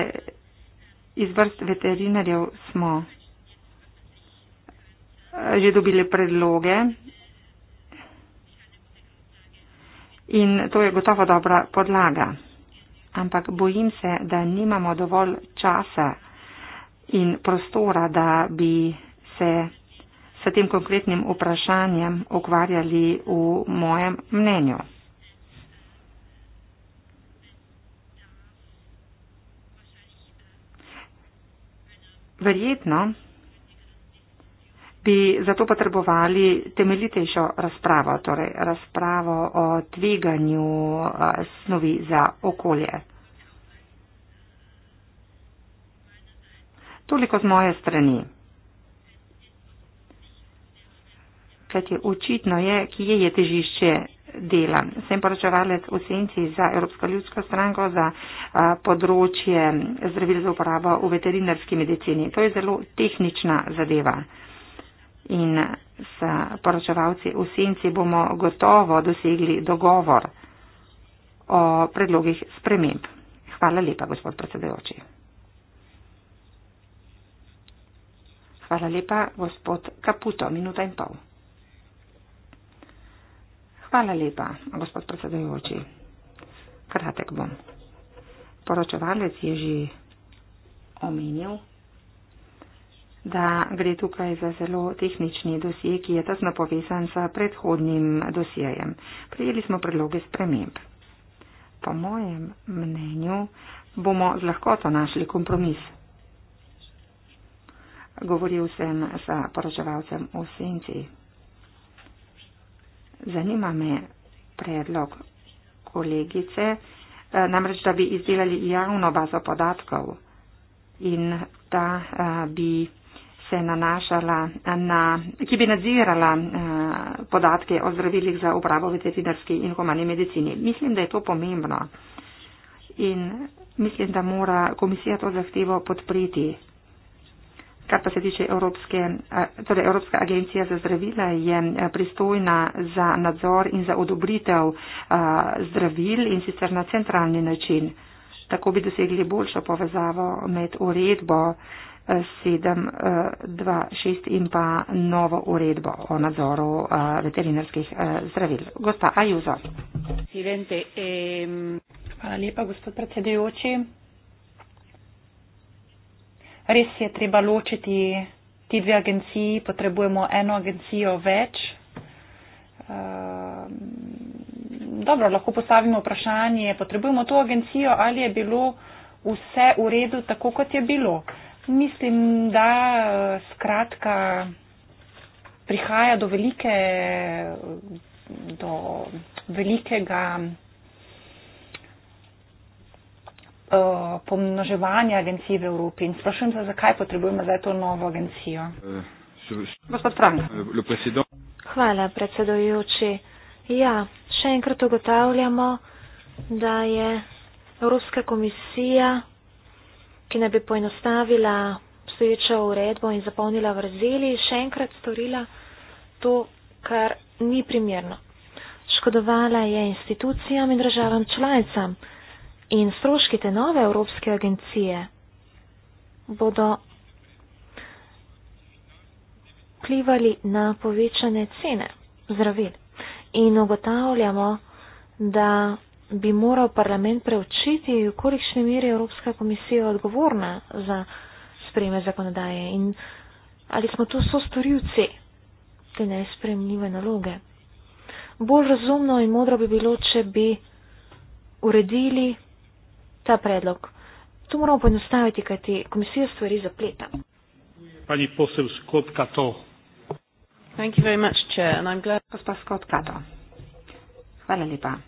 [SPEAKER 2] iz vrst veterinarjev smo že dobili predloge In to je gotovo dobra podlaga. Ampak bojim se, da nimamo dovolj časa in prostora, da bi se s tem konkretnim vprašanjem ukvarjali v mojem mnenju. Verjetno bi zato potrebovali temeljitejšo razpravo, torej razpravo o tveganju eh, snovi za okolje. Toliko z moje strani. Kajti očitno je, kje je težišče dela. Sem poročevalec v senci za Evropsko ljudsko stranko za a, eh, področje zdravil za uporabo v veterinarski medicini. To je zelo tehnična zadeva in s poročevalci v senci bomo gotovo dosegli dogovor o predlogih sprememb. Hvala lepa, gospod predsedajoči. Hvala lepa, gospod Kaputo, minuta in pol. Hvala lepa, gospod predsedajoči. Kratek bom. Poročevalec je že omenil da gre tukaj za zelo tehnični dosje, ki je tasno povezan s predhodnim dosjejem. Prijeli smo predloge sprememb. Po mojem mnenju bomo z lahkoto našli kompromis. Govoril sem sa poročevalcem o senci. Zanima me predlog kolegice, eh, namreč, da bi izdelali javno bazo podatkov in da eh, bi se nanašala na, ki bi nadzirala eh, podatke o zdravilih za uporabo v veterinarski in humani medicini. Mislim, da je to pomembno in mislim, da mora komisija to zahtevo podpreti. Kar pa se tiče Evropske, eh, torej Evropska agencija za zdravila je eh, pristojna za nadzor in za odobritev zdravil in sicer na centralni način. Tako bi dosegli boljšo povezavo med uredbo 726 eh, in pa novo uredbo o nadzoru eh, veterinarskih eh, zdravil. Gospa Ajuzo. Ehm, hvala lepa, gospod predsedujoči. Res je treba ločiti ti dve agenciji, potrebujemo eno agencijo več. Ehm, dobro, lahko postavimo vprašanje, potrebujemo to agencijo ali je bilo vse v redu tako, kot je bilo. Mislim, da eh, skratka prihaja do, velike, do velikega uh, pomnoževanja agencij v Evropi in sprašujem se, zakaj
[SPEAKER 3] potrebujemo zdaj to novo agencijo. Gospod Frank. Hvala, predsedojoči. Ja, še enkrat ugotavljamo, da je Evropska komisija ki naj bi poenostavila obstoječo uredbo in zapolnila vrzeli, še enkrat storila to, kar ni primerno. Škodovala je institucijam in državam članicam in stroški te nove Evropske agencije bodo vplivali na povečane cene zdravil. In ugotavljamo, da bi moral parlament preučiti, v kolikšni meri je Evropska komisija odgovorna za spreme zakonodaje in ali smo to so storilci te nespremljive naloge. Bolj razumno in modro bi bilo, če bi uredili ta predlog. Tu moramo poenostaviti, kaj ti komisija stvari zapleta.
[SPEAKER 1] Pani posel Scott Kato.
[SPEAKER 3] Thank you very much, Chair,
[SPEAKER 2] and I'm glad, Gospa Scott Kato. Hvala lepa.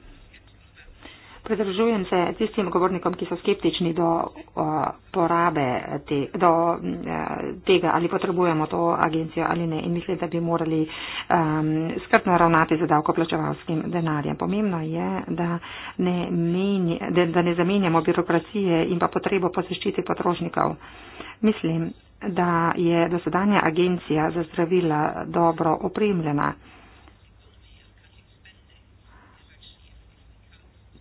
[SPEAKER 2] Pridržujem se tistim govornikom, ki so skeptični do uh, porabe te, do, uh, tega, ali potrebujemo to agencijo ali ne in mislim, da bi morali um, skrbno ravnati z davkoplačevalskim denarjem. Pomembno je, da ne, menj, da, da ne zamenjamo birokracije in pa potrebo po zaščiti potrošnikov. Mislim, da je dosedanja agencija za zdravila dobro opremljena.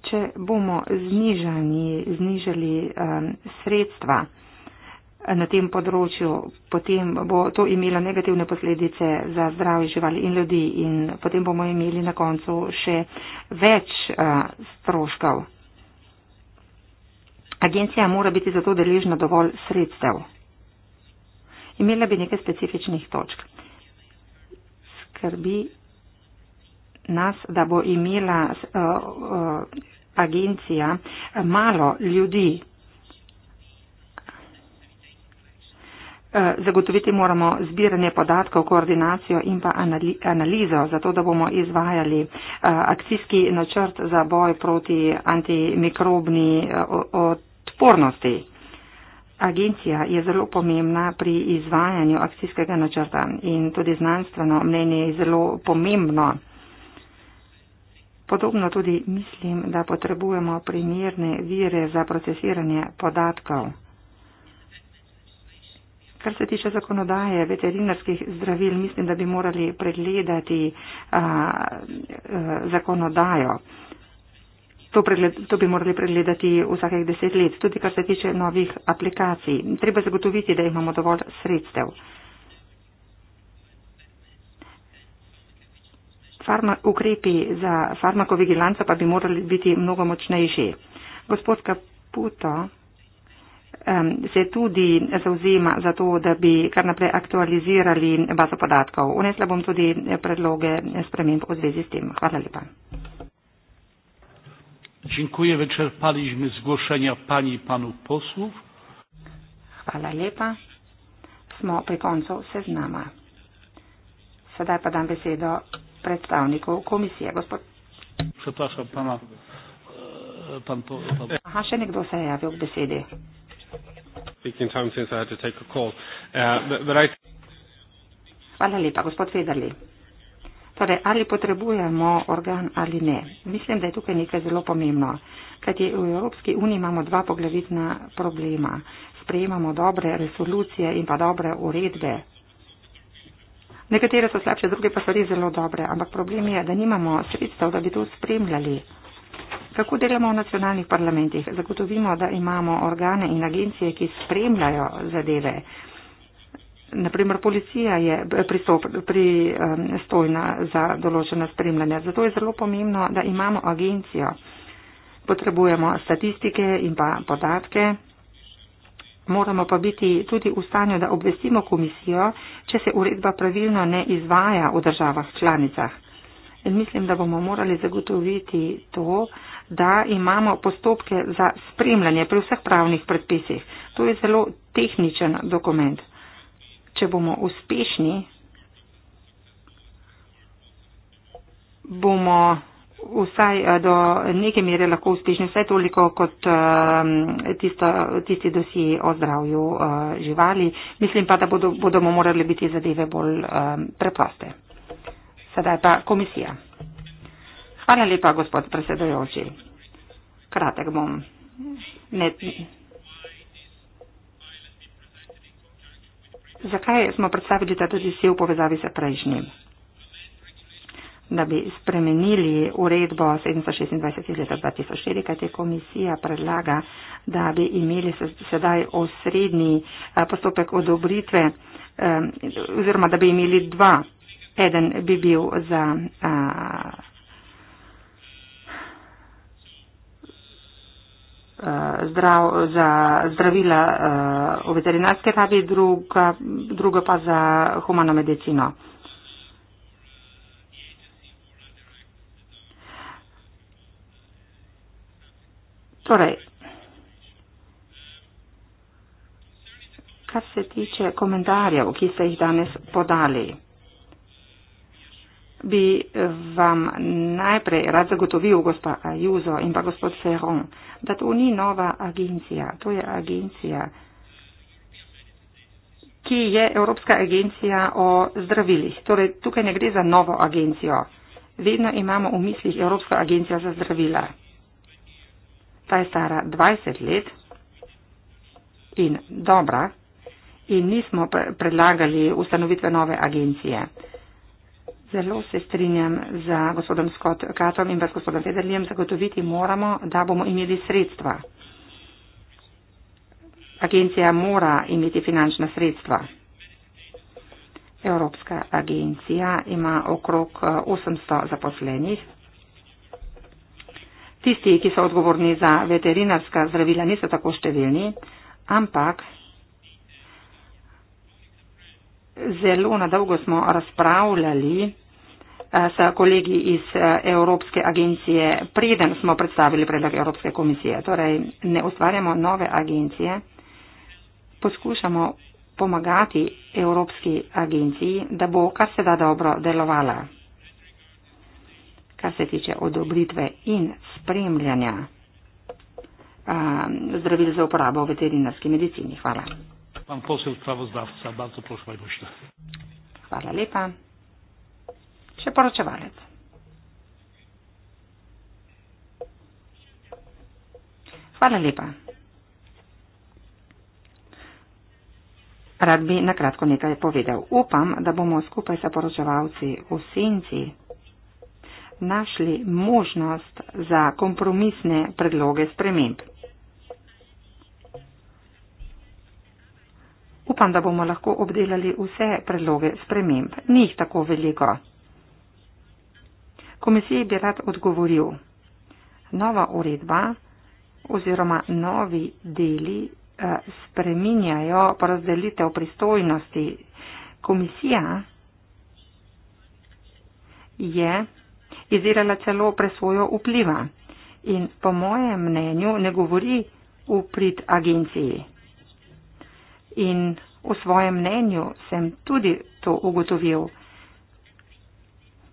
[SPEAKER 2] če bomo znižani, znižali um, sredstva na tem področju, potem bo to imelo negativne posledice za zdravje živali in ljudi in potem bomo imeli na koncu še več uh, stroškov. Agencija mora biti zato deležna dovolj sredstev. Imela bi nekaj specifičnih točk. Skrbi nas, da bo imela uh, uh, agencija malo ljudi. Eh, zagotoviti moramo zbiranje podatkov, koordinacijo in pa analizo, zato da bomo izvajali eh, akcijski načrt za boj proti antimikrobni eh, odpornosti. Agencija je zelo pomembna pri izvajanju akcijskega načrta in tudi znanstveno mnenje je zelo pomembno. Podobno tudi mislim, da potrebujemo primerne vire za procesiranje podatkov. Kar se tiče zakonodaje veterinarskih zdravil, mislim, da bi morali pregledati a, a, e, zakonodajo. To, pregled, to bi morali pregledati vsakih deset let, tudi kar se tiče novih aplikacij. Treba zagotoviti, da imamo dovolj sredstev. farma, ukrepi za farmakovigilanco pa bi morali biti mnogo močnejši. Gospod Kaputo um, se tudi zauzema za to, da bi kar naprej aktualizirali bazo podatkov. Unesla bom tudi predloge sprememb v zvezi s tem. Hvala lepa.
[SPEAKER 1] Dziękuję. Wyczerpaliśmy zgłoszenia pani i panów posłów.
[SPEAKER 2] Hvala lepa. Smo pri koncu seznama. Sedaj pa dam besedo predstavnikov komisije. Gospod... Prepašam, pana, e, pan, pan, pan. Aha, še nekdo se je javil k besedi.
[SPEAKER 1] Uh,
[SPEAKER 2] Hvala lepa, gospod Federli. Torej, ali potrebujemo organ ali ne? Mislim, da je tukaj nekaj zelo pomembno, kajti v Evropski uniji imamo dva poglavitna problema. Sprejemamo dobre resolucije in pa dobre uredbe, Nekatere so slabše, druge pa so res zelo dobre, ampak problem je, da nimamo sredstev, da bi to spremljali. Kako delamo v nacionalnih parlamentih? Zagotovimo, da imamo organe in agencije, ki spremljajo zadeve. Naprimer, policija je pristojna za določena spremljanja. Zato je zelo pomembno, da imamo agencijo. Potrebujemo statistike in pa podatke moramo pa biti tudi v stanju, da obvestimo komisijo, če se uredba pravilno ne izvaja v državah članicah. In mislim, da bomo morali zagotoviti to, da imamo postopke za spremljanje pri vseh pravnih predpisih. To je zelo tehničen dokument. Če bomo uspešni, bomo vsaj eh, do neke mere lahko uspešni, vsaj toliko kot ehm, tisto, tisti dosi o zdravju eh, živali. Mislim pa, da bodo, bodo bomo morali biti zadeve bolj ehm, preproste. Sedaj pa komisija. Hvala lepa, gospod predsedojoči. Kratek bom. Ne. Zakaj smo predstavili ta dosi v povezavi s prejšnjim? da bi spremenili uredbo 726 iz leta 2004, kajte komisija predlaga, da bi imeli sedaj osrednji eh, postopek odobritve eh, oziroma da bi imeli dva. Eden bi bil za eh, Zdrav, za zdravila uh, v veterinarske rabi, druga, druga pa za humano medicino. Torej, kar se tiče komentarjev, ki ste jih danes podali, bi vam najprej rad zagotovil, gospa Juzo in pa gospod Ferron, da to ni nova agencija, to je agencija, ki je Evropska agencija o zdravilih. Torej, tukaj ne gre za novo agencijo. Vedno imamo v mislih Evropska agencija za zdravila ta je stara 20 let in dobra in nismo predlagali ustanovitve nove agencije. Zelo se strinjam z gospodom Scott Katom in pa s gospodom Federlijem, zagotoviti moramo, da bomo imeli sredstva. Agencija mora imeti finančna sredstva. Evropska agencija ima okrog 800 eh, zaposlenih. Tisti, ki so odgovorni za veterinarska zdravila, niso tako številni, ampak zelo nadolgo smo razpravljali eh, s kolegi iz eh, Evropske agencije, preden smo predstavili predlog Evropske komisije. Torej, ne ustvarjamo nove agencije, poskušamo pomagati Evropski agenciji, da bo kar se da dobro delovala kar se tiče odobritve in spremljanja um, zdravil za uporabo v veterinarski medicini. Hvala.
[SPEAKER 1] Posel, prošla,
[SPEAKER 2] Hvala lepa. Še poročevalec. Hvala lepa. Rad bi na kratko nekaj povedal. Upam, da bomo skupaj s poročevalci v senci našli možnost za kompromisne predloge sprememb. Upam, da bomo lahko obdelali vse predloge sprememb. Ni jih tako veliko. Komisiji bi rad odgovoril. Nova uredba oziroma novi deli eh, spreminjajo porazdelitev pristojnosti. Komisija je izirala celo presojo vpliva in po mojem mnenju ne govori v prid agenciji. In v svojem mnenju sem tudi to ugotovil.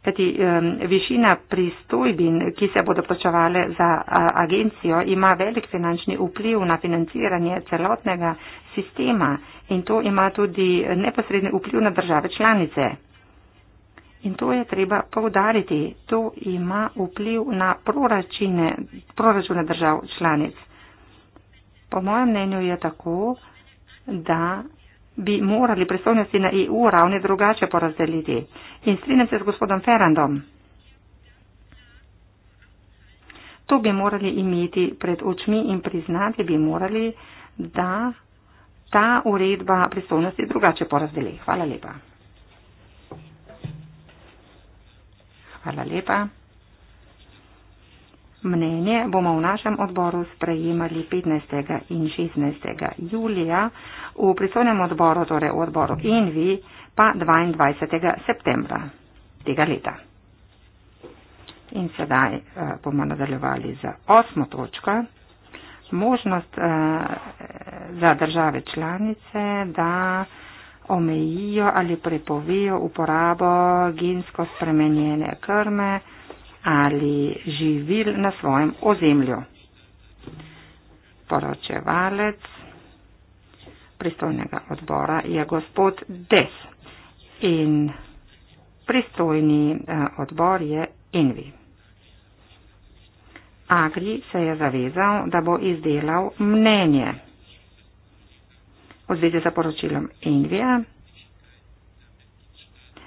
[SPEAKER 2] Kajti um, višina pristojbin, ki se bodo plačevale za a, agencijo, ima velik finančni vpliv na financiranje celotnega sistema in to ima tudi neposredni vpliv na države članice. In to je treba povdariti. To ima vpliv na proračune, proračune držav članic. Po mojem mnenju je tako, da bi morali pristojnosti na EU ravni drugače porazdeliti. In strinjam se z gospodom Ferrandom. To bi morali imeti pred očmi in priznati bi morali, da ta uredba pristojnosti drugače porazdeli. Hvala lepa. Hvala lepa. Mnenje bomo v našem odboru sprejemali 15. in 16. julija, v pristojnem odboru, torej v odboru INVI, pa 22. septembra tega leta. In sedaj eh, bomo nadaljevali z osmo točko. Možnost eh, za države članice, da omejijo ali prepovejo uporabo gensko spremenjene krme ali živil na svojem ozemlju. Poročevalec pristojnega odbora je gospod Des in pristojni eh, odbor je Envi. Agri se je zavezal, da bo izdelal mnenje v zvezi z poročilom Indija.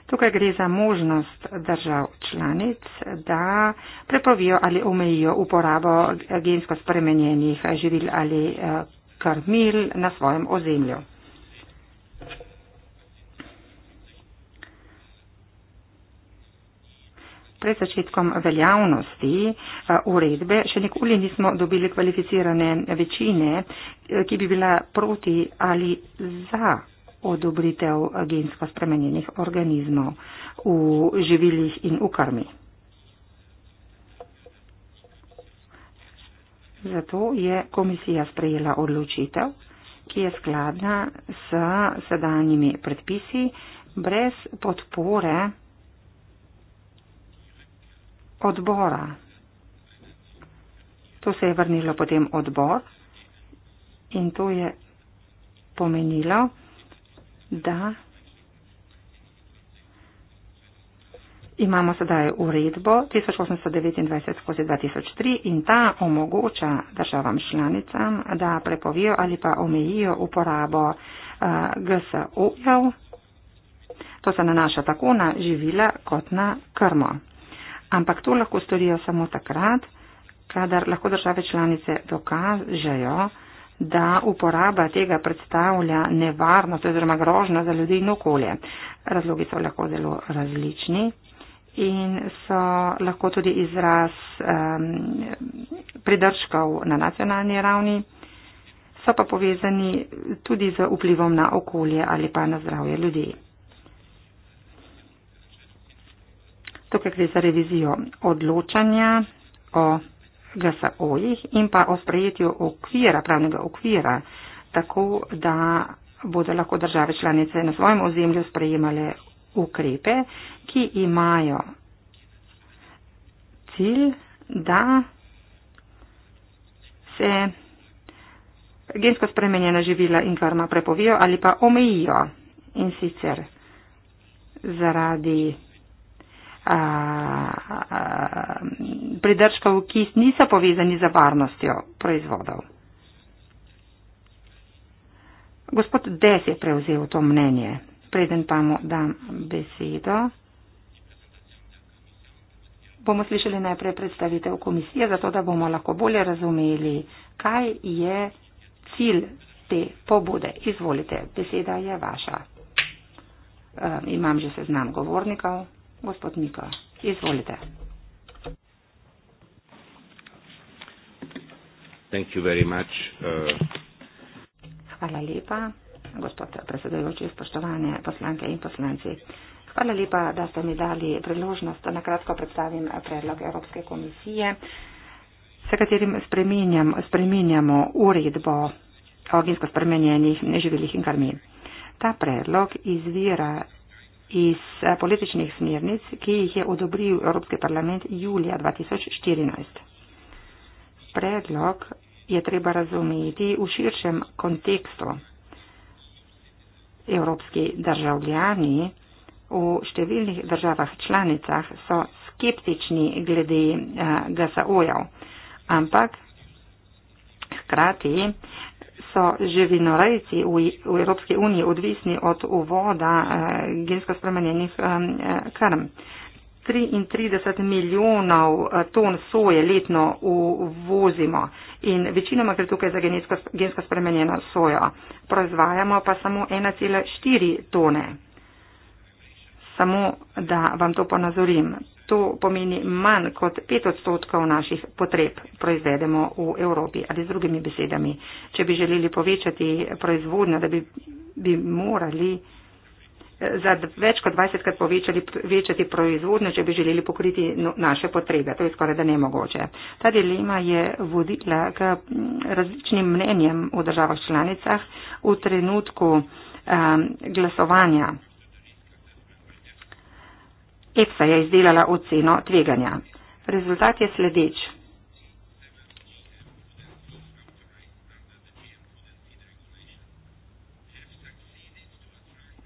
[SPEAKER 2] Tukaj gre za možnost držav članic, da prepovijo ali omejijo uporabo gensko spremenjenih živil ali eh, krmil na svojem ozemlju. pred začetkom veljavnosti eh, uredbe še nikoli nismo dobili kvalificirane večine, eh, ki bi bila proti ali za odobritev gensko spremenjenih organizmov v živilih in v krmi. Zato je komisija sprejela odločitev, ki je skladna s sedanjimi predpisi brez podpore odbora. To se je vrnilo potem odbor in to je pomenilo, da imamo sedaj uredbo 1829-2003 in ta omogoča državam članicam, da prepovijo ali pa omejijo uporabo eh, GSO-jev. To se nanaša tako na živila kot na krmo ampak to lahko storijo samo takrat, kadar lahko države članice dokažejo, da uporaba tega predstavlja nevarnost oziroma grožnost za ljudi in okolje. Razlogi so lahko zelo različni in so lahko tudi izraz um, pridržkov na nacionalni ravni, so pa povezani tudi z vplivom na okolje ali pa na zdravje ljudi. Tukaj gre za revizijo odločanja o GSO-jih in pa o sprejetju okvira, pravnega okvira, tako da bodo lahko države članice na svojem ozemlju sprejemale ukrepe, ki imajo cilj, da se gensko spremenjena živila in karma prepovijo ali pa omejijo in sicer zaradi pridržkov, ki niso povezani za varnostjo proizvodov. Gospod Des je prevzel to mnenje. Preden pa mu dam besedo, bomo slišali najprej predstavitev komisije, zato da bomo lahko bolje razumeli, kaj je cilj te pobude. Izvolite, beseda je vaša. Imam že seznam govornikov. Gospod Mika, izvolite.
[SPEAKER 1] Thank you very much. Uh...
[SPEAKER 2] Hvala lepa, gospod predsedujoči, spoštovane poslanke in poslanci. Hvala lepa, da ste mi dali priložnost, da nakratko predstavim predlog Evropske komisije, s katerim spreminjam, spreminjamo uredbo o gensko spremenjenih neživelih in karmin. Ta predlog izvira iz eh, političnih smernic, ki jih je odobril Evropski parlament julija 2014. Predlog je treba razumeti v širšem kontekstu. Evropski državljani v številnih državah članicah so skeptični glede eh, GSO-jev, ampak hkrati so živinorejci v, v Evropski uniji odvisni od uvoda eh, gensko spremenjenih eh, krm. 33 milijonov eh, ton soje letno uvozimo in večinoma gre tukaj za gensko, gensko spremenjeno sojo. Proizvajamo pa samo 1,4 tone. Samo da vam to ponazorim. To pomeni manj kot 5 odstotkov naših potreb proizvedemo v Evropi. Ali z drugimi besedami, če bi želeli povečati proizvodnjo, da bi, bi morali eh, za več kot 20 krat povečati proizvodnjo, če bi želeli pokriti no, naše potrebe. To je skoraj da nemogoče. Ta dilema je vodila k mm, različnim mnenjem v državah članicah v trenutku um, glasovanja. EPSA je izdelala oceno tveganja. Rezultat je sledeč.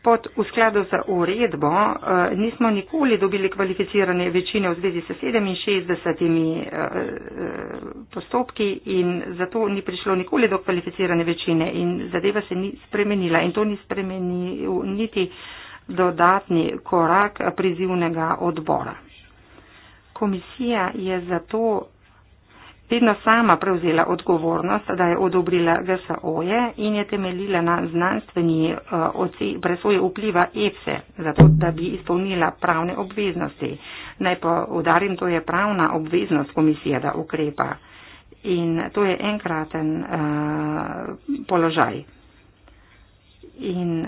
[SPEAKER 2] Pod v skladu za uredbo eh, nismo nikoli dobili kvalificirane večine v zvezi s 67 eh, eh, postopki in zato ni prišlo nikoli do kvalificirane večine in zadeva se ni spremenila in to ni spremenil niti dodatni korak prizivnega odbora. Komisija je zato vedno sama prevzela odgovornost, da je odobrila GSO-je in je temeljila na znanstveni eh, presoji vpliva EFSE, e, zato da bi izpolnila pravne obveznosti. Naj pa udarim, to je pravna obveznost komisije, da ukrepa. In to je enkraten uh, položaj. In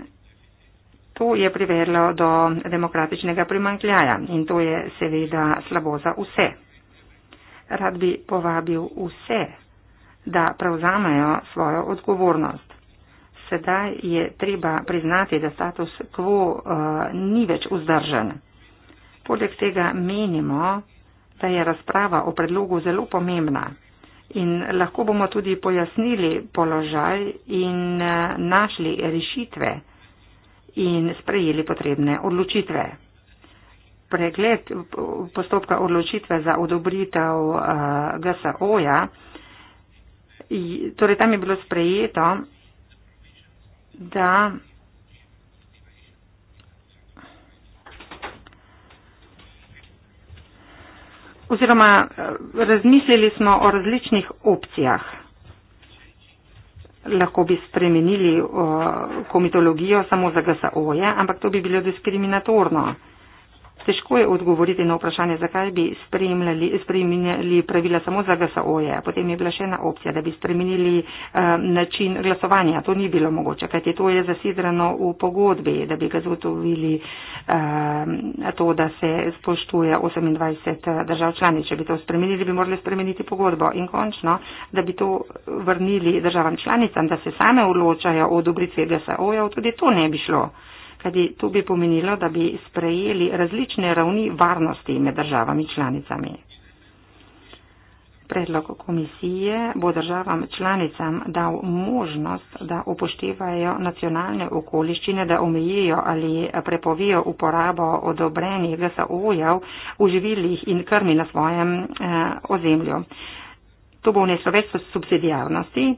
[SPEAKER 2] To je privedlo do demokratičnega primankljaja in to je seveda slabo za vse. Rad bi povabil vse, da prevzamejo svojo odgovornost. Sedaj je treba priznati, da status quo uh, ni več vzdržen. Poleg tega menimo, da je razprava o predlogu zelo pomembna in lahko bomo tudi pojasnili položaj in uh, našli rešitve in sprejeli potrebne odločitve. Pregled postopka odločitve za odobritev eh, GSO-ja, torej tam je bilo sprejeto, da oziroma eh, razmislili smo o različnih opcijah lahko bi spremenili uh, komitologijo samo za GSO-je, ampak to bi bilo diskriminatorno. Težko je odgovoriti na vprašanje, zakaj bi spremenili pravila samo za GSO-je. Potem je bila še ena opcija, da bi spremenili eh, način glasovanja. To ni bilo mogoče, kajti to je zasidrano v pogodbi, da bi ga zagotovili eh, to, da se spoštuje 28 eh, držav članic. Če bi to spremenili, bi morali spremeniti pogodbo. In končno, da bi to vrnili državam članicam, da se same odločajo o odobritvi GSO-jev, tudi to ne bi šlo kajti to bi pomenilo, da bi sprejeli različne ravni varnosti med državami članicami. Predlog komisije bo državam članicam dal možnost, da upoštevajo nacionalne okoliščine, da omejijo ali prepovijo uporabo odobrenih GSO-jev v živilih in krmi na svojem eh, ozemlju. To bo vneslo več subsidijarnosti,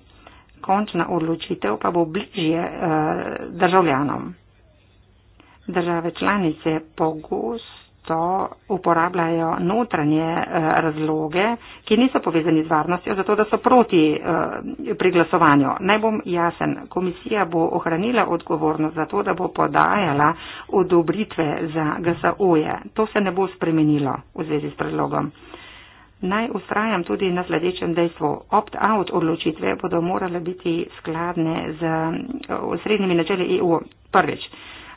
[SPEAKER 2] končna odločitev pa bo bližje eh, državljanom. Države članice pogosto uporabljajo notranje eh, razloge, ki niso povezani z varnostjo, zato da so proti eh, pri glasovanju. Naj bom jasen, komisija bo ohranila odgovornost za to, da bo podajala odobritve za GSO-je. To se ne bo spremenilo v zvezi s predlogom. Naj ustrajam tudi na sledečem dejstvu. Opt-out odločitve bodo morale biti skladne z eh, srednjimi načeli EU. Prvič.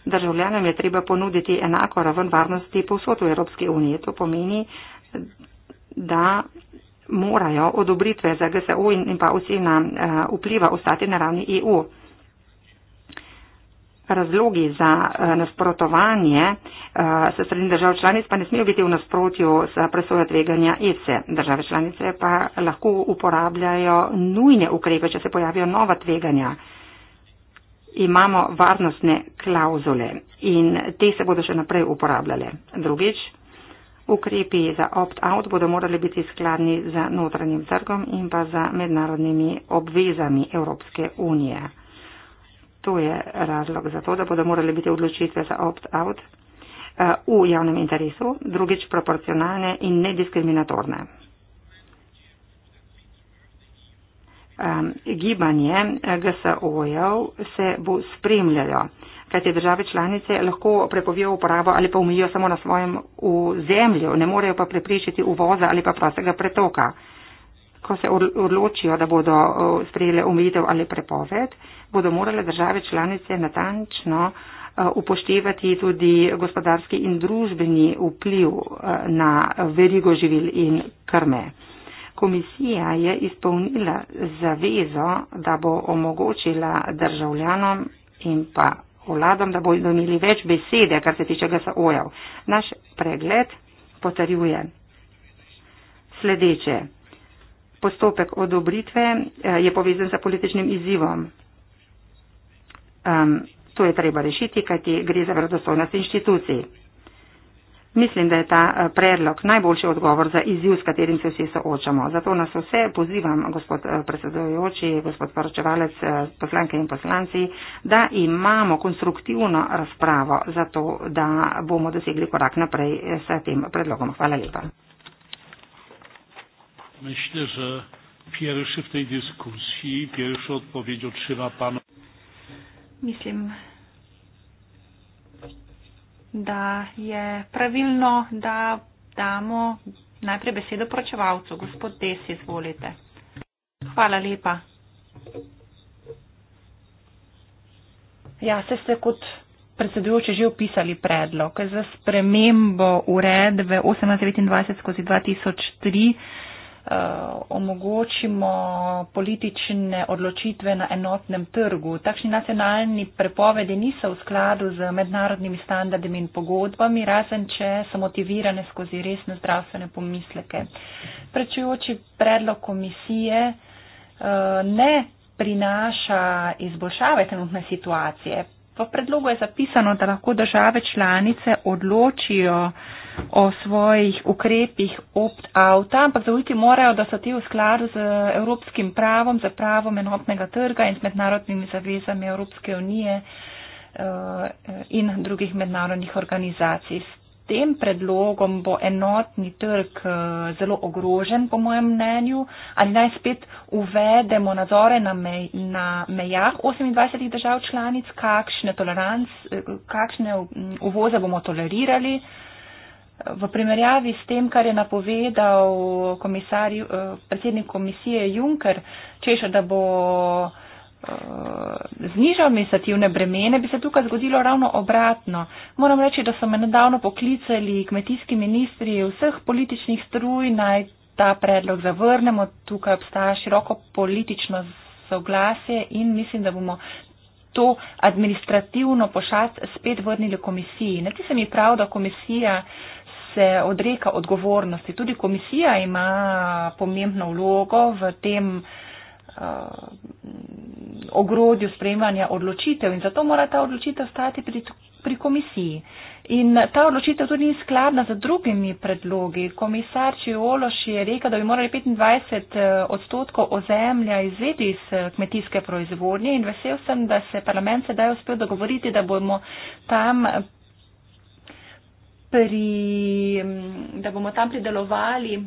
[SPEAKER 2] Državljanom je treba ponuditi enako raven varnosti povsod v Evropski uniji. To pomeni, da morajo odobritve za GSO in, in pa ocena uh, eh, vpliva ostati na ravni EU. Razlogi za uh, nasprotovanje uh, se strani držav članic pa ne smejo biti v nasprotju s presojo tveganja ECE. Države članice pa lahko uporabljajo nujne ukrepe, če se pojavijo nova tveganja. Uh, imamo varnostne klauzule in te se bodo še naprej uporabljale. Drugič, ukrepi za opt-out bodo morali biti skladni za notranjim trgom in pa za mednarodnimi obvezami Evropske unije. To je razlog za to, da bodo morali biti odločitve za opt-out eh, v javnem interesu, drugič proporcionalne in nediskriminatorne. Um, gibanje eh, GSO-jev se bo spremljalo, kaj te države članice lahko prepovijo uporabo ali pa umijo samo na svojem zemlju, ne morejo pa preprečiti uvoza ali pa prostega pretoka. Ko se odločijo, da bodo eh, sprejele omejitev ali prepoved, bodo morale države članice natančno eh, upoštevati tudi gospodarski in družbeni vpliv na verigo živil in krme. Komisija je izpolnila zavezo, da bo omogočila državljanom in pa vladom, da bodo imeli več besede, kar se tiče GSO-jev. Naš pregled potrjuje sledeče. Postopek odobritve eh, je povezan z političnim izzivom. Um, to je treba rešiti, kajti gre za vredostojnost inštitucij. Mislim, da je ta eh, predlog najboljši odgovor za izziv, s katerim se vsi soočamo. Zato nas vse pozivam, gospod eh, predsedojoči, gospod poročevalec, eh, poslanke in poslanci, da imamo konstruktivno razpravo za to, da bomo dosegli korak naprej s tem predlogom. Hvala lepa.
[SPEAKER 1] Myślę, że pierwszy w tej dyskusji, pierwszy odpowiedź otrzyma pan.
[SPEAKER 3] Myślę
[SPEAKER 2] da je pravilno, da damo najprej besedo pročevalcu. Gospod Des, izvolite. Hvala lepa. Ja, se ste kot predsedujoče že opisali predlog za spremembo uredbe 1829 skozi 2003 Eh, omogočimo politične odločitve na enotnem trgu. Takšni nacionalni prepovedi niso v skladu z mednarodnimi standardi in pogodbami, razen če so motivirane skozi resne zdravstvene pomisleke. Prečujoči predlog komisije eh, ne prinaša izboljšave trenutne situacije. V predlogu je zapisano, da lahko države članice odločijo, o svojih ukrepih opt-outa, ampak zaujiti morajo, da so ti v skladu z evropskim pravom, z pravom enotnega trga in z mednarodnimi zavezami Evropske unije eh, in drugih mednarodnih organizacij. S tem predlogom bo enotni trg eh, zelo ogrožen, po mojem mnenju, ali naj spet uvedemo nadzore na, mej, na mejah 28 držav članic, kakšne, eh, kakšne mm, uvoze bomo tolerirali. V primerjavi s tem, kar je napovedal komisar, eh, predsednik komisije Juncker, češ, da bo eh, znižal administrativne bremene, bi se tukaj zgodilo ravno obratno. Moram reči, da so me nedavno poklicali kmetijski ministri vseh političnih struj, naj ta predlog zavrnemo. Tukaj obstaja široko politično soglasje in mislim, da bomo to administrativno pošat spet vrnili komisiji. Ne ti se mi prav, da komisija se odreka odgovornosti. Tudi komisija ima pomembno vlogo v tem uh, ogrodju sprejemanja odločitev in zato mora ta odločitev stati pri, pri komisiji. In ta odločitev tudi ni skladna z drugimi predlogi. Komisar Čiološ je rekel, da bi morali 25 eh, odstotkov ozemlja izvedi iz eh, kmetijske proizvodnje in vesel sem, da se parlament sedaj uspel dogovoriti, da bomo tam pri, da bomo tam pridelovali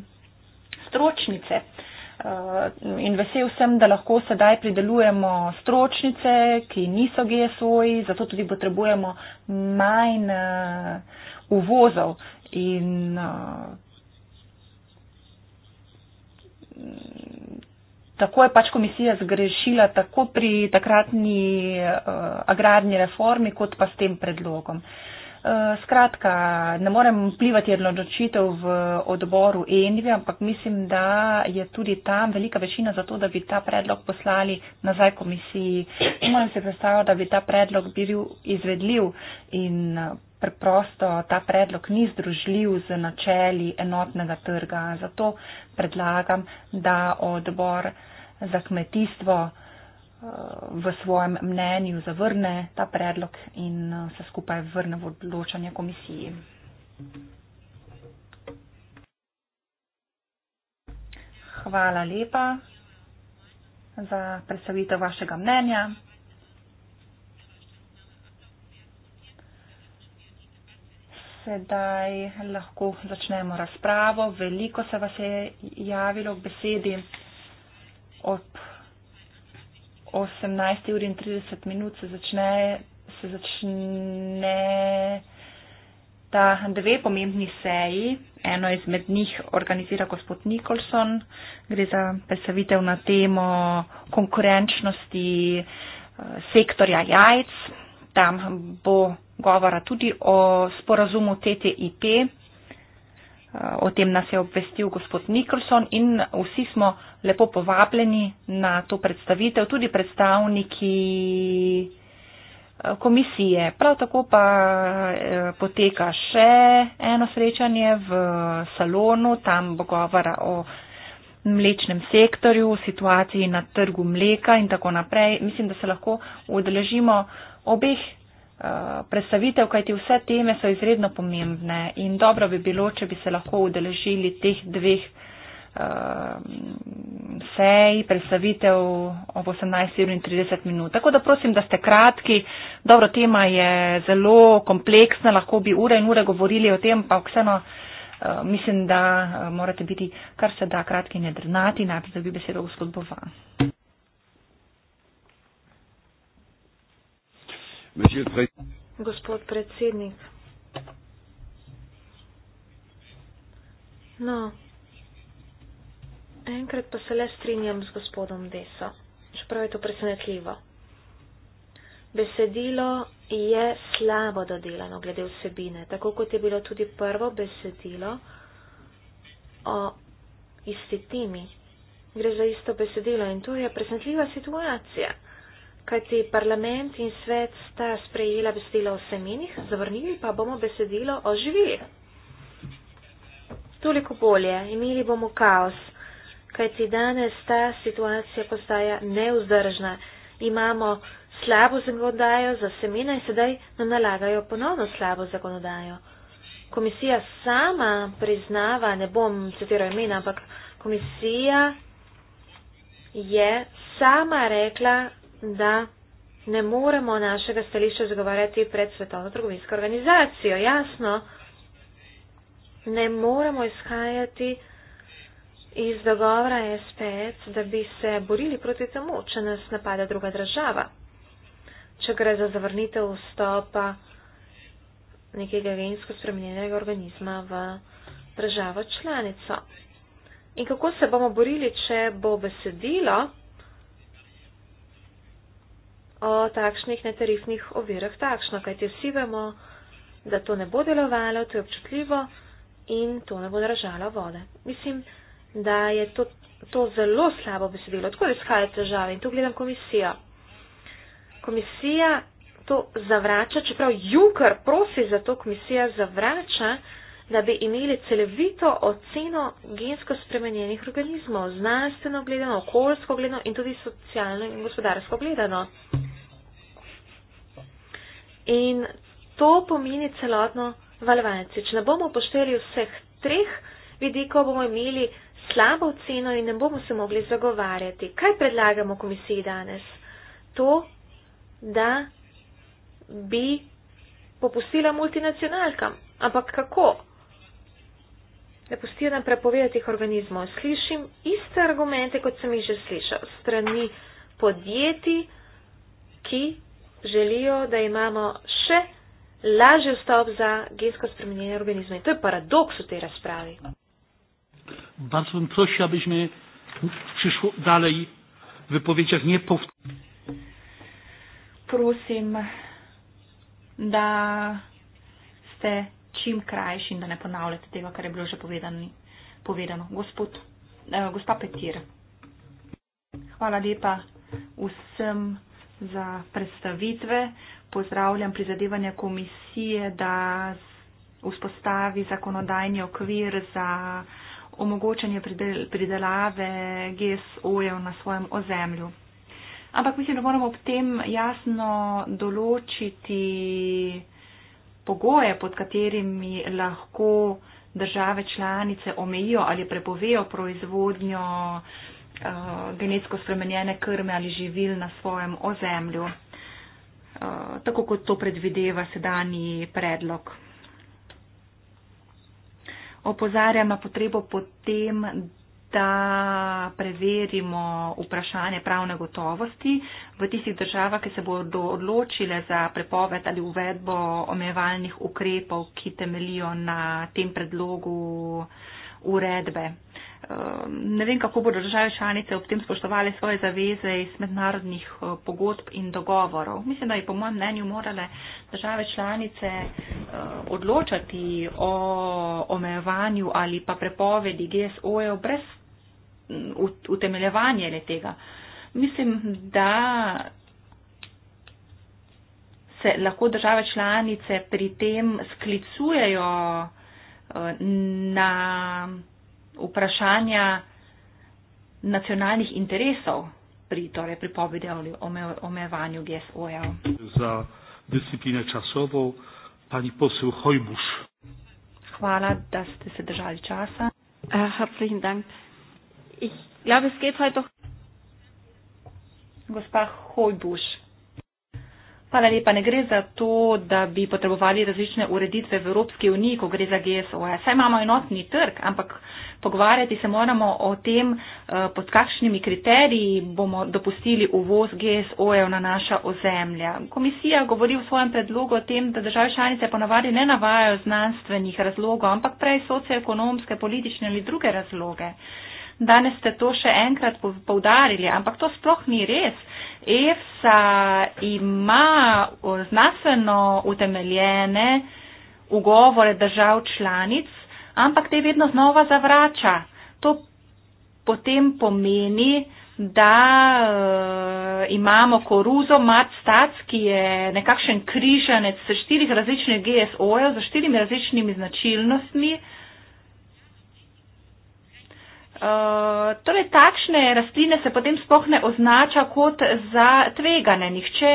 [SPEAKER 2] stročnice. Eh, in vesel sem, da lahko sedaj pridelujemo stročnice, ki niso GSO-ji, zato tudi potrebujemo manj eh, uvozov. In eh, tako je pač komisija zgrešila tako pri takratni agrarni reformi, kot pa s tem predlogom. Eh, skratka, ne morem vplivati na odločitev v odboru ENVI, ampak mislim, da je tudi tam velika večina za to, da bi ta predlog poslali nazaj komisiji. Moram se predstavljati, da bi ta predlog bil izvedljiv in eh, preprosto ta predlog ni združljiv z načeli enotnega trga. Zato predlagam, da odbor za kmetijstvo v svojem mnenju zavrne ta predlog in uh, se skupaj vrne v odločanje komisiji. Hvala lepa za predstavitev vašega mnenja. Sedaj lahko začnemo razpravo. Veliko se vas je javilo k besedi ob 18 ur in 30 minut se začne, se začne ta dve pomembni seji. Eno izmed njih organizira gospod Nikolson, gre za predstavitev na temo konkurenčnosti eh, sektorja jajc. Tam bo govora tudi o sporazumu TTIP, O tem nas je obvestil gospod Nikolson in vsi smo lepo povabljeni na to predstavitev, tudi predstavniki eh, komisije. Prav tako pa eh, poteka še eno srečanje v salonu, tam bo govora o mlečnem sektorju, situaciji na trgu mleka in tako naprej. Mislim, da se lahko udeležimo obeh Eh, predstavitev, kajti vse teme so izredno pomembne in dobro bi bilo, če bi se lahko udeležili teh dveh uh, sej, predstavitev ob 18.30 minut. Tako da prosim, da ste kratki. Dobro, tema je zelo kompleksna, lahko bi ure in ure govorili o tem, pa vseeno uh, mislim, da uh, morate biti kar se da kratki in jedrnati, najprej da bi besedo gospod Bova.
[SPEAKER 3] Gospod predsednik. No, enkrat pa se le strinjam z gospodom Deso, čeprav je to presenetljivo. Besedilo je slabo dodelano glede vsebine, tako kot je bilo tudi prvo besedilo o isti temi. Gre za isto besedilo in to je presenetljiva situacija kajti parlament in svet sta sprejela besedilo o semenih, zavrnili pa bomo besedilo o živili. Toliko bolje, imeli bomo kaos, kajti danes ta situacija postaja neuzdržna. Imamo slabo zakonodajo za semena in sedaj nam nalagajo ponovno slabo zakonodajo. Komisija sama priznava, ne bom citiral imena, ampak komisija je sama rekla, da ne moremo našega stališča zagovarjati pred svetovno trgovinsko organizacijo. Jasno, ne moremo izhajati iz dogovora SPEC, da bi se borili proti temu, če nas napada druga država, če gre za zavrnitev vstopa nekega gensko spremenjenega organizma v državo članico. In kako se bomo borili, če bo besedilo, o takšnih netarifnih ovirah takšno, kajti vsi vemo, da to ne bo delovalo, to je občutljivo in to ne bo držalo vode. Mislim, da je to, to zelo slabo besedilo, tako izhaja težave in tu gledam komisijo. Komisija to zavrača, čeprav Junker prosi za to, komisija zavrača da bi imeli celovito oceno gensko spremenjenih organizmov, znanstveno gledano, okoljsko gledano in tudi socialno in gospodarsko gledano. In to pomeni celotno valovanje. Če ne bomo upoštevali vseh treh vidikov, bomo imeli slabo oceno in ne bomo se mogli zagovarjati. Kaj predlagamo komisiji danes? To, da bi popustila multinacionalkam. Ampak kako? ne postiram prepovedanih organizmov. Slišim iste argumente, kot sem jih že slišal, strani podjetij, ki želijo, da imamo še lažji vstop za gensko spremenjene organizme. In to je paradoks v tej razpravi.
[SPEAKER 1] Bardzo bym prosił, abyśmy przyszło dalej w wypowiedziach nie powtarzali.
[SPEAKER 3] Prosim,
[SPEAKER 2] da ste čim krajši in da ne ponavljate tega, kar je bilo že povedani, povedano. Gospod, eh, gospa Petir, hvala lepa vsem za predstavitve. Pozdravljam prizadevanje komisije, da vzpostavi zakonodajni okvir za omogočanje pridelave GSO-jev na svojem ozemlju. Ampak mislim, da moramo ob tem jasno določiti, pogoje, pod katerimi lahko države članice omejijo ali prepovejo proizvodnjo uh, genetsko spremenjene krme ali živil na svojem ozemlju, uh, tako kot to predvideva sedanji predlog. Opozarjam na potrebo potem, da preverimo vprašanje pravne gotovosti v tistih državah, ki se bodo odločile za prepoved ali uvedbo omejevalnih ukrepov, ki temelijo na tem predlogu uredbe. Ehm, ne vem, kako bodo države članice ob tem spoštovali svoje zaveze iz mednarodnih eh, pogodb in dogovorov. Mislim, da je po mojem mnenju morale države članice eh, odločati o omejevanju ali pa prepovedi GSO-jev brez utemeljevanje le tega. Mislim, da se lahko države članice pri tem sklicujejo eh, na vprašanja nacionalnih interesov pri torej, pripovedi ali omejevanju GSO-jev.
[SPEAKER 1] Za discipline časovov, pani posel Hojbuš.
[SPEAKER 2] Hvala, da ste se držali časa.
[SPEAKER 3] Uh, ich glaube, es geht heute doch. Gospa Hojbuš. Hvala lepa, ne gre za to, da bi
[SPEAKER 2] potrebovali različne ureditve v Evropski uniji, ko gre za GSO. Saj imamo enotni trg, ampak pogovarjati se moramo o tem, eh, pod kakšnimi kriteriji bomo dopustili uvoz GSO na naša ozemlja. Komisija govori v svojem predlogu o tem, da države članice ponavadi ne navajajo znanstvenih razlogov, ampak prej socioekonomske, politične ali druge razloge. Danes ste to še enkrat povdarili, ampak to sploh ni res. EFSA ima znanstveno utemeljene ugovore držav članic, ampak te vedno znova zavrača. To potem pomeni, da uh, imamo koruzo Matstats, ki je nekakšen križanec s štirih različnih GSO-jev, z štirimi različnimi značilnostmi. Uh, Eh, torej, takšne rastline se potem sploh ne označa kot za tvegane. Nihče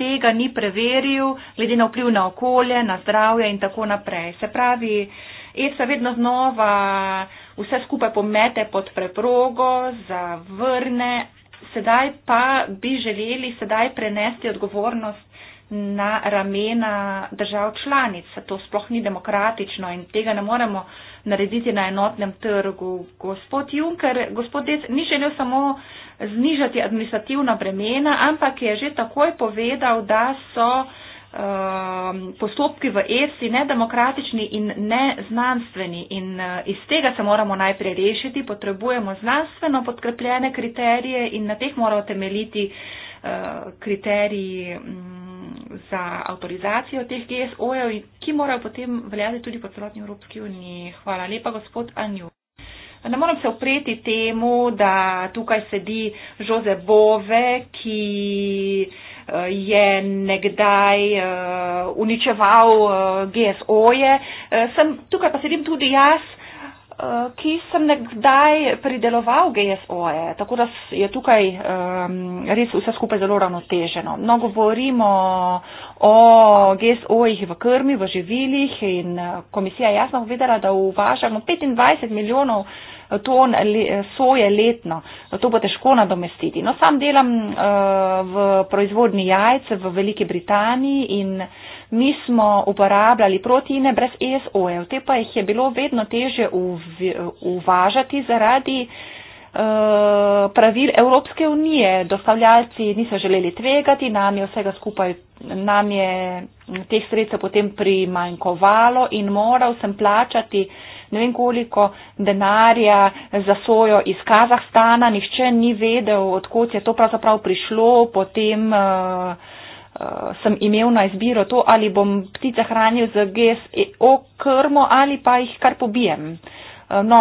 [SPEAKER 2] tega ni preveril, glede na vpliv na okolje, na zdravje in tako naprej. Se pravi, ESA vedno znova vse skupaj pomete pod preprogo, zavrne, sedaj pa bi želeli sedaj prenesti odgovornost na ramena držav članic. To sploh ni demokratično in tega ne moremo narediti na enotnem trgu. Gospod Juncker, gospod Dec, ni želel samo znižati administrativna bremena, ampak je že takoj povedal, da so ehm, postopki v ESI nedemokratični in neznanstveni. In eh, iz tega se moramo najprej rešiti. Potrebujemo znanstveno podkrepljene kriterije in na teh morajo temeljiti eh, kriteriji. Mm, za avtorizacijo teh GSO-jev, ki morajo potem veljati tudi po celotni Evropski uniji. Hvala lepa, gospod Anju. Ne moram se opreti temu, da tukaj sedi Jose Bove, ki eh, je nekdaj eh, uničeval eh, GSO-je. Tukaj pa sedim tudi jaz. Eh, ki sem nekdaj prideloval GSOE, tako da je tukaj um, res vse skupaj zelo ravnoteženo. No, govorimo o GSO-jih v krmi, v živilih in eh, komisija je jasno povedala, da uvažamo 25 milijonov eh, ton soje letno. To bo težko nadomestiti. No, sam delam uh, v proizvodni jajce v Veliki Britaniji in nismo uporabljali proteine brez ESO-jev, te pa jih je bilo vedno teže uv uvažati zaradi eh, pravil Evropske unije. Dostavljalci niso želeli tvegati, nam je vsega skupaj, nam je teh sredstev potem primankovalo in moral sem plačati ne vem koliko denarja za sojo iz Kazahstana. Nihče ni vedel, odkot je to pravzaprav prišlo, potem uh, uh, sem imel na izbiro to, ali bom ptice hranil z GSO e krmo ali pa jih kar pobijem. Uh, Eh, no,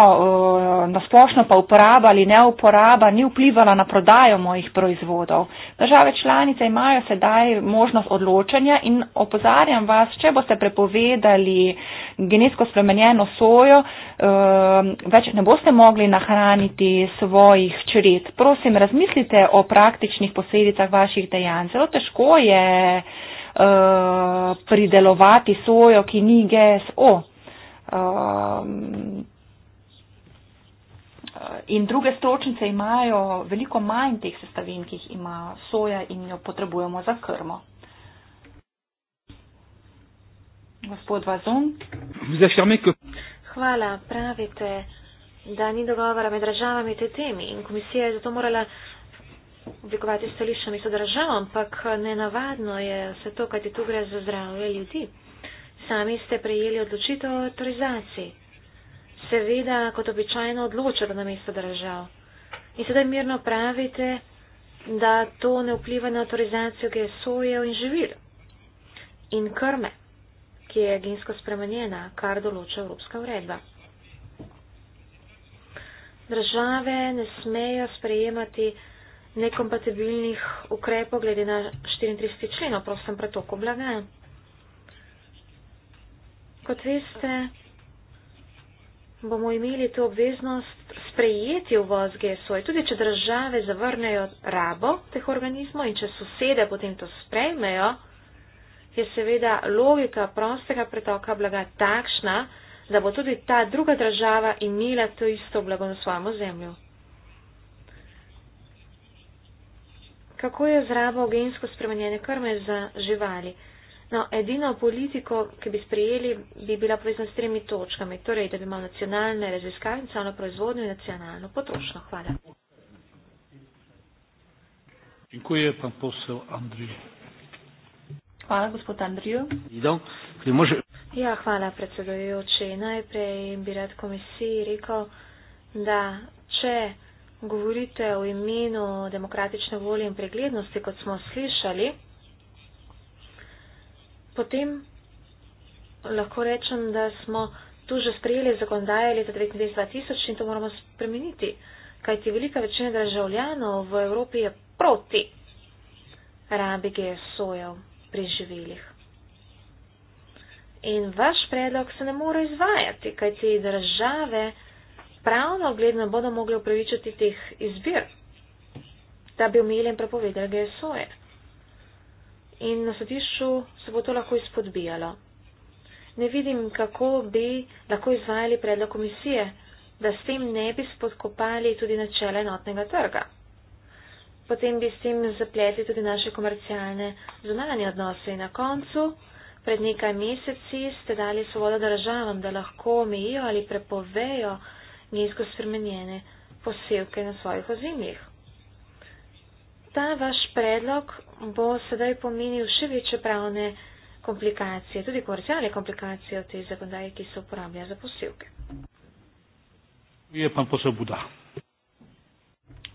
[SPEAKER 2] eh, nasplošno pa uporaba ali neuporaba ni vplivala na prodajo mojih proizvodov. Države članice imajo sedaj možnost odločanja in opozarjam vas, če boste prepovedali genetsko spremenjeno sojo, eh, več ne boste mogli nahraniti svojih čred. Prosim, razmislite o praktičnih posledicah vaših dejanj. Zelo težko je pridelovati sojo, ki ni GSO. Eh, in druge stročnice imajo veliko manj teh sestavin, ki jih ima soja in jo potrebujemo za krmo. Gospod Vazon.
[SPEAKER 3] Hvala, pravite, da ni dogovora med državami te temi in komisija je zato morala oblikovati stališče med državami, ampak nenavadno je vse to, kaj ti tu gre za zdravje ljudi. Sami ste prejeli odločitev o autorizaciji seveda kot običajno odločalo na mesto držav. In sedaj mirno pravite, da to ne vpliva na autorizacijo GSO-jev in živil in krme, ki je gensko spremenjena, kar določa Evropska uredba. Države ne smejo sprejemati nekompatibilnih ukrepov glede na 34. člen o prostem pretoku blaga. Kot veste, bomo imeli to obveznost sprejeti uvoz GSO-ja. Tudi če države zavrnejo rabo teh organizmov in če sosede potem to sprejmejo, je seveda logika prostega pretoka blaga takšna, da bo tudi ta druga država imela to isto blago na svojem ozemlju. Kako je z rabo gensko spremenjene krme za živali? No, edino politiko, ki bi sprejeli, bi bila povezana s tremi točkami. Torej, da bi imeli nacionalne raziskave, nacionalno proizvodnjo in nacionalno potrošnjo. Hvala.
[SPEAKER 1] Dziękuję pan poseł Andrzej.
[SPEAKER 3] Hvala, gospod Andriju. Ja, hvala, predsedujoči. Najprej bi rad komisiji rekel, da če govorite o imenu demokratične volje in preglednosti, kot smo slišali, potem lahko rečem, da smo tu že sprejeli zakonodaje leta 2000 in to moramo spremeniti, kajti velika večina državljanov v Evropi je proti rabi GSO-jev pri živilih. In vaš predlog se ne more izvajati, kajti države pravno gledno bodo mogli upravičiti teh izbir, da bi omilili in prepovedali GSO-je in na sodišču se bo to lahko izpodbijalo. Ne vidim, kako bi lahko izvajali predlog komisije, da s tem ne bi spodkopali tudi načela enotnega trga. Potem bi s tem zapletli tudi naše komercialne zunanje odnose in na koncu pred nekaj meseci ste dali svobodo državam, da lahko omejijo ali prepovejo nizko spremenjene posevke na svojih ozimjih ta vaš predlog bo sedaj pomenil še večje pravne komplikacije, tudi komercialne komplikacije v tej zakonodaji, ki se uporablja za posilke.
[SPEAKER 1] Je pa posel Buda.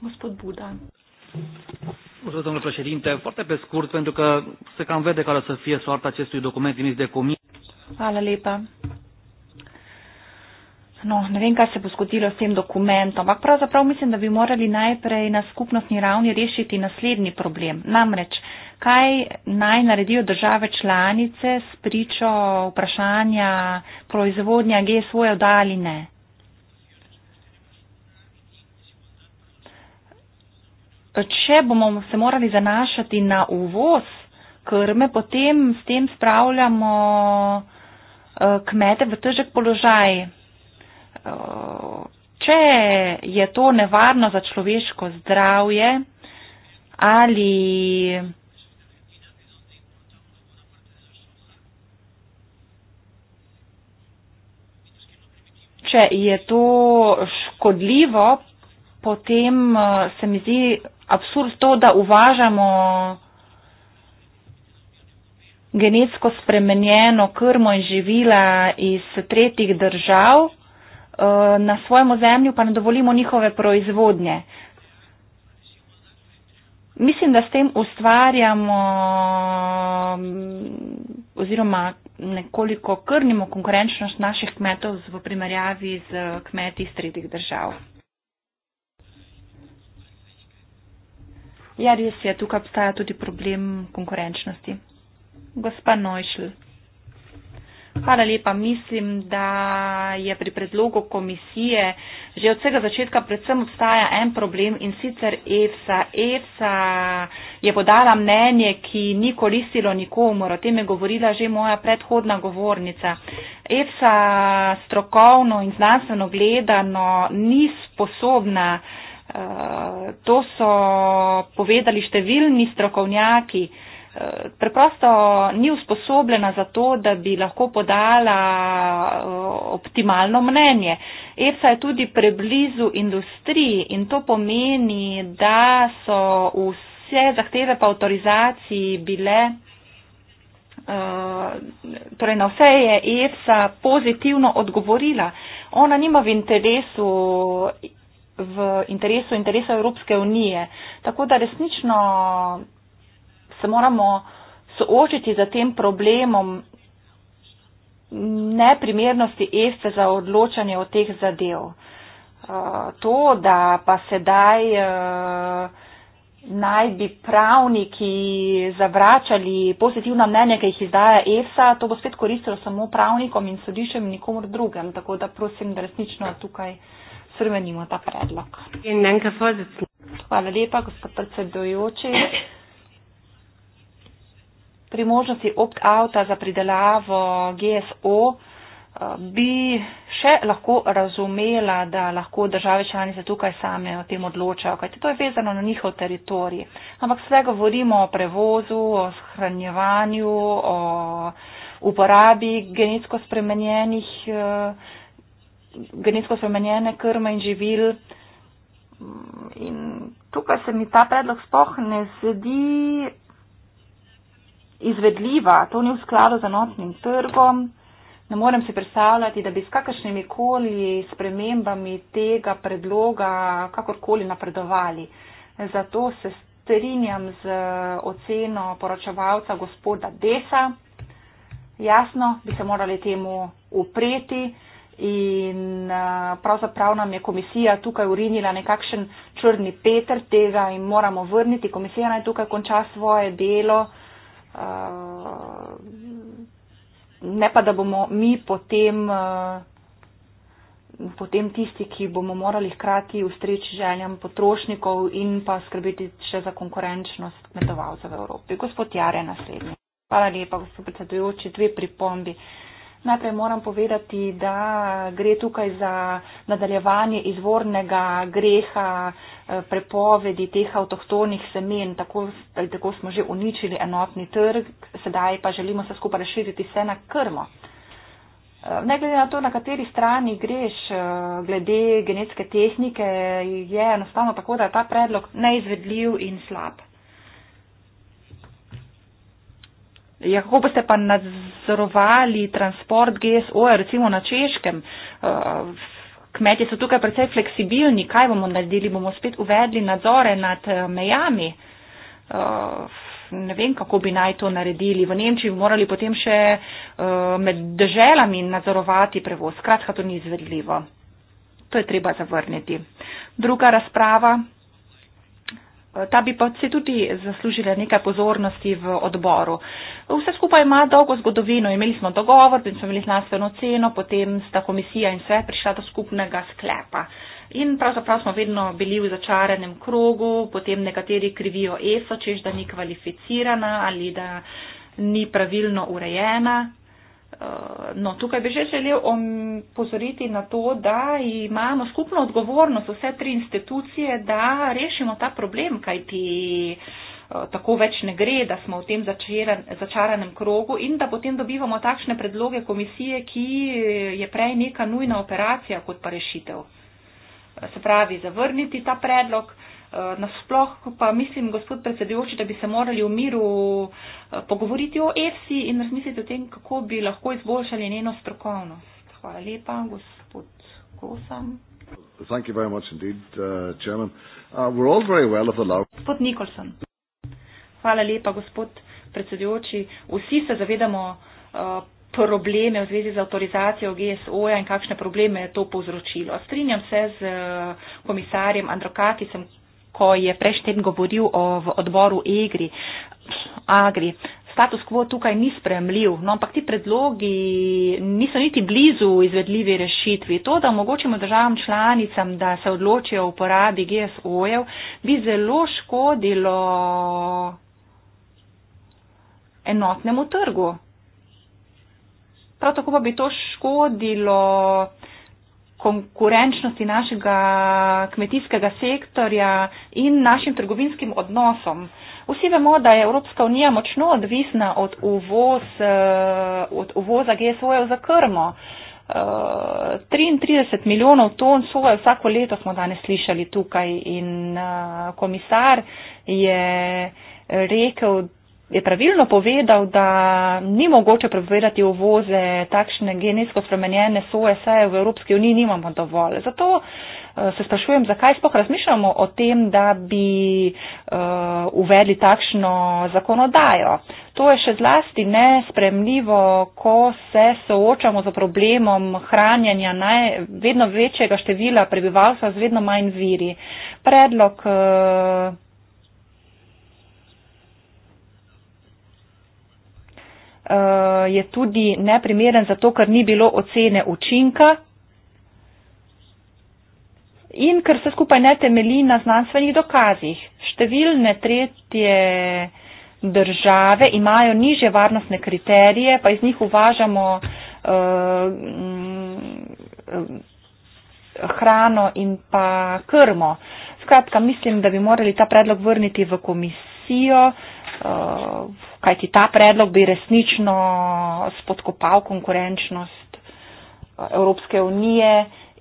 [SPEAKER 3] Gospod Buda.
[SPEAKER 1] Domnule președinte, foarte pe scurt, pentru că se cam vede care să fie soarta acestui document trimis de comisie.
[SPEAKER 2] Hvala lepa. No, ne vem, kaj se bo zgodilo s tem dokumentom, ampak pravzaprav mislim, da bi morali najprej na skupnostni ravni rešiti naslednji problem. Namreč, kaj naj naredijo države članice s pričo vprašanja proizvodnja GSO-ja ali ne? Če bomo se morali zanašati na uvoz krme, potem s tem spravljamo eh, kmete v težek položaj če je to nevarno za človeško zdravje ali če je to škodljivo, potem eh, se mi zdi absurd to, da uvažamo genetsko spremenjeno krmo in živila iz tretjih držav. Eh, na svojem ozemlju pa ne dovolimo njihove proizvodnje. Mislim, da s tem ustvarjamo mm, oziroma nekoliko krnimo konkurenčnost naših kmetov v primerjavi z eh, kmeti iz tretjih držav. Ja, res je, tukaj obstaja tudi problem konkurenčnosti. Gospa Neušl. Hvala lepa. Mislim, da je pri predlogu komisije že od vsega začetka predvsem obstaja en problem in sicer EFSA. EFSA je podala mnenje, ki ni koristilo nikomu. O tem je govorila že moja predhodna govornica. EFSA strokovno in znanstveno gledano ni sposobna. Eh, to so povedali številni strokovnjaki preprosto ni usposobljena za to, da bi lahko podala eh, optimalno mnenje. EFSA je tudi preblizu industriji in to pomeni, da so vse zahteve po avtorizaciji bile. Uh, torej na vse je EFSA pozitivno odgovorila. Ona nima v interesu, v interesu, interesu Evropske unije. Tako da resnično se moramo soočiti za tem problemom neprimernosti EFE za odločanje o teh zadev. Uh, to, da pa sedaj uh, naj bi pravniki zavračali pozitivna mnenja, ki jih izdaja EFSA, to bo spet koristilo samo pravnikom in sodišem in nikomor drugem. Tako da prosim, da resnično tukaj spremenimo ta predlog. Hvala lepa, gospod predsedujoči pri možnosti opt-outa za pridelavo GSO, eh, bi še lahko razumela, da lahko države članice tukaj same o tem odločajo, kajti to je vezano na njihov teritorij. Ampak vse govorimo o prevozu, o shranjevanju, o uporabi genetsko spremenjenih, eh, genetsko spremenjene krme in živil. In tukaj se mi ta predlog spoh ne zdi izvedljiva, to ni v skladu z enotnim trgom. Ne morem si predstavljati, da bi s kakršnimi koli spremembami tega predloga kakorkoli napredovali. Zato se strinjam z oceno poročevalca gospoda Desa. Jasno, bi se morali temu upreti in eh, pravzaprav nam je komisija tukaj urinila nekakšen črni peter tega in moramo vrniti. Komisija naj tukaj konča svoje delo. Uh, ne pa, da bomo mi potem, uh, potem tisti, ki bomo morali hkrati ustreči željam potrošnikov in pa skrbeti še za konkurenčnost kmetovalcev v Evropi. Gospod Jare, naslednji. Hvala lepa, gospod predsedujoči. Dve pripombi. Uh, Najprej moram povedati, da gre tukaj za nadaljevanje izvornega greha eh, prepovedi teh avtohtonih semen. Tako, tako smo že uničili enotni trg, sedaj pa želimo se skupaj razširiti vse na krmo. Eh, ne glede na to, na kateri strani greš eh, glede genetske tehnike, je enostavno tako, da je ta predlog neizvedljiv in slab. Ja, kako boste pa nadzorovali transport GSO, recimo na češkem? Eh, kmetje so tukaj precej fleksibilni, kaj bomo naredili? Bomo spet uvedli nadzore nad eh, mejami? Eh, ne vem, kako bi naj to naredili. V Nemčiji bi morali potem še med državami nadzorovati prevoz. Skratka, to ni izvedljivo. To je treba zavrniti. Druga razprava. Eh, ta bi pa se tudi zaslužila nekaj pozornosti v odboru. Vse skupaj ima dolgo zgodovino. Imeli smo dogovor, potem smo imeli znanstveno ceno, potem sta komisija in sve prišla do skupnega sklepa. In pravzaprav smo vedno bili v začaranem krogu, potem nekateri krivijo ESO, čež da ni kvalificirana ali da ni pravilno urejena. Eh, no, tukaj bi že želel pozoriti na to, da imamo skupno odgovornost vse tri institucije, da rešimo ta problem, kaj ti eh, tako več ne gre, da smo v tem začeran, začaranem krogu in da potem dobivamo takšne predloge komisije, ki je prej neka nujna operacija kot pa rešitev. Eh, se pravi, zavrniti ta predlog, uh, Eh, nasploh pa mislim, gospod predsedujoči, da bi se morali v miru eh, pogovoriti o EFSI in razmisliti o tem, kako bi lahko izboljšali njeno strokovnost. Hvala lepa, gospod Kosam.
[SPEAKER 1] Thank you very much indeed, uh, Chairman. Uh, we're all very well of the law.
[SPEAKER 2] Gospod Nicholson. Hvala lepa, gospod predsedujoči. Vsi se zavedamo uh, probleme v zvezi z avtorizacijo GSO-ja in kakšne probleme je to povzročilo. Strinjam se z uh, komisarjem Androkakisem, ko je prejšnji govoril o odboru EGRI, AGRI. Status quo tukaj ni spremljiv, no, ampak ti predlogi niso niti blizu izvedljivi rešitvi. To, da omogočimo državam članicam, da se odločijo o uporabi GSO-jev, bi zelo škodilo enotnemu trgu. Prav tako pa bi to škodilo konkurenčnosti našega kmetijskega sektorja in našim trgovinskim odnosom. Vsi vemo, da je Evropska unija močno odvisna od, uvoz, eh, od uvoza GSO-jev za krmo. 33 eh, milijonov ton soja vsako leto smo danes slišali tukaj in eh, komisar je rekel, je pravilno povedal, da ni mogoče prepovedati uvoze takšne genetsko spremenjene soje, saj v Evropski uniji nimamo dovolj. Zato eh, se sprašujem, zakaj spoh razmišljamo o tem, da bi uh, uvedli takšno zakonodajo. To je še zlasti nespremljivo, ko se soočamo z problemom hranjanja naj, vedno večjega števila prebivalstva z vedno manj viri. Predlog. Uh, uh, je tudi neprimeren zato, ker ni bilo ocene učinka in ker se skupaj ne temeli na znanstvenih dokazih. Številne tretje države imajo niže varnostne kriterije, pa iz njih uvažamo uh, hrano in pa krmo. Skratka, mislim, da bi morali ta predlog vrniti v komisijo. Uh, kajti ta predlog bi resnično spodkopal konkurenčnost eh, Evropske unije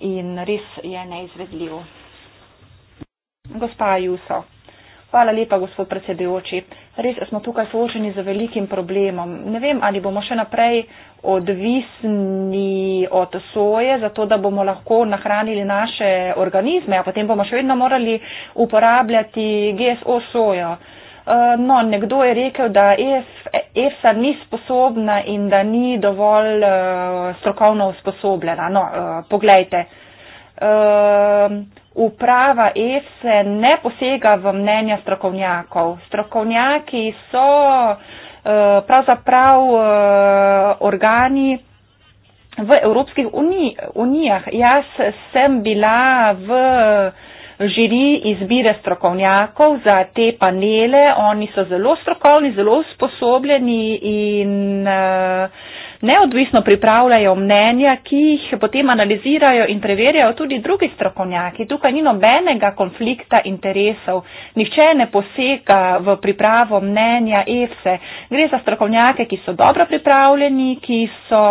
[SPEAKER 2] in res je neizvedljiv. Gospa Juso. Hvala lepa, gospod predsedujoči. Res smo tukaj soočeni z velikim problemom. Ne vem, ali bomo še naprej odvisni od soje, zato da bomo lahko nahranili naše organizme, a potem bomo še vedno morali uporabljati GSO sojo. Uh, Eh, no, nekdo je rekel, da EFSA e ni sposobna in da ni dovolj eh, strokovno usposobljena. No, eh, poglejte, uprava EFSA ne posega v mnenja strokovnjakov. Strokovnjaki so pravzaprav organi v Evropskih unijah. Jaz sem bila v žiri izbire strokovnjakov za te panele. Oni so zelo strokovni, zelo usposobljeni in uh, neodvisno pripravljajo mnenja, ki jih potem analizirajo in preverjajo tudi drugi strokovnjaki. Tukaj ni nobenega konflikta interesov. Nihče ne posega v pripravo mnenja EFSE. Gre za strokovnjake, ki so dobro pripravljeni, ki so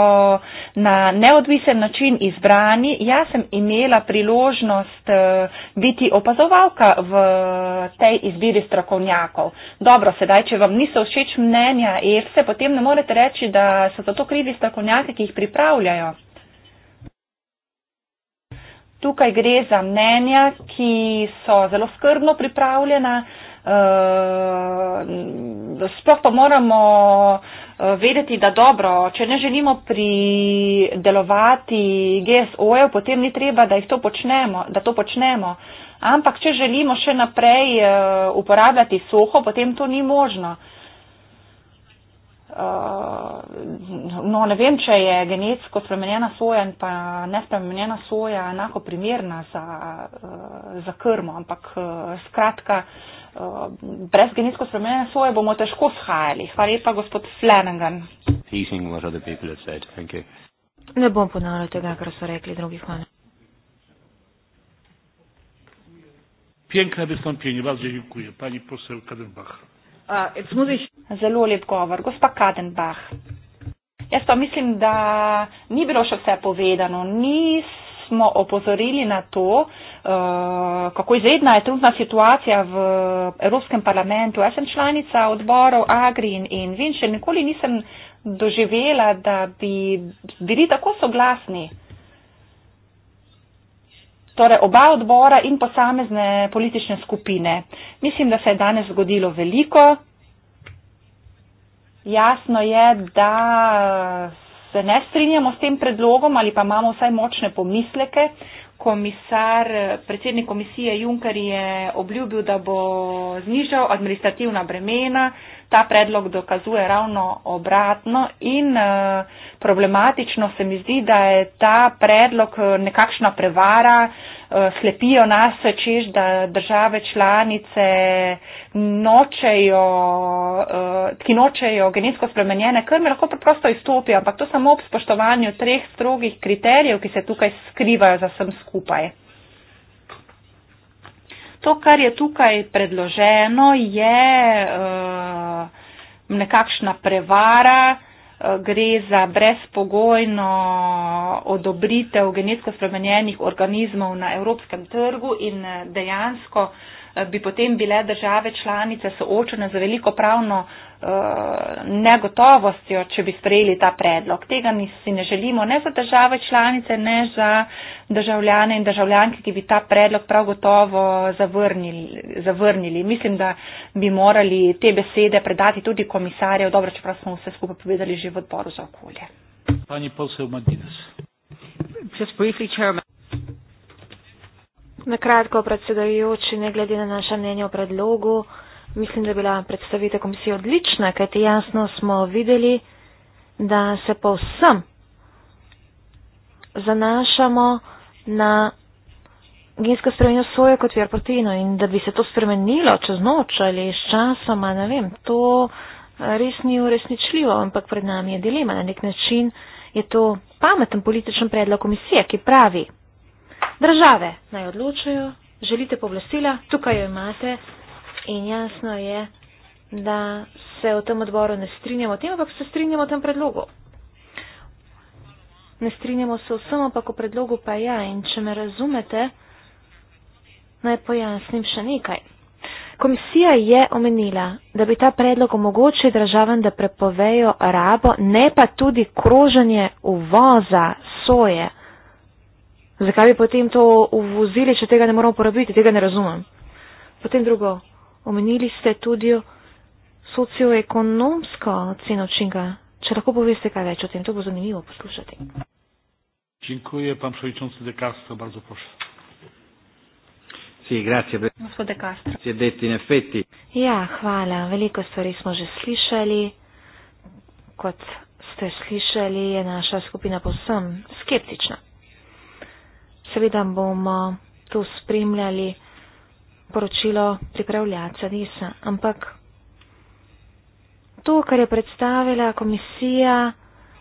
[SPEAKER 2] na neodvisen način izbrani. Jaz sem imela priložnost eh, biti opazovalka v tej izbiri strokovnjakov. Dobro, sedaj, če vam niso všeč mnenja EFSE, potem ne morete reči, da so zato krivi vidi strokovnjake, ki jih pripravljajo. Tukaj gre za mnenja, ki so zelo skrbno pripravljena. Uh, sploh pa moramo eh, vedeti, da dobro, če ne želimo pridelovati GSO-jev, potem ni treba, da, to počnemo, da to počnemo. Ampak, če želimo še naprej uh, uporabljati soho, potem to ni možno. Uh, Eh, no, ne vem, če je genetsko spremenjena soja in pa nespremenjena soja enako primerna za, uh, za krmo, ampak uh, skratka, uh, brez genetsko spremenjene soje bomo težko shajali. Hvala lepa, gospod Flanagan.
[SPEAKER 3] Ne bom ponavljal tega, kar so rekli drugi. Hvala.
[SPEAKER 1] Piękne wystąpienie. Bardzo dziękuję. Pani poseł Kadenbach.
[SPEAKER 2] Uh, Zelo lep govor. Gospa Kadenbach. Jaz pa mislim, da ni bilo še vse povedano. Nismo opozorili na to, uh, kako izredna je trenutna situacija v Evropskem parlamentu. Jaz sem članica odborov Agrin in vem, še nikoli nisem doživela, da bi bili tako soglasni torej oba odbora in posamezne politične skupine. Mislim, da se je danes zgodilo veliko. Jasno je, da se ne strinjamo s tem predlogom ali pa imamo vsaj močne pomisleke. Komisar, predsednik komisije Juncker je obljubil, da bo znižal administrativna bremena. Ta predlog dokazuje ravno obratno in eh, problematično se mi zdi, da je ta predlog eh, nekakšna prevara, Eh, slepijo nas, čež da države članice nočejo, eh, ki nočejo genetsko spremenjene krme, lahko preprosto izstopijo, ampak to samo ob spoštovanju treh strogih kriterijev, ki se tukaj skrivajo za vsem skupaj. To, kar je tukaj predloženo, je uh, nekakšna prevara. Eh, gre za brezpogojno odobritev genetsko spremenjenih organizmov na evropskem trgu in eh, dejansko eh, bi potem bile države članice soočene z veliko pravno Eh, negotovostjo, če bi sprejeli ta predlog. Tega mi si ne želimo, ne za države članice, ne za državljane in državljanke, ki bi ta predlog prav gotovo zavrnili. zavrnili. Mislim, da bi morali te besede predati tudi komisarje, dobro, čeprav smo vse skupaj povedali že v odboru za okolje.
[SPEAKER 1] Pani Posev Madinas.
[SPEAKER 3] Na kratko, predsedajoči, ne glede na naše mnenje o predlogu, uh, Mislim, da je bila predstavitev komisije odlična, kajti jasno smo videli, da se povsem zanašamo na gensko spremenjo soje kot vir proteina in da bi se to spremenilo čez noč ali s časoma, ne vem, to res ni uresničljivo, ampak pred nami je dilema. Na nek način je to pameten političen predlog komisije, ki pravi, države naj odločajo, želite povlastila, tukaj jo imate in jasno je, da se v tem odboru ne strinjamo tem, ampak se strinjamo v tem predlogu. Ne strinjamo se vsem, ampak v predlogu pa ja. In če me razumete, naj pojasnim še nekaj. Komisija je omenila, da bi ta predlog omogočil državam, da prepovejo rabo, ne pa tudi kroženje uvoza soje. Zakaj bi potem to uvozili, če tega ne moramo porabiti? Tega ne razumem. Potem drugo, omenili ste tudi socioekonomsko ceno učinka. Če lahko poveste kaj več o tem, to bo zanimivo poslušati.
[SPEAKER 1] Dziękuję, pan przewodniczący De Castro, bardzo proszę.
[SPEAKER 3] Ja, hvala. Veliko stvari smo že slišali. Kot ste slišali, je naša skupina povsem skeptična. Seveda bomo to spremljali poročilo pripravljača Nisa. Ampak to, kar je predstavila komisija,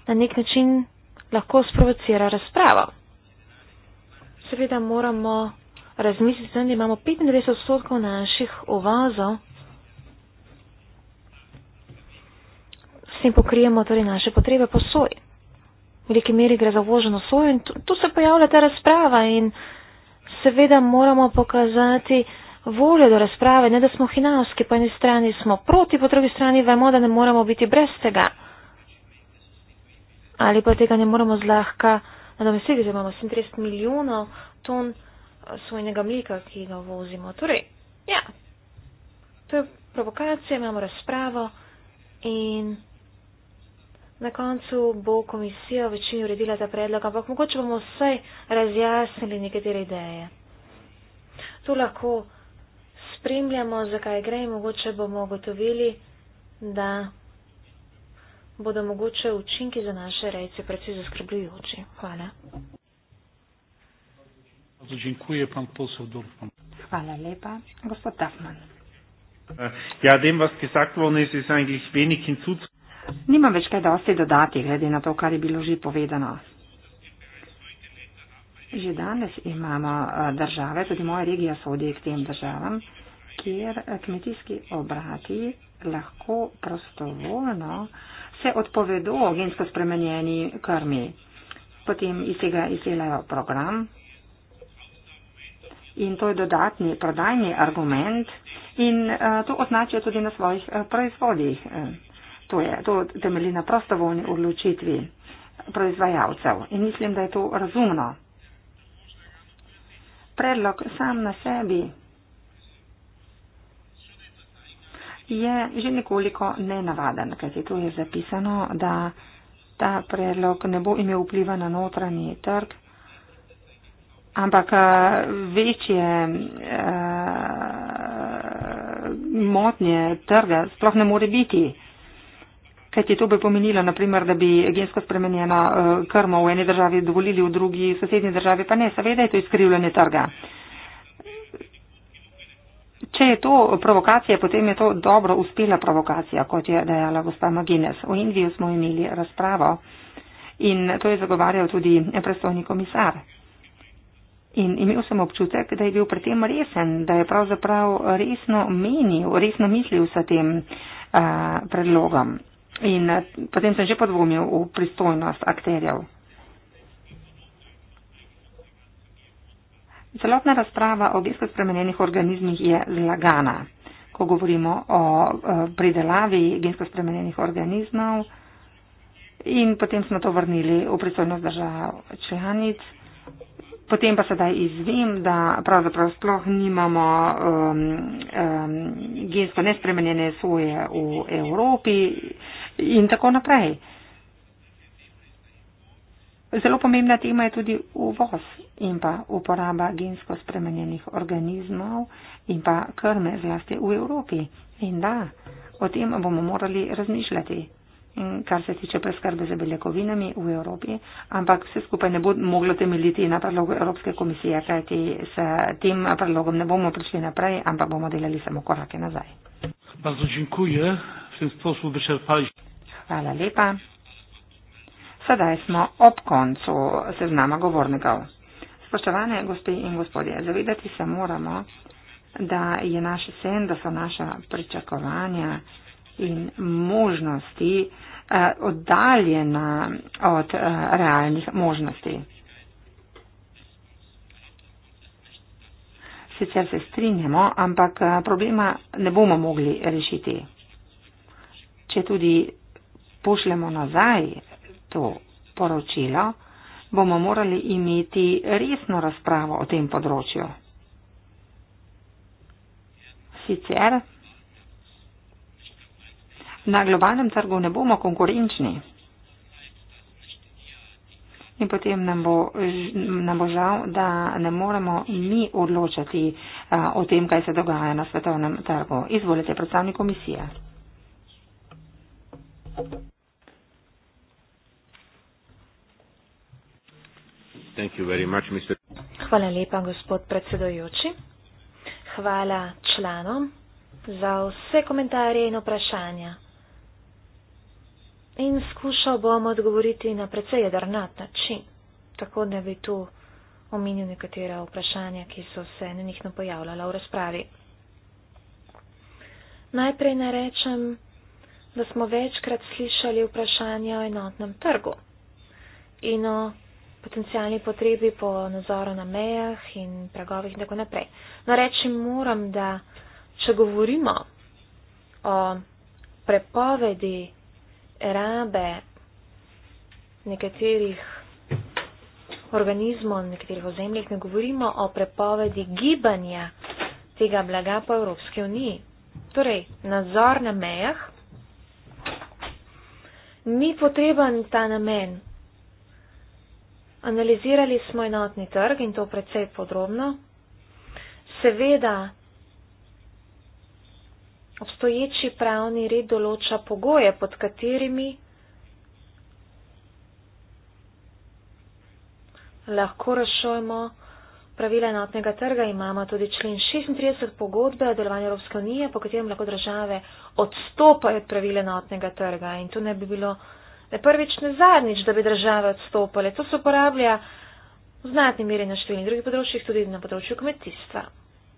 [SPEAKER 3] na nek način lahko sprovocira razpravo. Seveda moramo razmisliti, da imamo 95 odstotkov naših uvozov. S tem pokrijemo torej naše potrebe po soji. V veliki meri gre za voženo sojo in tu, tu se pojavlja ta razprava in seveda moramo pokazati, volje do razprave, ne da smo hinavski, po eni strani smo proti, po drugi strani vemo, da ne moremo biti brez tega. Ali pa tega ne moremo zlahka nadomestiti, da imamo 37 milijonov ton eh, svojega mlika, ki ga vozimo. Torej, ja, to je provokacija, imamo razpravo in na koncu bo komisija v večini uredila ta predlog, ampak mogoče bomo vsaj razjasnili nekatere ideje. Tu lahko spremljamo, zakaj gre, mogoče bomo ugotovili, da bodo mogoče učinki za naše rejce predvsej zaskrbljujoči. Hvala.
[SPEAKER 2] Hvala lepa. Gospod Tafman. Ja, dem vas, ki sakvo ne si sanjih venik in cud. Nimam več kaj dosti dodati, glede na to, kar je bilo že povedano. Že danes imamo eh, države, tudi moja regija sodi k tem državam kjer eh, kmetijski obrati lahko prostovoljno se odpovedo gensko spremenjeni krmi. Potem iz tega izdelajo program in to je dodatni prodajni argument in uh, to označijo tudi na svojih uh, proizvodih. To, je, to temeli na prostovoljni odločitvi proizvajalcev in mislim, da je to razumno. Predlog sam na sebi je že nekoliko nenavaden, kajti tu je zapisano, da ta predlog ne bo imel vpliva na notranji trg, ampak eh, večje uh, motnje trga sploh ne more biti. Kajti to bi pomenilo, naprimer, da bi gensko spremenjeno uh, krmo v eni državi dovolili, v drugi sosednji državi pa ne. Seveda je to izkrivljanje trga. Uh, Če je to provokacija, potem je to dobro uspela provokacija, kot je dejala gospa Magines. V Indiji smo imeli razpravo in to je zagovarjal tudi predstavnik komisar. In imel sem občutek, da je bil pri tem resen, da je pravzaprav resno menil, resno mislil s tem a, eh, predlogom. In a, eh, potem sem že podvomil v pristojnost akterjev. Celotna razprava o gensko spremenjenih organizmih je zlagana. Ko govorimo o pridelavi gensko spremenjenih organizmov in potem smo to vrnili v pristojnost držav članic, potem pa sedaj izvim, da pravzaprav sploh nimamo um, um, gensko nespremenjene soje v Evropi in tako naprej. Uh, Zelo pomembna tema je tudi uvoz in pa uporaba gensko spremenjenih organizmov in pa krme zlasti v Evropi. In da, o tem bomo morali razmišljati, kar se tiče preskrbe z beljakovinami v Evropi, ampak vse skupaj ne bo moglo temeljiti na predlogu Evropske komisije, kajti s tem predlogom ne bomo prišli naprej, ampak bomo delali samo korake nazaj. Hvala lepa. Sedaj smo ob koncu seznama govornikov. Spoštovane gospe in gospodje, zavedati se moramo, da je naš sen, da so naša pričakovanja in možnosti eh, oddaljena od eh, realnih možnosti. Sicer se strinjamo, ampak eh, problema ne bomo mogli rešiti. Če tudi pošljemo nazaj to poročilo, bomo morali imeti resno razpravo o tem področju. Sicer na globalnem trgu ne bomo konkurenčni. In potem nam bo, nam bo žal, da ne moremo mi odločati a, o tem, kaj se dogaja na svetovnem trgu. Izvolite predstavnik komisije.
[SPEAKER 3] Hvala lepa, gospod predsedojoči. Hvala članom za vse komentarje in vprašanja. In skušal bom odgovoriti na precej jedrnat način, tako da bi tu omenil nekatera vprašanja, ki so se nenihno pojavljala v razpravi. Najprej narečem, da smo večkrat slišali vprašanje o enotnem trgu in o potencijalni potrebi po nadzoru na mejah in pragovih in tako naprej. No, reči moram, da če govorimo o prepovedi rabe nekaterih organizmov, nekaterih ozemljih, ne govorimo o prepovedi gibanja tega blaga po Evropski uniji. Torej, nadzor na mejah ni potreben ta namen, Analizirali smo enotni trg in to precej podrobno. Seveda, obstoječi pravni red določa pogoje, pod katerimi lahko rešujemo pravila enotnega trga. Imamo tudi člen 36 pogodbe o delovanju Evropske unije, po katerem lahko države odstopajo od pravila enotnega trga in to ne bi bilo da je prvič ne zadnjič, da bi države odstopile. To se uporablja v znatni meri na številnih drugih področjih, tudi na področju kmetijstva,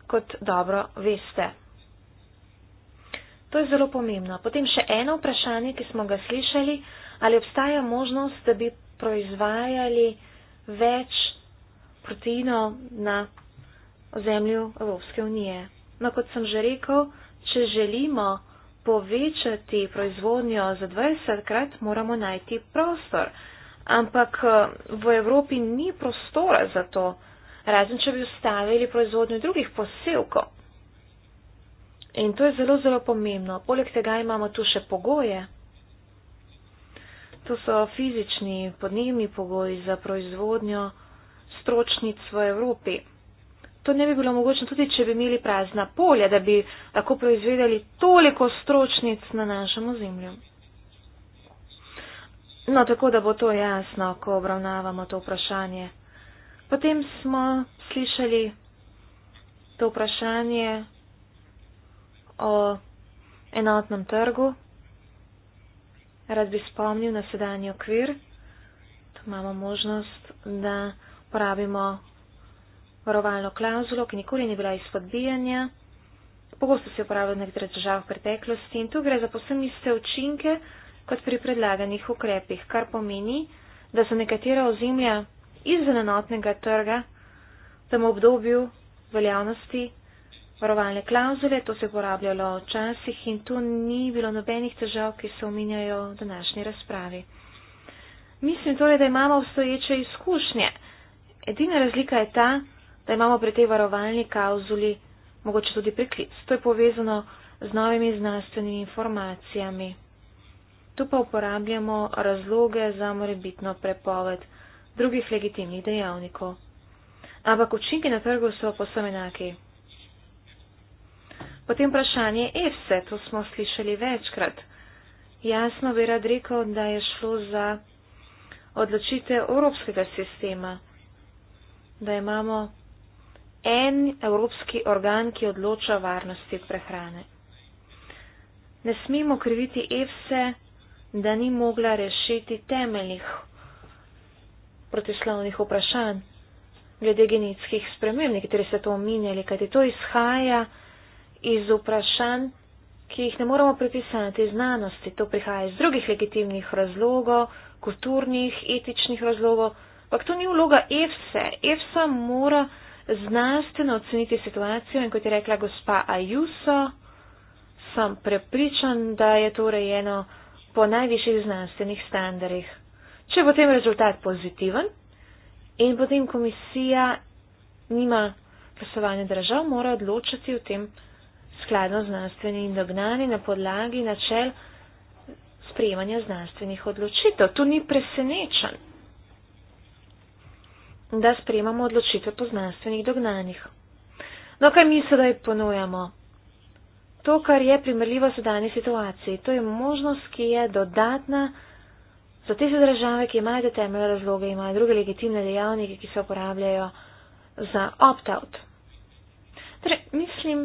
[SPEAKER 3] kot dobro veste. To je zelo pomembno. Potem še eno vprašanje, ki smo ga slišali, ali obstaja možnost, da bi proizvajali več proteinov na ozemlju Evropske unije. No, kot sem že rekel, če želimo povečati proizvodnjo za 20 krat, moramo najti prostor. Ampak eh, v Evropi ni prostora za to, razen če bi ustavili proizvodnjo drugih posevkov. In to je zelo, zelo pomembno. Poleg tega imamo tu še pogoje. To so fizični, podnebni pogoji za proizvodnjo stročnic v Evropi to ne bi bilo mogoče, tudi če bi imeli prazna polja, da bi lahko proizvedeli toliko stročnic na našem ozemlju. No, tako da bo to jasno, ko obravnavamo to vprašanje. Potem smo slišali to vprašanje o enotnem trgu. Rad bi spomnil na sedanji okvir. Tu imamo možnost, da uporabimo varovalno klauzulo, ki nikoli ni bila izpodbijanja. Pogosto se je uporabljal v nekaterih državah v preteklosti in tu gre za posebne iste učinke kot pri predlaganih ukrepih, kar pomeni, da so nekatera ozimlja izven enotnega trga v tem obdobju veljavnosti varovalne klauzule, to se je uporabljalo včasih in tu ni bilo nobenih težav, ki se omenjajo v današnji razpravi. Mislim torej, da imamo obstoječe izkušnje. Edina razlika je ta, da imamo pri tej varovalni kauzuli mogoče tudi priklic. To je povezano z novimi znanstvenimi informacijami. Tu pa uporabljamo razloge za morebitno prepoved drugih legitimnih dejavnikov. Ampak učinki na trgu so posebej enaki. Potem vprašanje EFSE, to smo slišali večkrat. Jasno bi rad rekel, da je šlo za odločitev evropskega sistema, da imamo en evropski organ, ki odloča varnosti prehrane. Ne smemo kriviti EFSE, da ni mogla rešiti temeljih protislavnih vprašanj glede genetskih sprememb, nekateri se to omenjali, kajti to izhaja iz vprašanj, ki jih ne moramo pripisati znanosti. To prihaja iz drugih legitimnih razlogov, kulturnih, etičnih razlogov, ampak to ni vloga EFSE. EFSA mora znanstveno oceniti situacijo in kot je rekla gospa Ajuso, sem prepričan, da je to urejeno po najvišjih znanstvenih standardih. Če potem rezultat pozitiven in potem komisija nima glasovanja držav, mora odločiti o tem skladno znanstveni in dognani na podlagi načel sprejemanja znanstvenih odločitev. To ni presenečen da sprejemamo odločitve po znanstvenih dognanjih. No, kaj mi sedaj ponujamo? To, kar je primerljivo v sedanji situaciji, to je možnost, ki je dodatna za tiste države, ki imajo te temeljne razloge, imajo druge legitimne dejavnike, ki se uporabljajo za opt-out. Torej, mislim,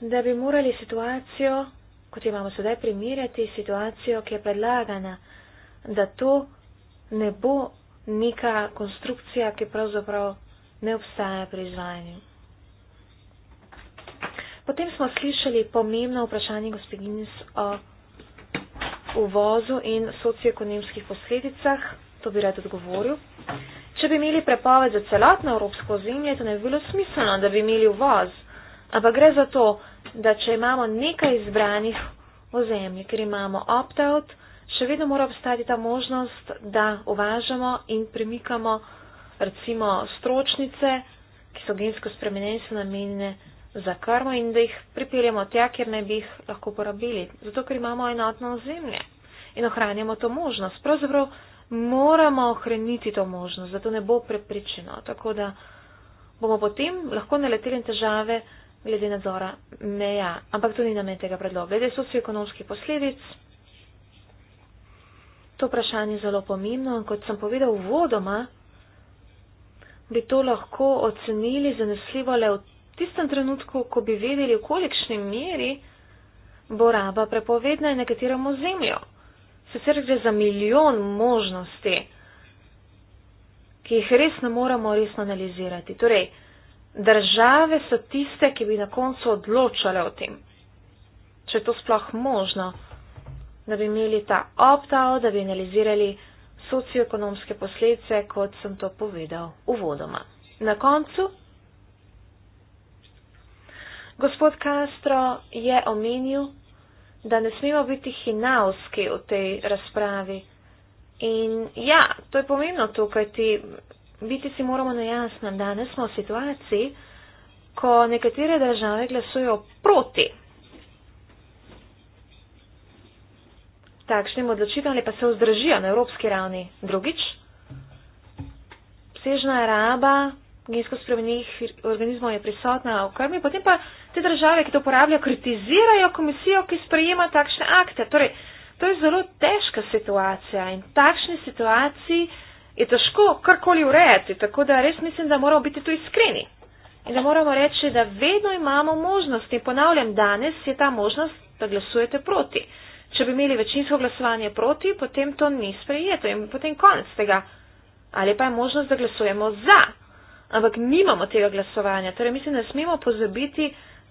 [SPEAKER 3] da bi morali situacijo, kot jo imamo sedaj, primirjati situacijo, ki je predlagana, da to ne bo neka konstrukcija, ki pravzaprav ne obstaja pri izvajanju. Potem smo slišali pomembno vprašanje gospodinic o uvozu in socioekonomskih posledicah, to bi rad odgovoril. Če bi imeli prepoved za celotno evropsko zemljo, to ne bi bilo smiselno, da bi imeli uvoz, ampak gre za to, da če imamo nekaj izbranih ozemlj, ker imamo opt-out, še vedno mora obstati ta možnost, da uvažamo in premikamo recimo stročnice, ki so gensko spremenjene, so namenjene za krmo in da jih pripeljemo tja, kjer ne bi jih lahko porabili. Zato, ker imamo enotno ozemlje in ohranjamo to možnost. Pravzaprav moramo ohraniti to možnost, da to ne bo prepričeno. Tako da bomo potem lahko naleteli na težave glede nadzora meja. Ampak to ni namen tega predloga. Glede socioekonomskih posledic. To vprašanje je zelo pomembno in kot sem povedal vodoma, bi to lahko ocenili zanesljivo le v tistem trenutku, ko bi vedeli, v kolikšni meri bo raba prepovedna in na katerem ozemlju. Sicer gre za milijon možnosti, ki jih res ne moremo resno analizirati. Torej, države so tiste, ki bi na koncu odločale o tem, če je to sploh možno da bi imeli ta opt-out, da bi analizirali socioekonomske posledice, kot sem to povedal uvodoma. Na koncu. Gospod Castro je omenil, da ne smemo biti hinavski v tej razpravi. In ja, to je pomembno tukaj, ti biti si moramo na jasnem. Danes smo v situaciji, ko nekatere države glasujejo proti takšnim odločitvam ali pa se vzdržijo na evropski ravni. Drugič, obsežna raba gensko spremenjenih organizmov je prisotna v krmi, potem pa te države, ki to uporabljajo, kritizirajo komisijo, ki sprejema takšne akte. Torej, to je zelo težka situacija in takšni situaciji je težko karkoli urejati, tako da res mislim, da moramo biti tu iskreni. In da moramo reči, da vedno imamo možnost in ponavljam, danes je ta možnost, da glasujete proti. Če bi imeli večinsko glasovanje proti, potem to ni sprejeto in potem konc tega. Ali pa je možnost, da glasujemo za, ampak nimamo tega glasovanja. Torej mislim, da smemo pozabiti,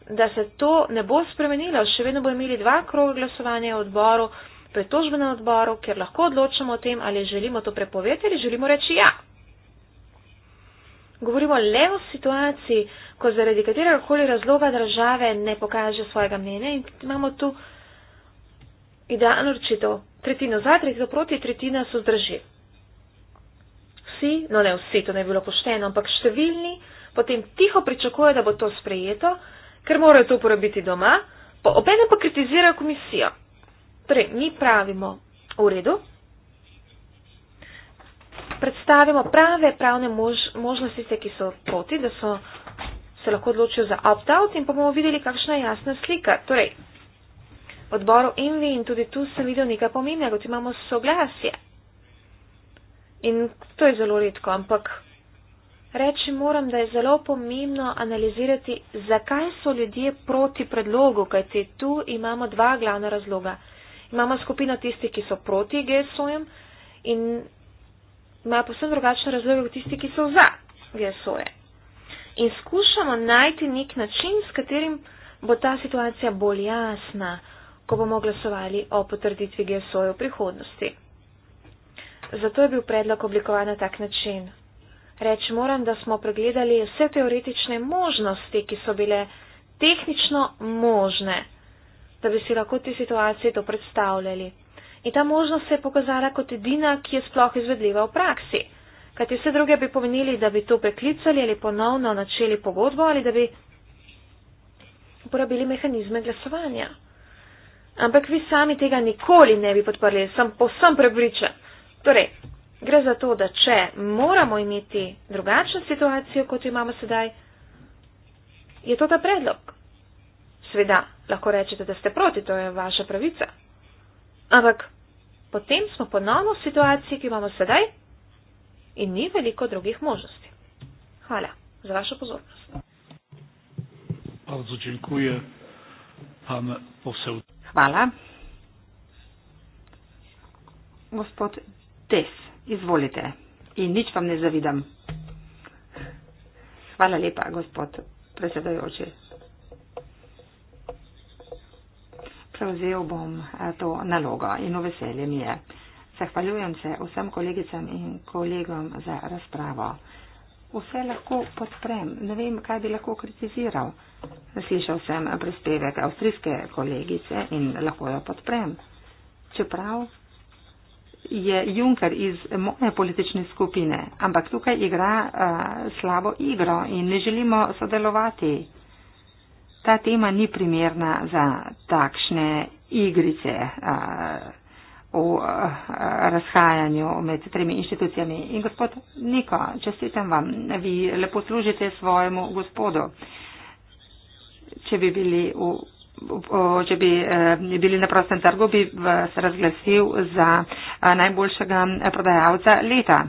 [SPEAKER 3] da se to ne bo spremenilo. Še vedno bo imeli dva kroga glasovanja v odboru, pretožbe na odboru, ker lahko odločamo o tem, ali želimo to prepoveti ali želimo reči ja. Govorimo le o situaciji, ko zaradi katerega koli razloga države ne pokaže svojega mnenja in imamo tu идеа наречито третина за, третина проти, третина со здражи. Си, но не усе, тоа не било поштено, ампак številни потем тихо причакуваат да бо тоа спријето, кер мора тоа порабити дома, по обеде па критизира комисија. Тре, ни правимо уреду, представимо праве правне мож, можности секи со поти, да со се лако одлучио за opt-out и помамо видели какшна е јасна слика. Торе, v odboru Invi in tudi tu sem videl nekaj pomembnega, kot imamo soglasje. In to je zelo redko, ampak reči moram, da je zelo pomembno analizirati, zakaj so ljudje proti predlogu, kajti tu imamo dva glavna razloga. Imamo skupino tistih, ki so proti GSO-jem in imajo posebno drugačne razloge kot tisti, ki so za GSO-je. In skušamo najti nek način, s katerim bo ta situacija bolj jasna ko bomo glasovali o potrditvi GSO-ja v prihodnosti. Zato je bil predlog oblikovan na tak način. Reč moram, da smo pregledali vse teoretične možnosti, ki so bile tehnično možne, da bi si lahko te situacije to predstavljali. In ta možnost se je pokazala kot edina, ki je sploh izvedljiva v praksi. Kajti vse druge bi pomenili, da bi to preklicali ali ponovno načeli pogodbo ali da bi uporabili mehanizme glasovanja ampak vi sami tega nikoli ne bi podprli, sem posem prepričan. Torej, gre za to, da če moramo imeti drugačno situacijo, kot jo imamo sedaj, je to ta predlog. Sveda, lahko rečete, da ste proti, to je vaša pravica. Ampak potem smo ponovno v situaciji, ki imamo sedaj in ni veliko drugih možnosti. Hvala za vašo pozornost.
[SPEAKER 1] Bardzo dziękuję. Pan poseł.
[SPEAKER 3] Hvala.
[SPEAKER 2] Gospod Tes, izvolite. In nič vam ne zavidam. Hvala lepa, gospod predsedajoči. Prevzel bom eh, to nalogo in v veselje mi je. Zahvaljujem se vsem kolegicam in kolegom za razpravo. Vse lahko podprem. Ne vem, kaj bi lahko kritiziral. Slišal sem prispevek avstrijske kolegice in lahko jo podprem. Čeprav je Juncker iz moje politične skupine, ampak tukaj igra uh, slabo igro in ne želimo sodelovati. Ta tema ni primerna za takšne igrice uh, v uh, razhajanju med tremi inštitucijami. In gospod Niko, čestitam vam, vi lepo služite svojemu gospodu. Uh, če bi bili, v, če bi eh, bili na prostem trgu, bi vas razglasil za eh, najboljšega prodajalca leta.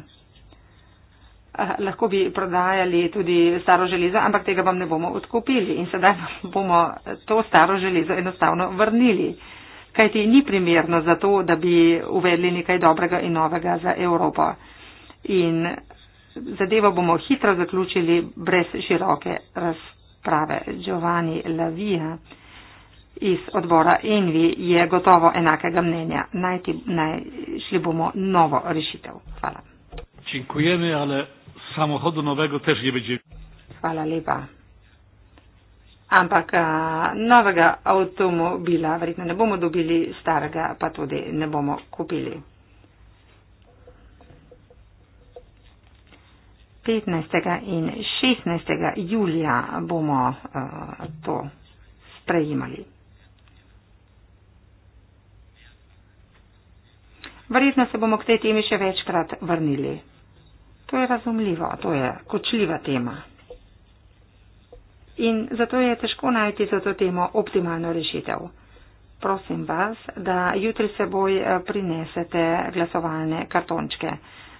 [SPEAKER 2] Eh, lahko bi prodajali tudi staro železo, ampak tega vam ne bomo odkupili in sedaj bomo to staro železo enostavno vrnili. Kaj ti ni primerno za to, da bi uvedli nekaj dobrega in novega za Evropo. In zadevo bomo hitro zaključili brez široke razprave prave Giovanni Lavija iz odbora Envi je gotovo enakega mnenja. Najti, najšli bomo novo rešitev. Hvala.
[SPEAKER 1] Činkujeme, ale samohodu novega tež je bedje.
[SPEAKER 2] Hvala lepa. Ampak a, novega avtomobila verjetno ne bomo dobili, starega pa tudi ne bomo kupili. 15. in 16. julija bomo eh, to sprejemali. Verjetno se bomo k tej temi še večkrat vrnili. To je razumljivo, to je kočljiva tema. In zato je težko najti za to temo optimalno rešitev. Prosim vas, da jutri seboj eh, prinesete glasovalne kartončke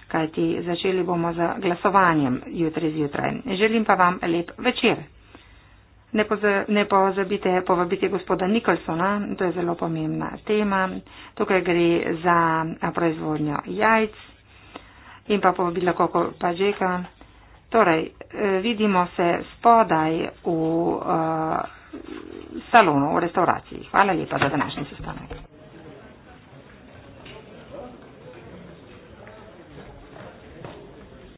[SPEAKER 2] kajti začeli bomo z glasovanjem jutri zjutraj. Želim pa vam lep večer. Ne, poza, ne pozabite povabiti gospoda Nikolsona, to je zelo pomembna tema. Tukaj gre za proizvodnjo jajc in pa povabila koko pažeka. Torej, e, vidimo se spodaj v uh, salonu, v restauraciji. Hvala lepa za današnji sestanek.